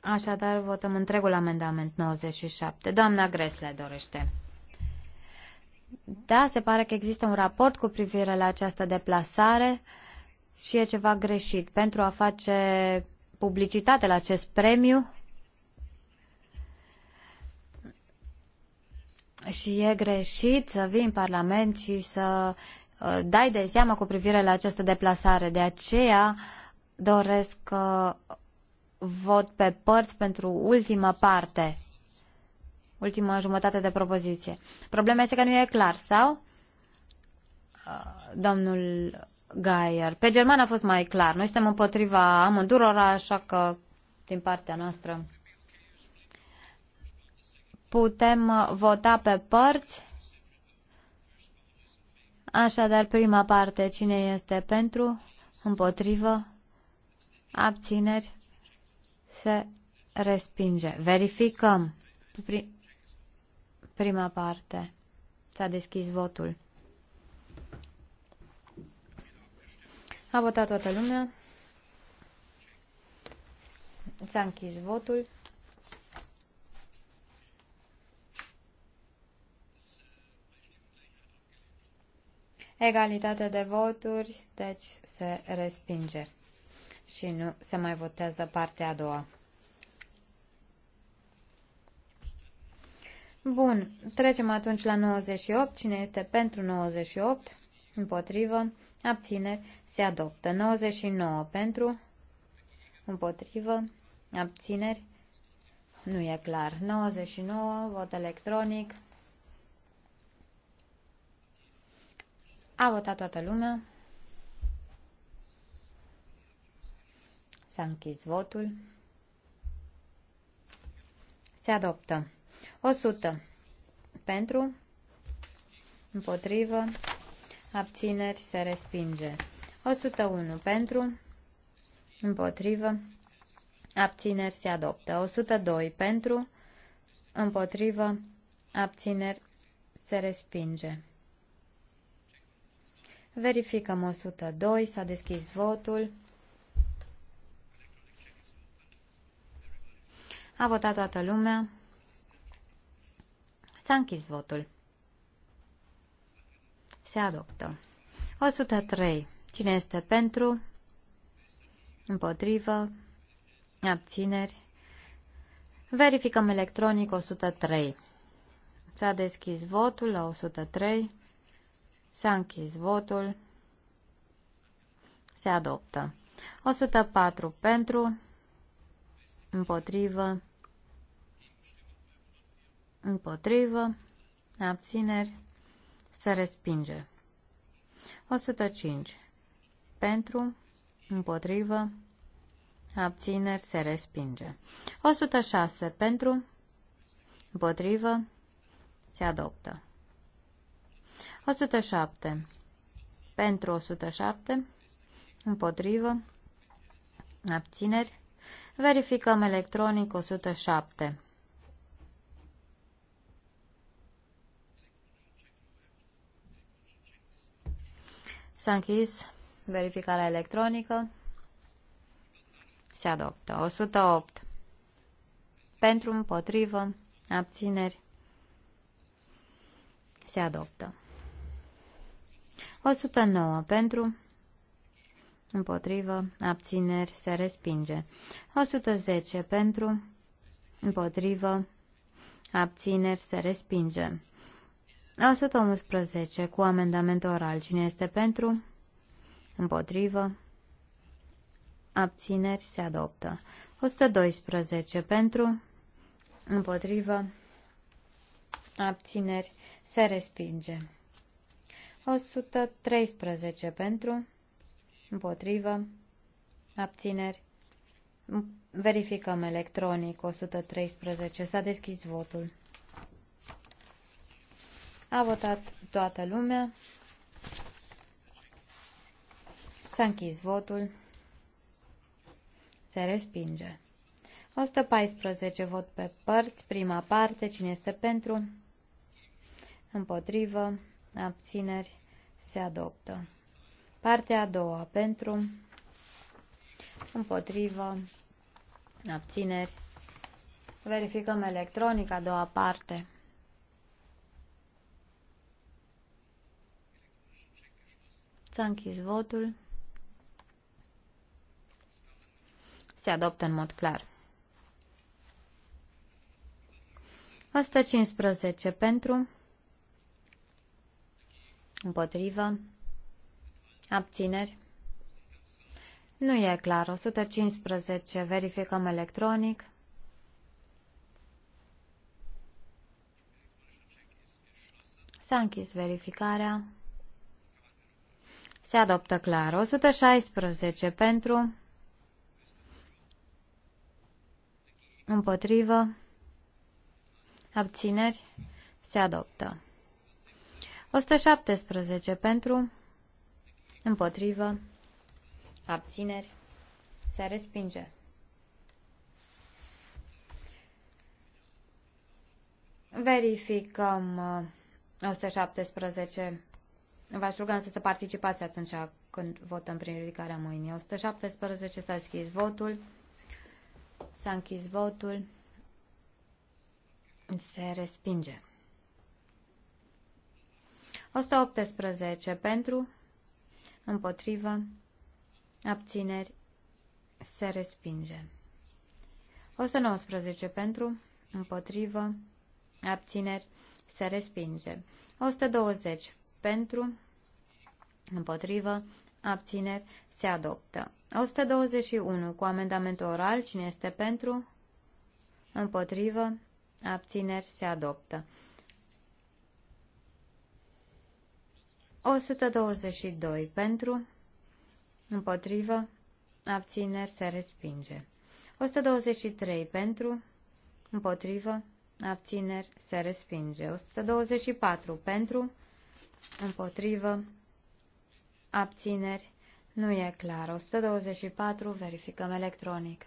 Așadar, votăm întregul amendament 97. Doamna Gresle dorește. Da, se pare că există un raport cu privire la această deplasare și e ceva greșit. Pentru a face publicitate la acest premiu și e greșit să vii în Parlament și să uh, dai de seama cu privire la această deplasare. De aceea doresc uh, vot pe părți pentru ultima parte, ultima jumătate de propoziție. Problema este că nu e clar, sau? Uh, domnul Gaier. Pe german a fost mai clar. Noi suntem împotriva amândurora, așa că din partea noastră putem uh, vota pe părți. Așadar, prima parte, cine este pentru, împotrivă, abțineri, se respinge. Verificăm. Prima parte. S-a deschis votul. A votat toată lumea. S-a închis votul. Egalitate de voturi, deci se respinge și nu se mai votează partea a doua. Bun, trecem atunci la 98. Cine este pentru 98? împotrivă, abțineri, se adoptă. 99 pentru, împotrivă, abțineri, nu e clar. 99, vot electronic. A votat toată lumea. S-a închis votul. Se adoptă. 100 pentru, împotrivă, abțineri, se respinge. 101 pentru, împotrivă, abțineri, se adoptă. 102 pentru, împotrivă, abțineri, se respinge. Verificăm 102, s-a deschis votul. A votat toată lumea. S-a închis votul se adoptă. 103. Cine este pentru? Împotrivă? Abțineri? Verificăm electronic 103. S-a deschis votul la 103. S-a închis votul. Se adoptă. 104 pentru, împotrivă, împotrivă, abțineri, se respinge. 105. Pentru, împotrivă, abțineri, se respinge. 106. Pentru, împotrivă, se adoptă. 107. Pentru 107, împotrivă, abțineri, verificăm electronic 107. S-a închis verificarea electronică. Se adoptă. 108. Pentru, împotrivă, abțineri. Se adoptă. 109. Pentru, împotrivă, abțineri, se respinge. 110. Pentru, împotrivă, abțineri, se respinge. 111 cu amendament oral. Cine este pentru? Împotrivă? Abțineri se adoptă. 112 pentru? Împotrivă? Abțineri se respinge. 113 pentru? Împotrivă? Abțineri? Verificăm electronic. 113. S-a deschis votul. A votat toată lumea. S-a închis votul. Se respinge. 114 vot pe părți, prima parte, cine este pentru, împotrivă, abțineri, se adoptă. Partea a doua, pentru, împotrivă, abțineri, verificăm electronic a doua parte. S-a închis votul. Se adoptă în mod clar. 115 pentru, împotrivă, abțineri. Nu e clar. 115. Verificăm electronic. S-a închis verificarea. Se adoptă clar. 116 pentru. Împotrivă. Abțineri. Se adoptă. 117 pentru. Împotrivă. Abțineri. Se respinge. Verificăm 117 uh, V-aș ruga însă să participați atunci când votăm prin ridicarea mâinii. 117 s-a deschis votul. S-a închis votul. Se respinge. 118 pentru, împotrivă, abțineri, se respinge. 119 pentru, împotrivă, abțineri, se respinge. 120 pentru, Împotrivă. Abțineri. Se adoptă. 121. Cu amendament oral. Cine este pentru? Împotrivă. Abțineri. Se adoptă. 122. Pentru. Împotrivă. Abțineri. Se respinge. 123. Pentru. Împotrivă. Abțineri. Se respinge. 124. Pentru. Împotrivă abțineri, nu e clar. 124, verificăm electronic.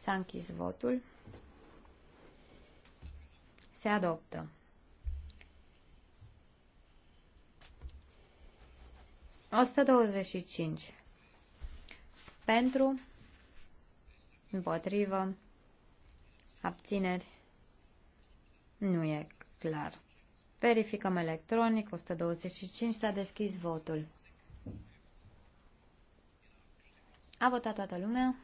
S-a închis votul. Se adoptă. Osta 125. Pentru, împotrivă, abțineri, nu e clar. Verificăm electronic, 125, s-a deschis votul. A votat toată lumea.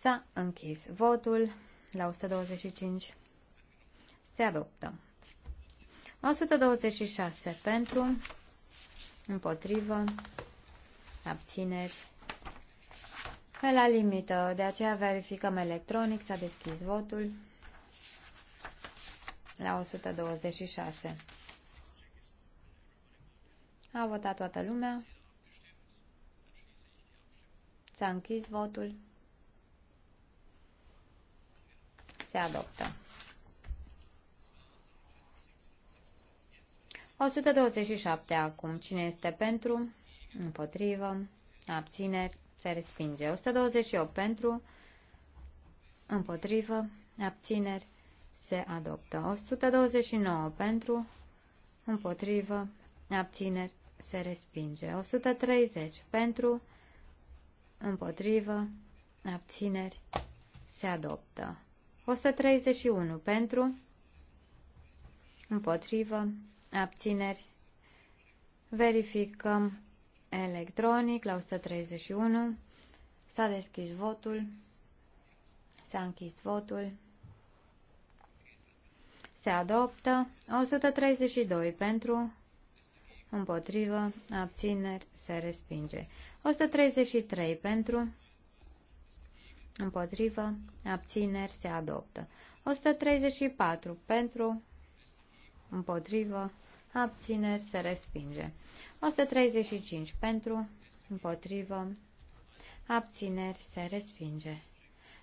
S-a închis votul la 125. Se adoptă. 126 pentru, împotrivă, abțineri. Pe la limită, de aceea verificăm electronic, s-a deschis votul la 126. A votat toată lumea. S-a închis votul. Se adoptă. 127 acum. Cine este pentru? Împotrivă. Abțineri. Se respinge. 128 pentru. Împotrivă. Abțineri se adoptă. 129 pentru, împotrivă, abțineri, se respinge. 130 pentru, împotrivă, abțineri, se adoptă. 131 pentru, împotrivă, abțineri, verificăm electronic la 131, s-a deschis votul, s-a închis votul se adoptă 132 pentru, împotrivă, abțineri, se respinge. 133 pentru, împotrivă, abțineri, se adoptă. 134 pentru, împotrivă, abțineri, se respinge. 135 pentru, împotrivă, abțineri, se respinge.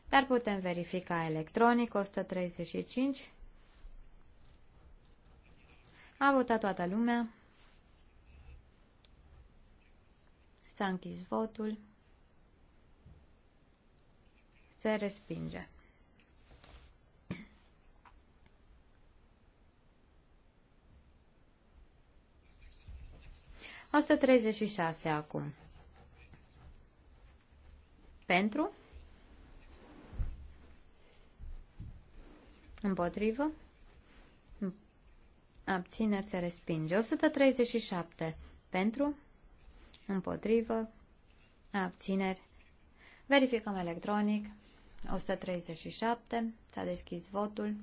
Dar putem verifica electronic 135 a votat toată lumea. S-a închis votul. Se respinge. Asta 36 acum. Pentru? Împotrivă? abțineri se respinge. 137 pentru, împotrivă, abțineri. Verificăm electronic. 137. S-a deschis votul.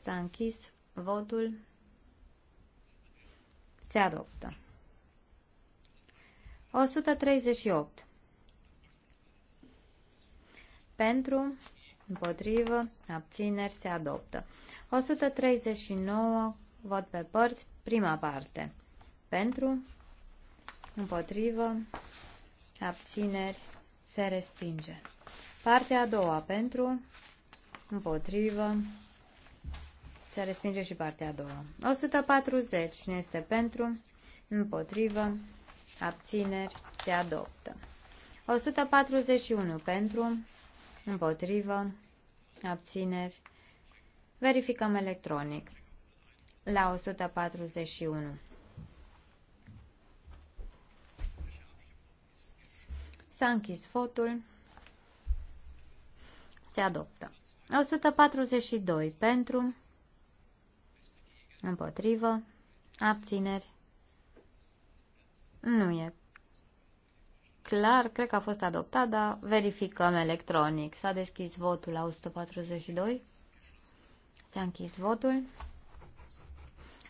S-a închis votul. Se adoptă. 138. Pentru, împotrivă, abțineri, se adoptă. 139, vot pe părți, prima parte. Pentru, împotrivă, abțineri, se respinge. Partea a doua, pentru, împotrivă, se respinge și partea a doua. 140, nu este pentru, împotrivă, abțineri, se adoptă. 141 pentru, împotrivă, abțineri. Verificăm electronic. La 141. S-a închis votul. Se adoptă. 142 pentru, împotrivă, abțineri. Nu e clar, cred că a fost adoptat, dar verificăm electronic. S-a deschis votul la 142. S-a închis votul.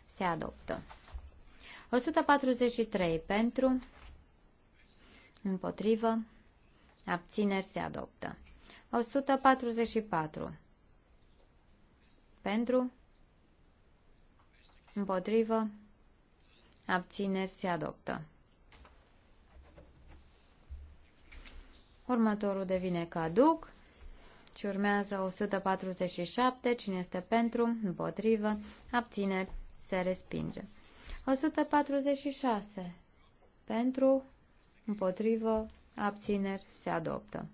Se adoptă. 143 pentru, împotrivă, abțineri se adoptă. 144 pentru, împotrivă, abțineri se adoptă. Următorul devine caduc și urmează 147. Cine este pentru, împotrivă, abțineri, se respinge. 146. Pentru, împotrivă, abțineri, se adoptă.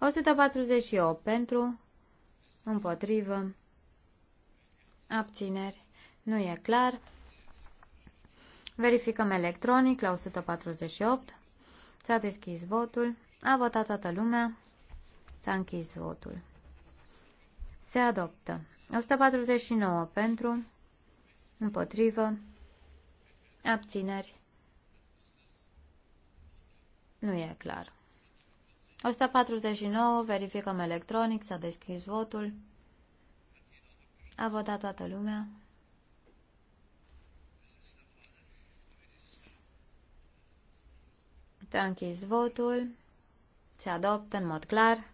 148. Pentru, împotrivă, abțineri, nu e clar. Verificăm electronic la 148. S-a deschis votul. A votat toată lumea. S-a închis votul. Se adoptă. 149 pentru, împotrivă, abțineri. Nu e clar. 149, verificăm electronic, s-a deschis votul. A votat toată lumea. S-a închis votul. Se adoptă în mod clar.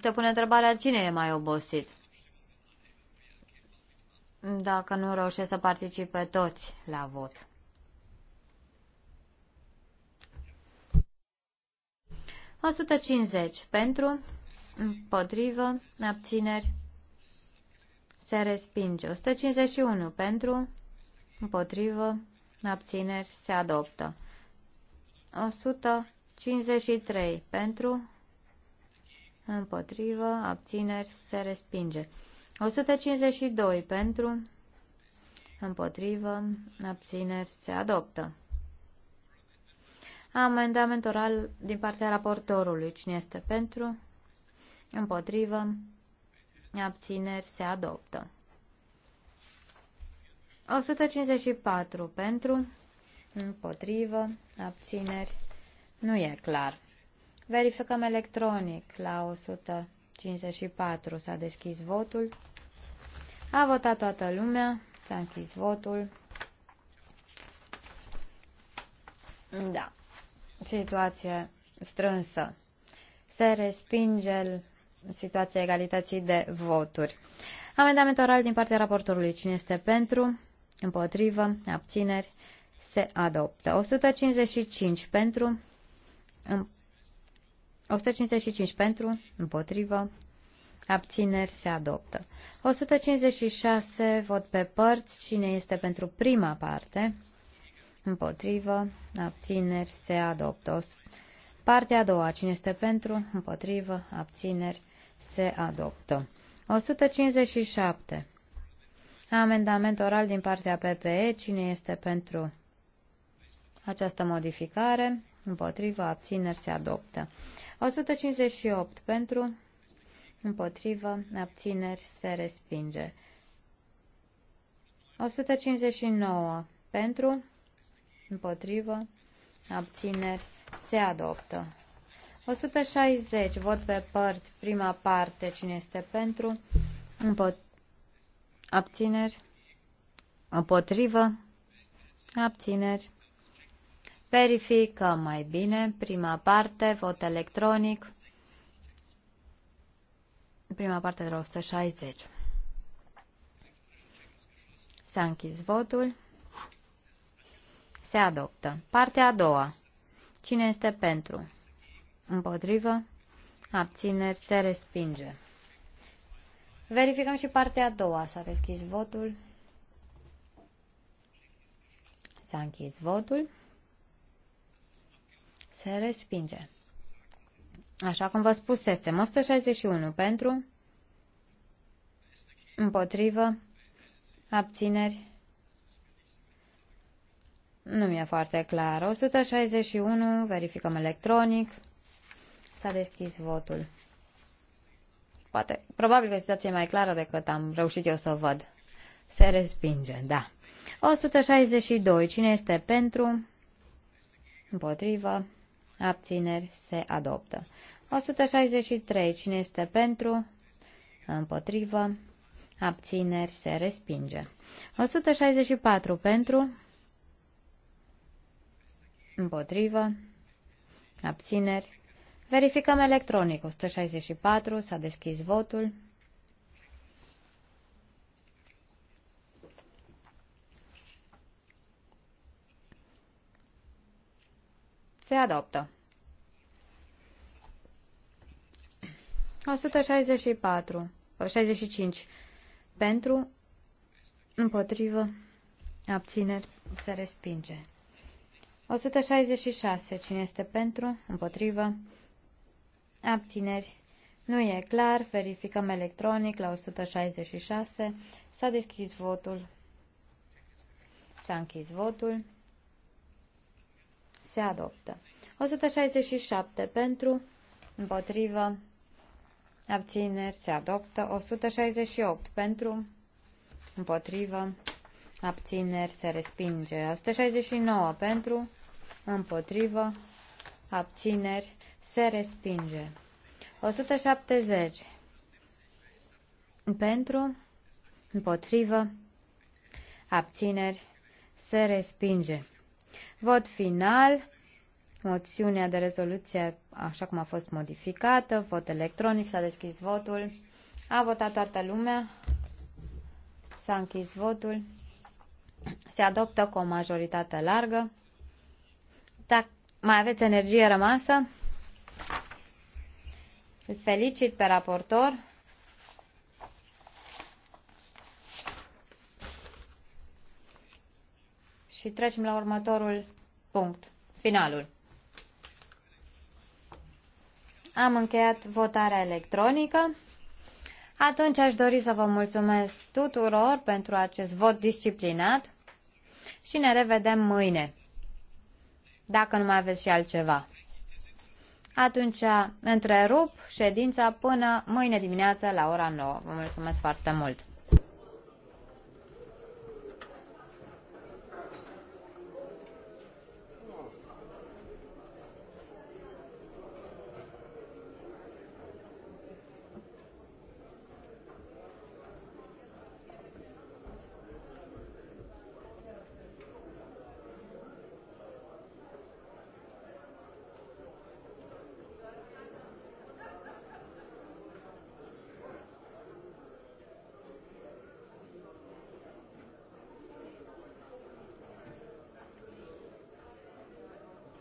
Te pune întrebarea cine e mai obosit. Dacă nu reușesc să participe toți la vot. O 150 pentru, împotrivă, abțineri, se respinge. 151 pentru, împotrivă, abțineri, se adoptă. 153 pentru, împotrivă, abțineri, se respinge. 152 pentru, împotrivă, abțineri, se adoptă. Amendament oral din partea raportorului. Cine este pentru? Împotrivă, abțineri, se adoptă. 154 pentru, împotrivă, abțineri, nu e clar. Verificăm electronic la 154. S-a deschis votul. A votat toată lumea. S-a închis votul. Da. Situație strânsă. Se respinge situația egalității de voturi. Amendament oral din partea raportorului. Cine este pentru? împotrivă, abțineri, se adoptă. 155 pentru, 155 pentru, împotrivă, abțineri, se adoptă. 156 vot pe părți, cine este pentru prima parte, împotrivă, abțineri, se adoptă. Partea a doua, cine este pentru, împotrivă, abțineri, se adoptă. 157 Amendament oral din partea PPE. Cine este pentru această modificare? Împotrivă, abțineri se adoptă. 158 pentru, împotrivă, abțineri se respinge. 159 pentru, împotrivă, abțineri se adoptă. 160 vot pe părți, prima parte, cine este pentru, împotrivă Abțineri. Împotrivă. Abțineri. Verifică mai bine. Prima parte, vot electronic. Prima parte de la 160. S-a închis votul. Se adoptă. Partea a doua. Cine este pentru? Împotrivă? Abțineri se respinge. Verificăm și partea a doua. S-a deschis votul. S-a închis votul. Se respinge. Așa cum vă spusesem, 161 pentru, împotrivă, abțineri. Nu mi-e foarte clar. 161, verificăm electronic. S-a deschis votul. Poate, probabil că situația e mai clară decât am reușit eu să o văd. Se respinge, da. 162. Cine este pentru? Împotrivă. Abțineri. Se adoptă. 163. Cine este pentru? Împotrivă. Abțineri. Se respinge. 164. Pentru? Împotrivă. Abțineri. Verificăm electronic. 164. S-a deschis votul. Se adoptă. 164. 65. Pentru, împotrivă, abțineri, se respinge. 166. Cine este pentru, împotrivă, abțineri, nu e clar, verificăm electronic la 166, s-a deschis votul, s-a închis votul, se adoptă. 167 pentru, împotrivă, abțineri, se adoptă. 168 pentru, împotrivă, abțineri, se respinge. 169 pentru, împotrivă, abțineri, se respinge. 170 pentru, împotrivă, abțineri, se respinge. Vot final, moțiunea de rezoluție așa cum a fost modificată, vot electronic, s-a deschis votul, a votat toată lumea, s-a închis votul, se adoptă cu o majoritate largă. Tac! Mai aveți energie rămasă? Îl felicit pe raportor. Și trecem la următorul punct, finalul. Am încheiat votarea electronică. Atunci aș dori să vă mulțumesc tuturor pentru acest vot disciplinat și ne revedem mâine dacă nu mai aveți și altceva. Atunci întrerup ședința până mâine dimineață la ora 9. Vă mulțumesc foarte mult!